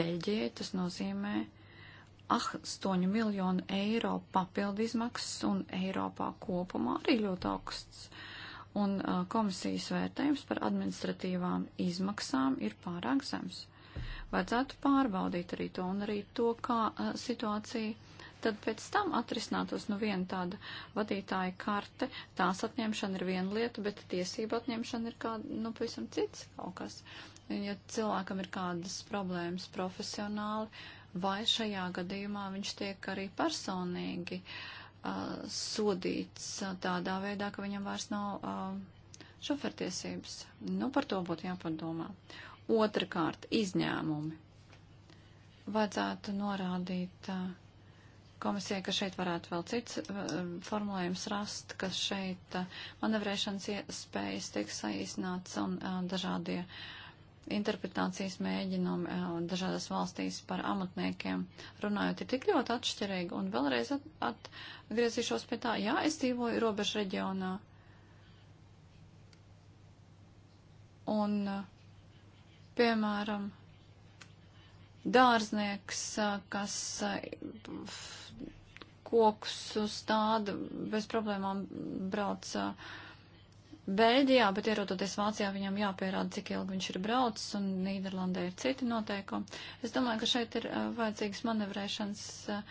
Beļģija, tas nozīmē, uh, 8 ah, miljonu eiro papildu izmaksas un Eiropā kopumā arī ļoti augsts. Un uh, komisijas vērtējums par administratīvām izmaksām ir pārāk zems. Vajadzētu pārbaudīt arī to un arī to, kā uh, situācija tad pēc tam atrisinātos nu viena tāda vadītāja karte, tās atņemšana ir viena lieta, bet tiesība atņemšana ir kāda, nu, pavisam cits kaut kas. Ja cilvēkam ir kādas problēmas profesionāli, vai šajā gadījumā viņš tiek arī personīgi uh, sodīts tādā veidā, ka viņam vairs nav uh, šofertiesības. Nu, par to būtu jāpadomā. Otrakārt, izņēmumi. Vajadzētu norādīt uh, komisijai, ka šeit varētu vēl cits formulējums rast, ka šeit manevrēšanas iespējas tiek saīsnāts un dažādie uh, interpretācijas mēģinumi eh, dažādās valstīs par amatniekiem runājot ir tik ļoti atšķirīgi. Un vēlreiz at, atgriezīšos pie tā, jā, es dzīvoju robežu reģionā. Un, eh, piemēram, dārznieks, eh, kas kokus uz tādu bez problēmām brauc. Uh, Beļģijā, bet ierodoties Vācijā, viņam jāpierāda, cik ilgi viņš ir braucis, un Nīderlandē ir citi noteikumi. Es domāju, ka šeit ir uh, vajadzīgas manevrēšanas, uh,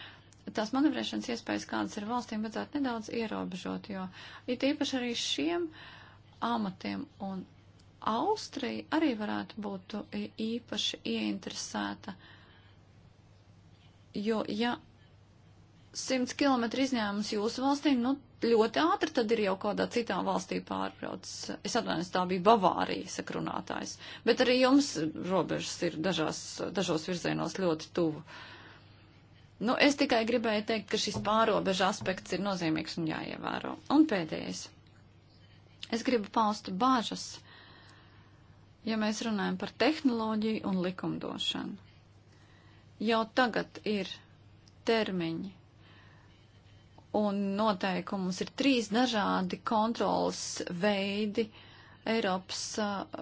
tās manevrēšanas iespējas, kādas ir valstīm, vajadzētu nedaudz ierobežot, jo it īpaši arī šiem amatiem un Austrija arī varētu būt īpaši ieinteresēta, jo ja 100 km izņēmums jūsu valstīm, nu, ļoti ātri tad ir jau kādā citā valstī pārbrauc. Es atvainojos, tā bija Bavārija, saka runātājs. Bet arī jums robežas ir dažās, dažos virzienos ļoti tuvu. Nu, es tikai gribēju teikt, ka šis pārobeža aspekts ir nozīmīgs un jāievēro. Un pēdējais. Es gribu paust bāžas, ja mēs runājam par tehnoloģiju un likumdošanu. Jau tagad ir termiņi un noteikumus. Ir trīs dažādi kontrolas veidi Eiropas uh,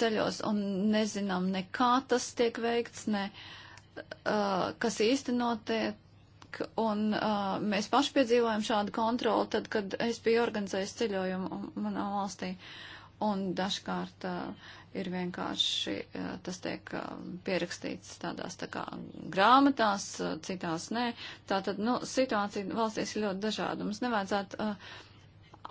ceļos, un nezinām ne kā tas tiek veikts, ne uh, kas īsti notiek. Un uh, mēs paši piedzīvojam šādu kontroli, tad, kad es biju organizējis ceļojumu manā valstī. Un dažkārt uh, ir vienkārši tas tiek pierakstīts tādās tā kā grāmatās, citās nē. Tātad, nu, situācija valstīs ir ļoti dažāda. Mums nevajadzētu uh,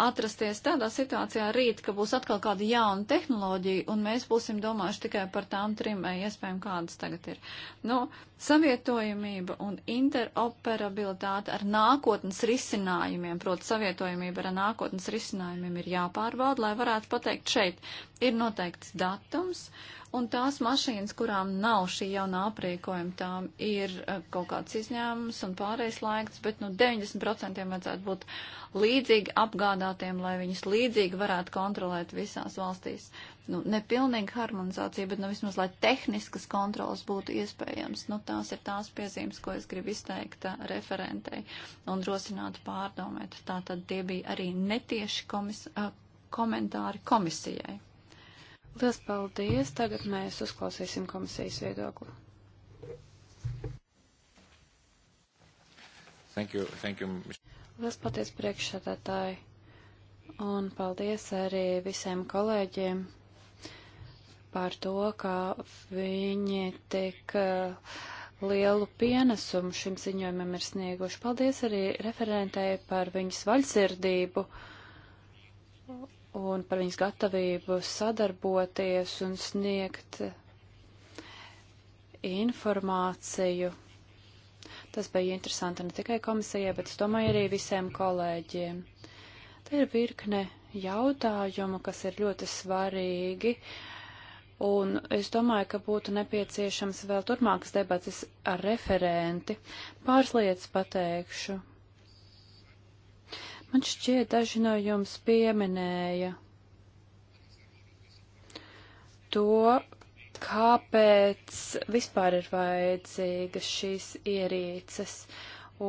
atrasties tādā situācijā rīt, ka būs atkal kāda jauna tehnoloģija, un mēs būsim domājuši tikai par tām trim eh, iespējām, kādas tagad ir. Nu, savietojamība un interoperabilitāte ar nākotnes risinājumiem, proti savietojamība ar nākotnes risinājumiem ir jāpārbauda, lai varētu pateikt šeit ir noteikts datums, Un tās mašīnas, kurām nav šī jaunā aprīkojuma, tām ir eh, kaut kāds izņēmums un pārējais laiks, bet nu 90% vajadzētu būt līdzīgi apgādātiem, lai viņus līdzīgi varētu kontrolēt visās valstīs. Nu, ne pilnīga harmonizācija, bet nu vismaz, lai tehniskas kontrolas būtu iespējams. Nu, tās ir tās piezīmes, ko es gribu izteikt eh, referentei un rosināt pārdomēt. Tā tad tie bija arī netieši komis eh, komentāri komisijai. Lielas paldies! Tagad mēs uzklausīsim komisijas viedokli. Thank you, thank you. Lielas paldies priekšsēdētāji un paldies arī visiem kolēģiem par to, ka viņi tik uh, lielu pienesumu šim ziņojumam ir snieguši. Paldies arī referentēji par viņas vaļsirdību un par viņas gatavību sadarboties un sniegt informāciju. Tas bija interesanti ne tikai komisijai, bet es domāju arī visiem kolēģiem. Te ir virkne jautājumu, kas ir ļoti svarīgi, un es domāju, ka būtu nepieciešams vēl turpmākas debatas ar referenti. Pāris lietas pateikšu. Man šķiet, daži no jums pieminēja to, kāpēc vispār ir vajadzīgas šīs ierīces,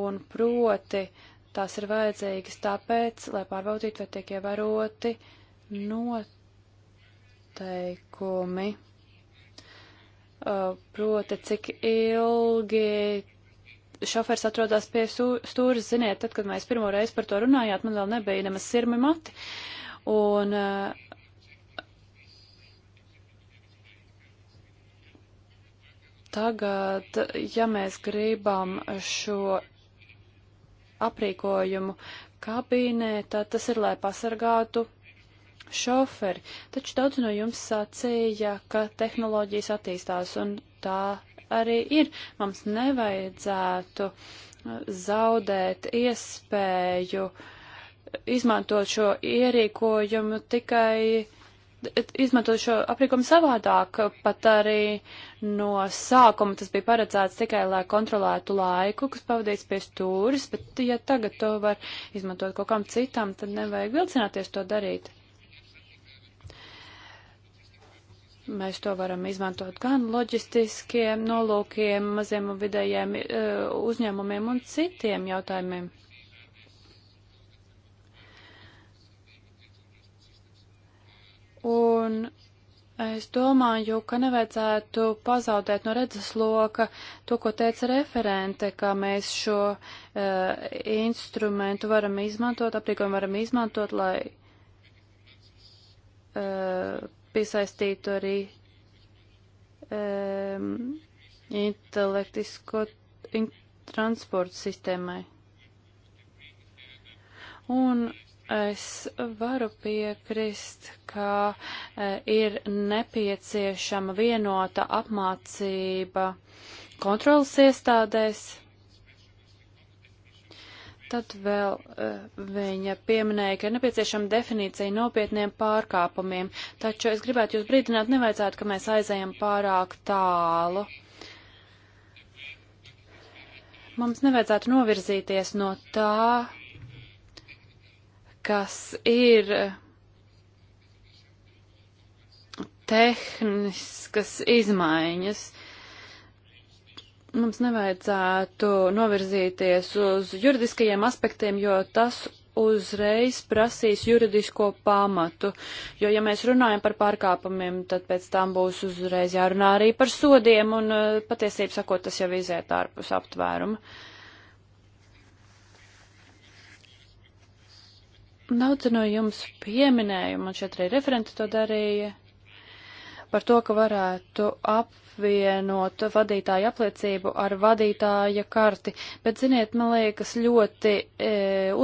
un proti tās ir vajadzīgas tāpēc, lai pārbaudītu, vai tiek ievēroti noteikumi. Uh, proti, cik ilgi šofērs atrodas pie stūra, ziniet, tad, kad mēs pirmo reizi par to runājāt, man vēl nebija nemaz sirmi mati. Un, eh, tagad, ja mēs gribam šo aprīkojumu kabīnē, tad tas ir, lai pasargātu šoferi. Taču daudz no jums sacīja, ka tehnoloģijas attīstās un tā arī ir. Mums nevajadzētu uh, zaudēt iespēju uh, izmantot šo ierīkojumu tikai izmantot šo aprīkojumu savādāk, pat arī no sākuma tas bija paredzēts tikai, lai kontrolētu laiku, kas pavadīts pie stūris, bet ja tagad to var izmantot kaut kam citam, tad nevajag vilcināties to darīt. Mēs to varam izmantot gan loģistiskiem nolūkiem, maziem un vidējiem e, uzņēmumiem un citiem jautājumiem. Un es domāju, ka nevajadzētu pazaudēt no redzesloka to, ko teica referente, kā mēs šo uh, instrumentu varam izmantot, aprīkojumu varam izmantot, lai uh, piesaistītu arī um, intelektisko in, transportu sistēmai. Un Es varu piekrist, ka e, ir nepieciešama vienota apmācība kontrolas iestādēs, Tad vēl uh, viņa pieminēja, ka ir nepieciešama definīcija nopietniem pārkāpumiem, taču es gribētu jūs brīdināt, nevajadzētu, ka mēs aizējam pārāk tālu. Mums nevajadzētu novirzīties no tā, kas ir eh, tehniskas izmaiņas. Uh, Mums nevajadzētu novirzīties uz juridiskajiem aspektiem, jo tas uzreiz prasīs juridisko pamatu, jo, ja mēs runājam par pārkāpumiem, tad pēc tam būs uzreiz jārunā arī par sodiem, un uh, patiesību sakot, tas jau iziet ārpus aptvērumu. Daudz no jums pieminēja, man šeit arī referenti to darīja, par to, ka varētu apvienot vadītāju apliecību ar vadītāja karti, bet, ziniet, man liekas, ļoti e,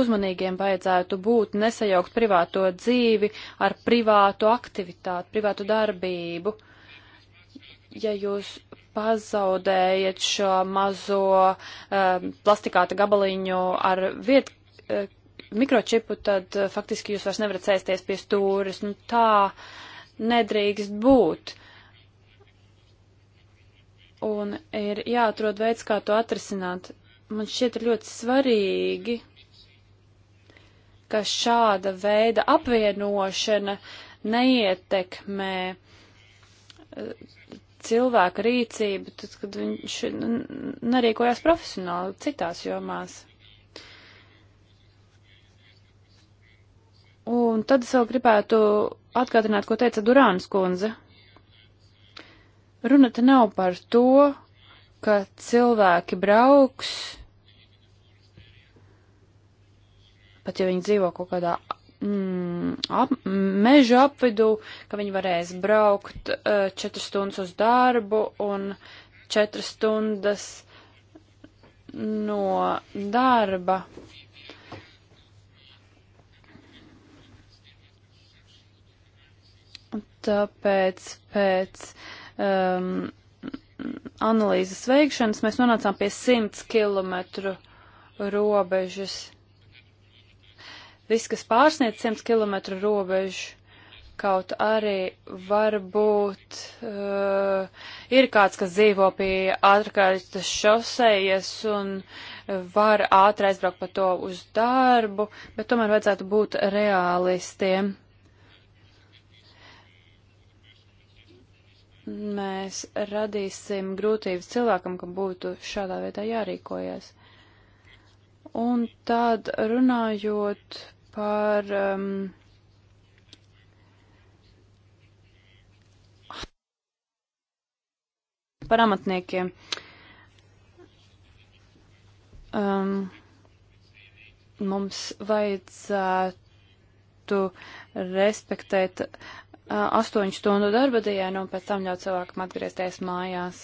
uzmanīgiem vajadzētu būt nesajaukt privāto dzīvi ar privātu aktivitāti, privātu darbību. Ja jūs pazaudējat šo mazo e, plastikāta gabaliņu ar vietu, e, mikročipu, tad e, faktiski jūs vairs nevarat sēsties pie stūres. Nu, tā, uh, nedrīkst būt. Un ir jāatrod veids, kā to atrisināt. Man šķiet ir ļoti svarīgi, ka šāda veida apvienošana neietekmē cilvēka rīcību, tad, kad viņš nerīkojās profesionāli citās jomās. Un tad es vēl gribētu atgādināt, ko teica Durānas kundze. Runa te nav par to, ka cilvēki brauks, pat ja viņi dzīvo kaut kādā mm, ap, meža apvidū, ka viņi varēs braukt uh, eh, 4 stundas uz darbu un 4 stundas no darba. Uh, tāpēc pēc um, analīzes veikšanas mēs nonācām pie 100 km robežas. Viss, kas pārsniedz 100 km robežu, kaut arī varbūt uh, ir kāds, kas dzīvo pie ātrkārtas šosejas un var ātri aizbraukt pa to uz darbu, bet tomēr vajadzētu būt realistiem. mēs radīsim grūtības cilvēkam, ka būtu šādā vietā jārīkojas. Un tad runājot par um, par amatniekiem. Um, mums vajadzētu respektēt astoņu stundu darba dienu un pēc tam ļaut cilvēkam atgriezties mājās.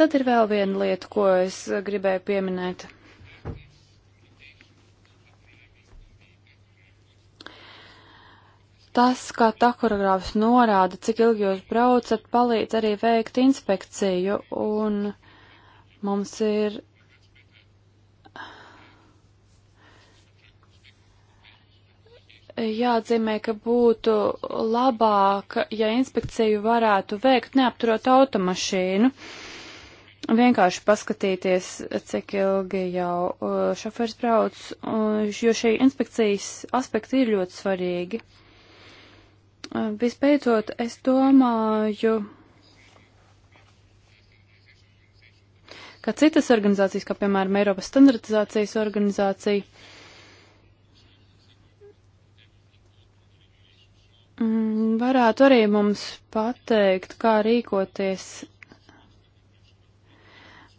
Tad ir vēl viena lieta, ko es gribēju pieminēt. Tas, kā takurogrāfs norāda, cik ilgi jūs braucat, palīdz arī veikt inspekciju, un mums ir jāatzīmē, ka būtu labāk, ja inspekciju varētu veikt neapturot automašīnu. Vienkārši paskatīties, cik ilgi jau uh, šoferis brauc, jo šī inspekcijas aspekti ir ļoti svarīgi. Uh, vispēcot, es domāju, ka citas organizācijas, kā piemēram Eiropas standartizācijas organizācija, Mm, varētu arī mums pateikt, kā rīkoties.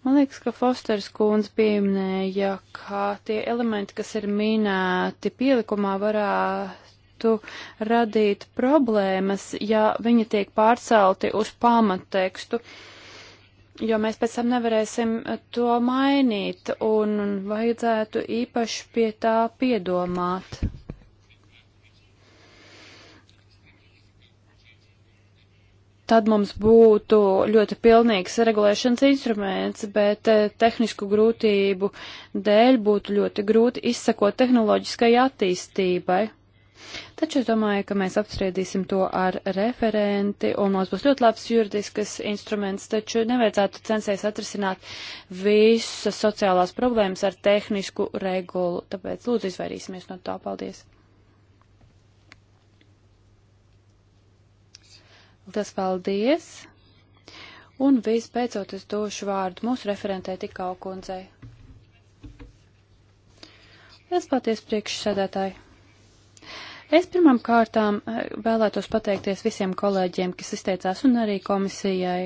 Man liekas, ka Fosters kundze pieminēja, ka tie elementi, kas ir minēti pielikumā, varētu radīt problēmas, ja viņi tiek pārcelti uz pamattekstu, jo mēs pēc tam nevarēsim to mainīt un vajadzētu īpaši pie tā piedomāt. tad mums būtu ļoti pilnīgs regulēšanas instruments, bet eh, tehnisku grūtību dēļ būtu ļoti grūti izsekot tehnoloģiskai attīstībai. Taču es domāju, ka mēs apspriedīsim to ar referenti, un mums būs ļoti labs juridiskas instruments, taču nevajadzētu censties atrisināt visas sociālās problēmas ar tehnisku regulu, tāpēc lūdzu izvairīsimies no tā. Paldies! Tas paldies. Un visbeidzot es došu vārdu mūsu referentē tikau kundzei. Es paties priekšsēdētāji. Es pirmām kārtām eh, vēlētos pateikties visiem kolēģiem, kas izteicās un arī komisijai.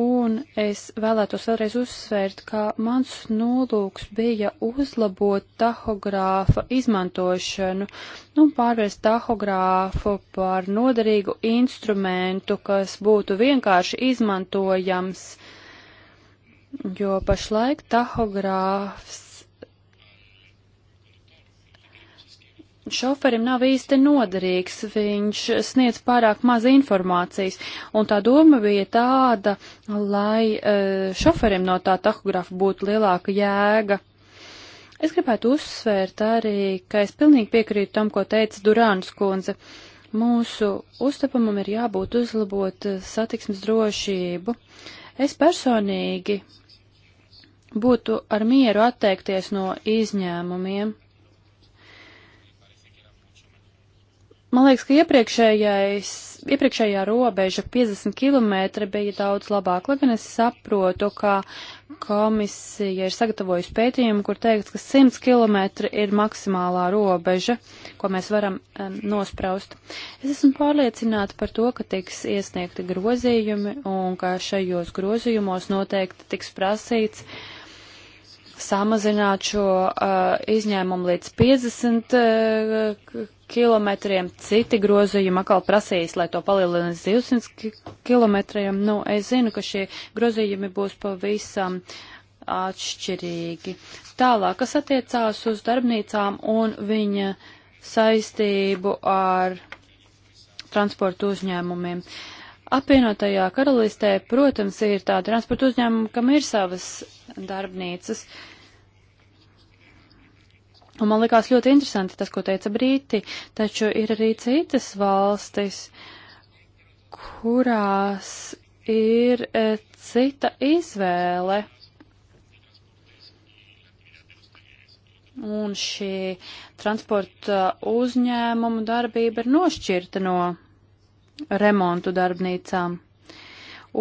Un es vēlētos vēlreiz uzsvērt, ka mans nolūks bija uzlabot tahogrāfa izmantošanu un nu, pārvērst tahogrāfu par noderīgu instrumentu, kas būtu vienkārši izmantojams, jo pašlaik tahogrāfs šoferim nav īsti noderīgs, viņš sniedz pārāk maz informācijas, un tā doma bija tāda, lai e, šoferim no tā tahografa būtu lielāka jēga. Es gribētu uzsvērt arī, ka es pilnīgi piekrītu tam, ko teica Durāns kundze. Mūsu uztapumam ir jābūt uzlabot e, satiksmes drošību. Es personīgi būtu ar mieru atteikties no izņēmumiem. Man liekas, ka iepriekšējā robeža 50 km bija daudz labāk, lai gan es saprotu, ka komisija ir sagatavojusi pētījumu, kur teikts, ka 100 km ir maksimālā robeža, ko mēs varam um, nospraust. Es esmu pārliecināta par to, ka tiks iesniegti grozījumi un ka šajos grozījumos noteikti tiks prasīts samazināt šo uh, izņēmumu līdz 50 uh, eh, kilometriem, citi grozījumi atkal prasīs, lai to palielina līdz 200 kilometriem. Nu, es zinu, ka šie grozījumi būs pavisam atšķirīgi. Tālāk, kas attiecās uz darbnīcām un viņa saistību ar transportu uzņēmumiem. Apvienotajā karalistē, protams, ir tāda transporta uzņēmuma, kam ir savas darbnīcas. Uh, Un man likās ļoti interesanti tas, ko teica Brīti, taču ir arī citas valstis, kurās ir e, cita izvēle. Un šī transporta uzņēmuma darbība ir nošķirta no remontu darbnīcām.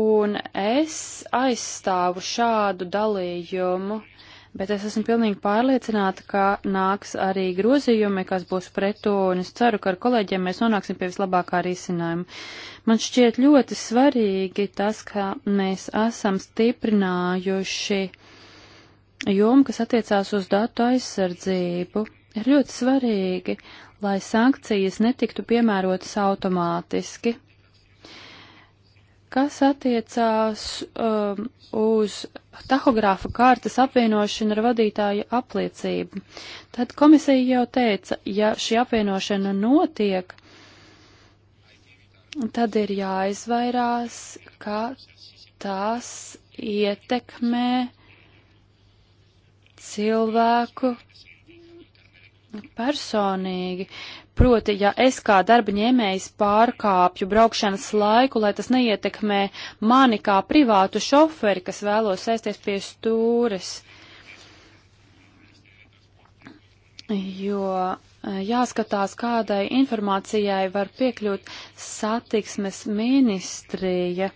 Un es aizstāvu šādu dalījumu. Uh, bet es esmu pilnīgi pārliecināta, ka nāks arī grozījumi, kas būs pret to, un es ceru, ka ar kolēģiem mēs nonāksim pie vislabākā risinājuma. Man šķiet ļoti svarīgi tas, ka mēs esam stiprinājuši jomu, kas attiecās uz datu aizsardzību. Ir ļoti svarīgi, lai sankcijas netiktu piemērotas automātiski, Kas attiecās um, uz tahogrāfa kārtas apvienošanu ar vadītāju apliecību, tad komisija jau teica, ja šī apvienošana notiek, tad ir jāizvairās, ka tās ietekmē cilvēku personīgi. Proti, ja es kā darba ņēmējs pārkāpju braukšanas laiku, lai tas neietekmē mani kā privātu šoferi, kas vēlos sēsties pie stūres. Jo e, jāskatās, kādai informācijai var piekļūt satiksmes ministrija.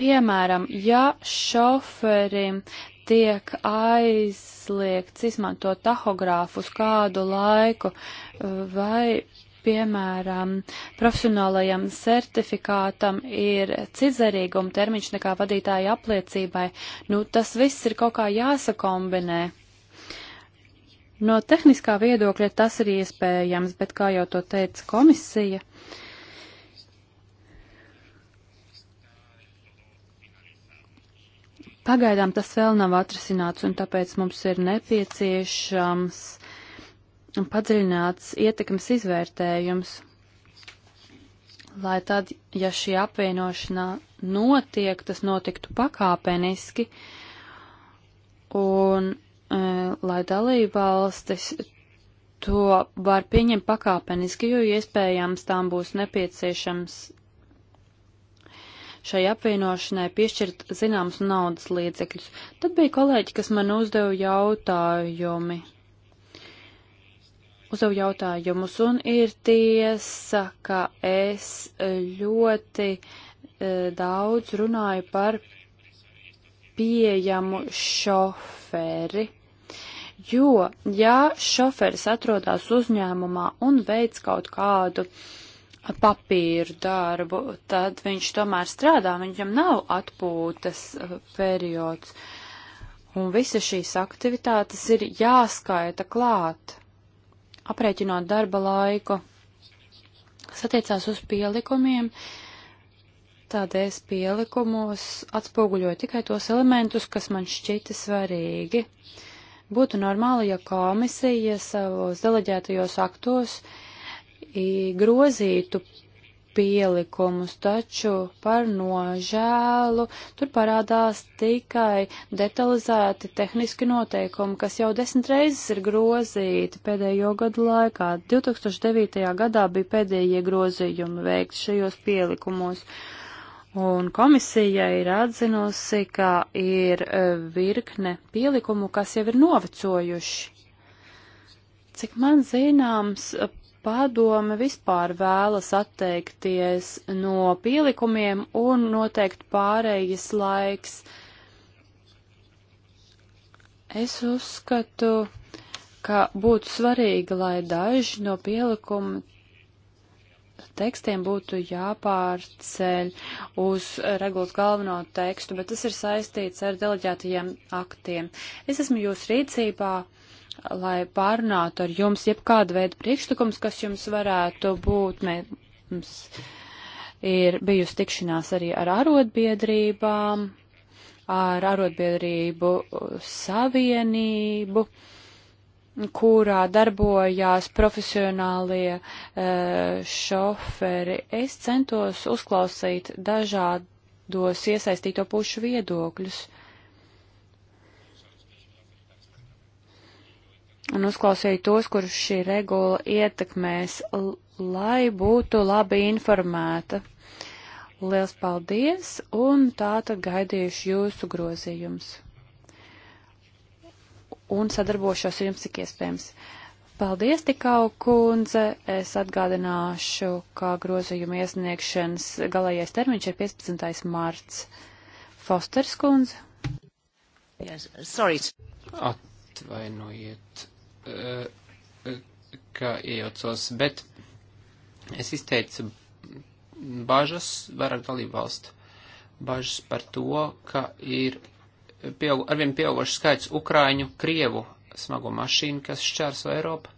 Piemēram, ja šoferim tiek aizliegts izmantot tahogrāfus kādu laiku vai piemēram, profesionālajam certifikātam ir cizerīguma termiņš nekā vadītāja apliecībai, nu tas viss ir kaut kā jāsakombinē. No tehniskā viedokļa tas ir iespējams, bet, kā jau to teica komisija, uh, Pagaidām tas vēl nav atrisināts, un tāpēc mums ir nepieciešams padziļināts ietekmes izvērtējums, lai tad, ja šī apvienošanā notiek, tas notiktu pakāpeniski, un e, lai dalībvalstis to var pieņemt pakāpeniski, jo iespējams tām būs nepieciešams šai apvienošanai piešķirt zināmas naudas līdzekļus. Tad bija kolēģi, kas man uzdeva jautājumi. Uzdevu jautājumus, un ir tiesa, ka es ļoti e, daudz runāju par pieejamu šoferi. Jo, ja šoferis atrodas uzņēmumā un veic kaut kādu uh, papīru darbu, tad viņš tomēr strādā, viņam nav atpūtas eh, periods. Un visas šīs aktivitātes ir jāskaita klāt, aprēķinot darba laiku. Kas attiecās uz pielikumiem, tādēļ pielikumos atspoguļoju tikai tos elementus, kas man šķita svarīgi. Būtu normāli, ja komisija savos deleģētajos aktos uh, grozītu pielikumus, taču par nožēlu tur parādās tikai detalizēti tehniski noteikumi, kas jau desmit reizes ir grozīti pēdējo gadu laikā. 2009. gadā bija pēdējie grozījumi veikti šajos pielikumos. Un komisija ir atzinusi, ka ir e, virkne pielikumu, kas jau ir novecojuši. Cik man zināms, Padome vispār vēlas atteikties no pielikumiem un noteikt pārējas laiks. Es uzskatu, ka būtu svarīgi, lai daži no pielikuma tekstiem būtu jāpārceļ uz regulas galveno tekstu, bet tas ir saistīts ar deleģētajiem aktiem. Es esmu jūs rīcībā lai pārnātu ar jums jebkādu veidu priekšlikums, kas jums varētu būt. Mums ir bijusi tikšanās arī ar arotbiedrībām, ar arotbiedrību savienību, kurā darbojās profesionālie e, šoferi. Es centos uzklausīt dažādos iesaistīto pušu viedokļus. Uh, un uzklausīju tos, kurus šī regula ietekmēs, lai būtu labi informēta. Liels paldies, un tātad gaidījuši jūsu grozījums. Un sadarbošos ar jums, cik iespējams. Paldies, tikau kundze. Es atgādināšu, ka grozījuma iesniegšanas galējais termiņš ir 15. marts. Fosters kundze. Yes, sorry. Atvainojiet, Eh, eh, ka iejaucos, bet es izteicu bažas, vairāk dalību valstu, bažas par to, ka ir pieaug, arvien pieaugošs skaits Ukrāņu, Krievu smago mašīnu, kas šķērso Eiropu.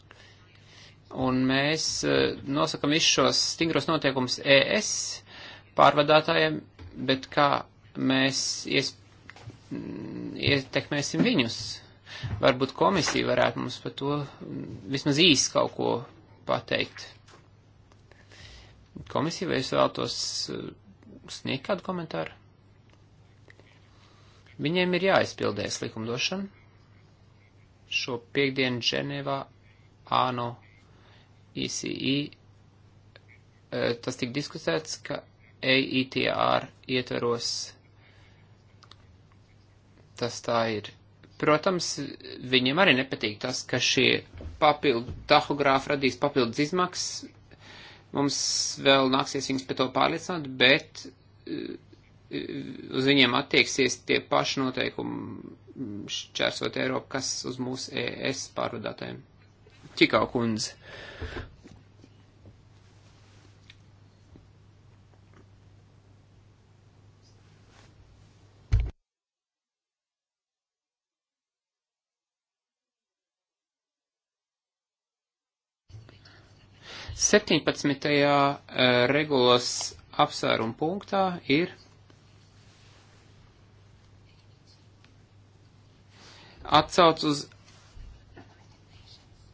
Un mēs eh, nosakam visus šos stingros noteikumus ES pārvadātājiem, bet kā mēs ies, mm, ietekmēsim viņus, Varbūt komisija varētu mums par to mm, vismaz īsti kaut ko pateikt. Komisija, vai jūs vēlatos mm, sniegt kādu komentāru? Viņiem ir jāizpildēs likumdošana. Šo piekdienu Ženevā ANO ICI e, tas tika diskutēts, ka EITR ietveros tas tā ir Protams, viņiem arī nepatīk tas, ka šie papildu tahogrāfi radīs papildus izmaksas. Mums vēl nāksies viņus par to pārliecināt, bet eh, uz viņiem attieksies tie paši noteikumi mm, šķērsot Eiropu, kas uz mūsu ES pārvadātājiem. Čikau kundze. 17. Eh, regulas apsvērumu punktā ir atsauc uz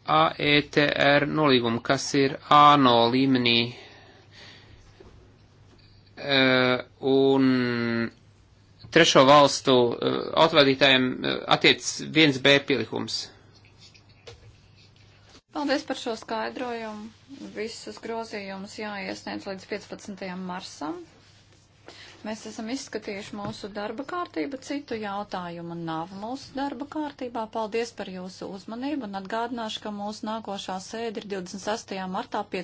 AETR nolīgumu, kas ir ANO līmenī eh, un trešo valstu eh, autovadītājiem attiec 1B pielikums. Paldies par šo skaidrojumu. Visus grozījumus jāiesniedz līdz 15. marsam. Mēs esam izskatījuši mūsu darba kārtību, citu jautājumu nav mūsu darba kārtībā. Paldies par jūsu uzmanību un atgādināšu, ka mūsu nākošā sēde ir 26. martā 5.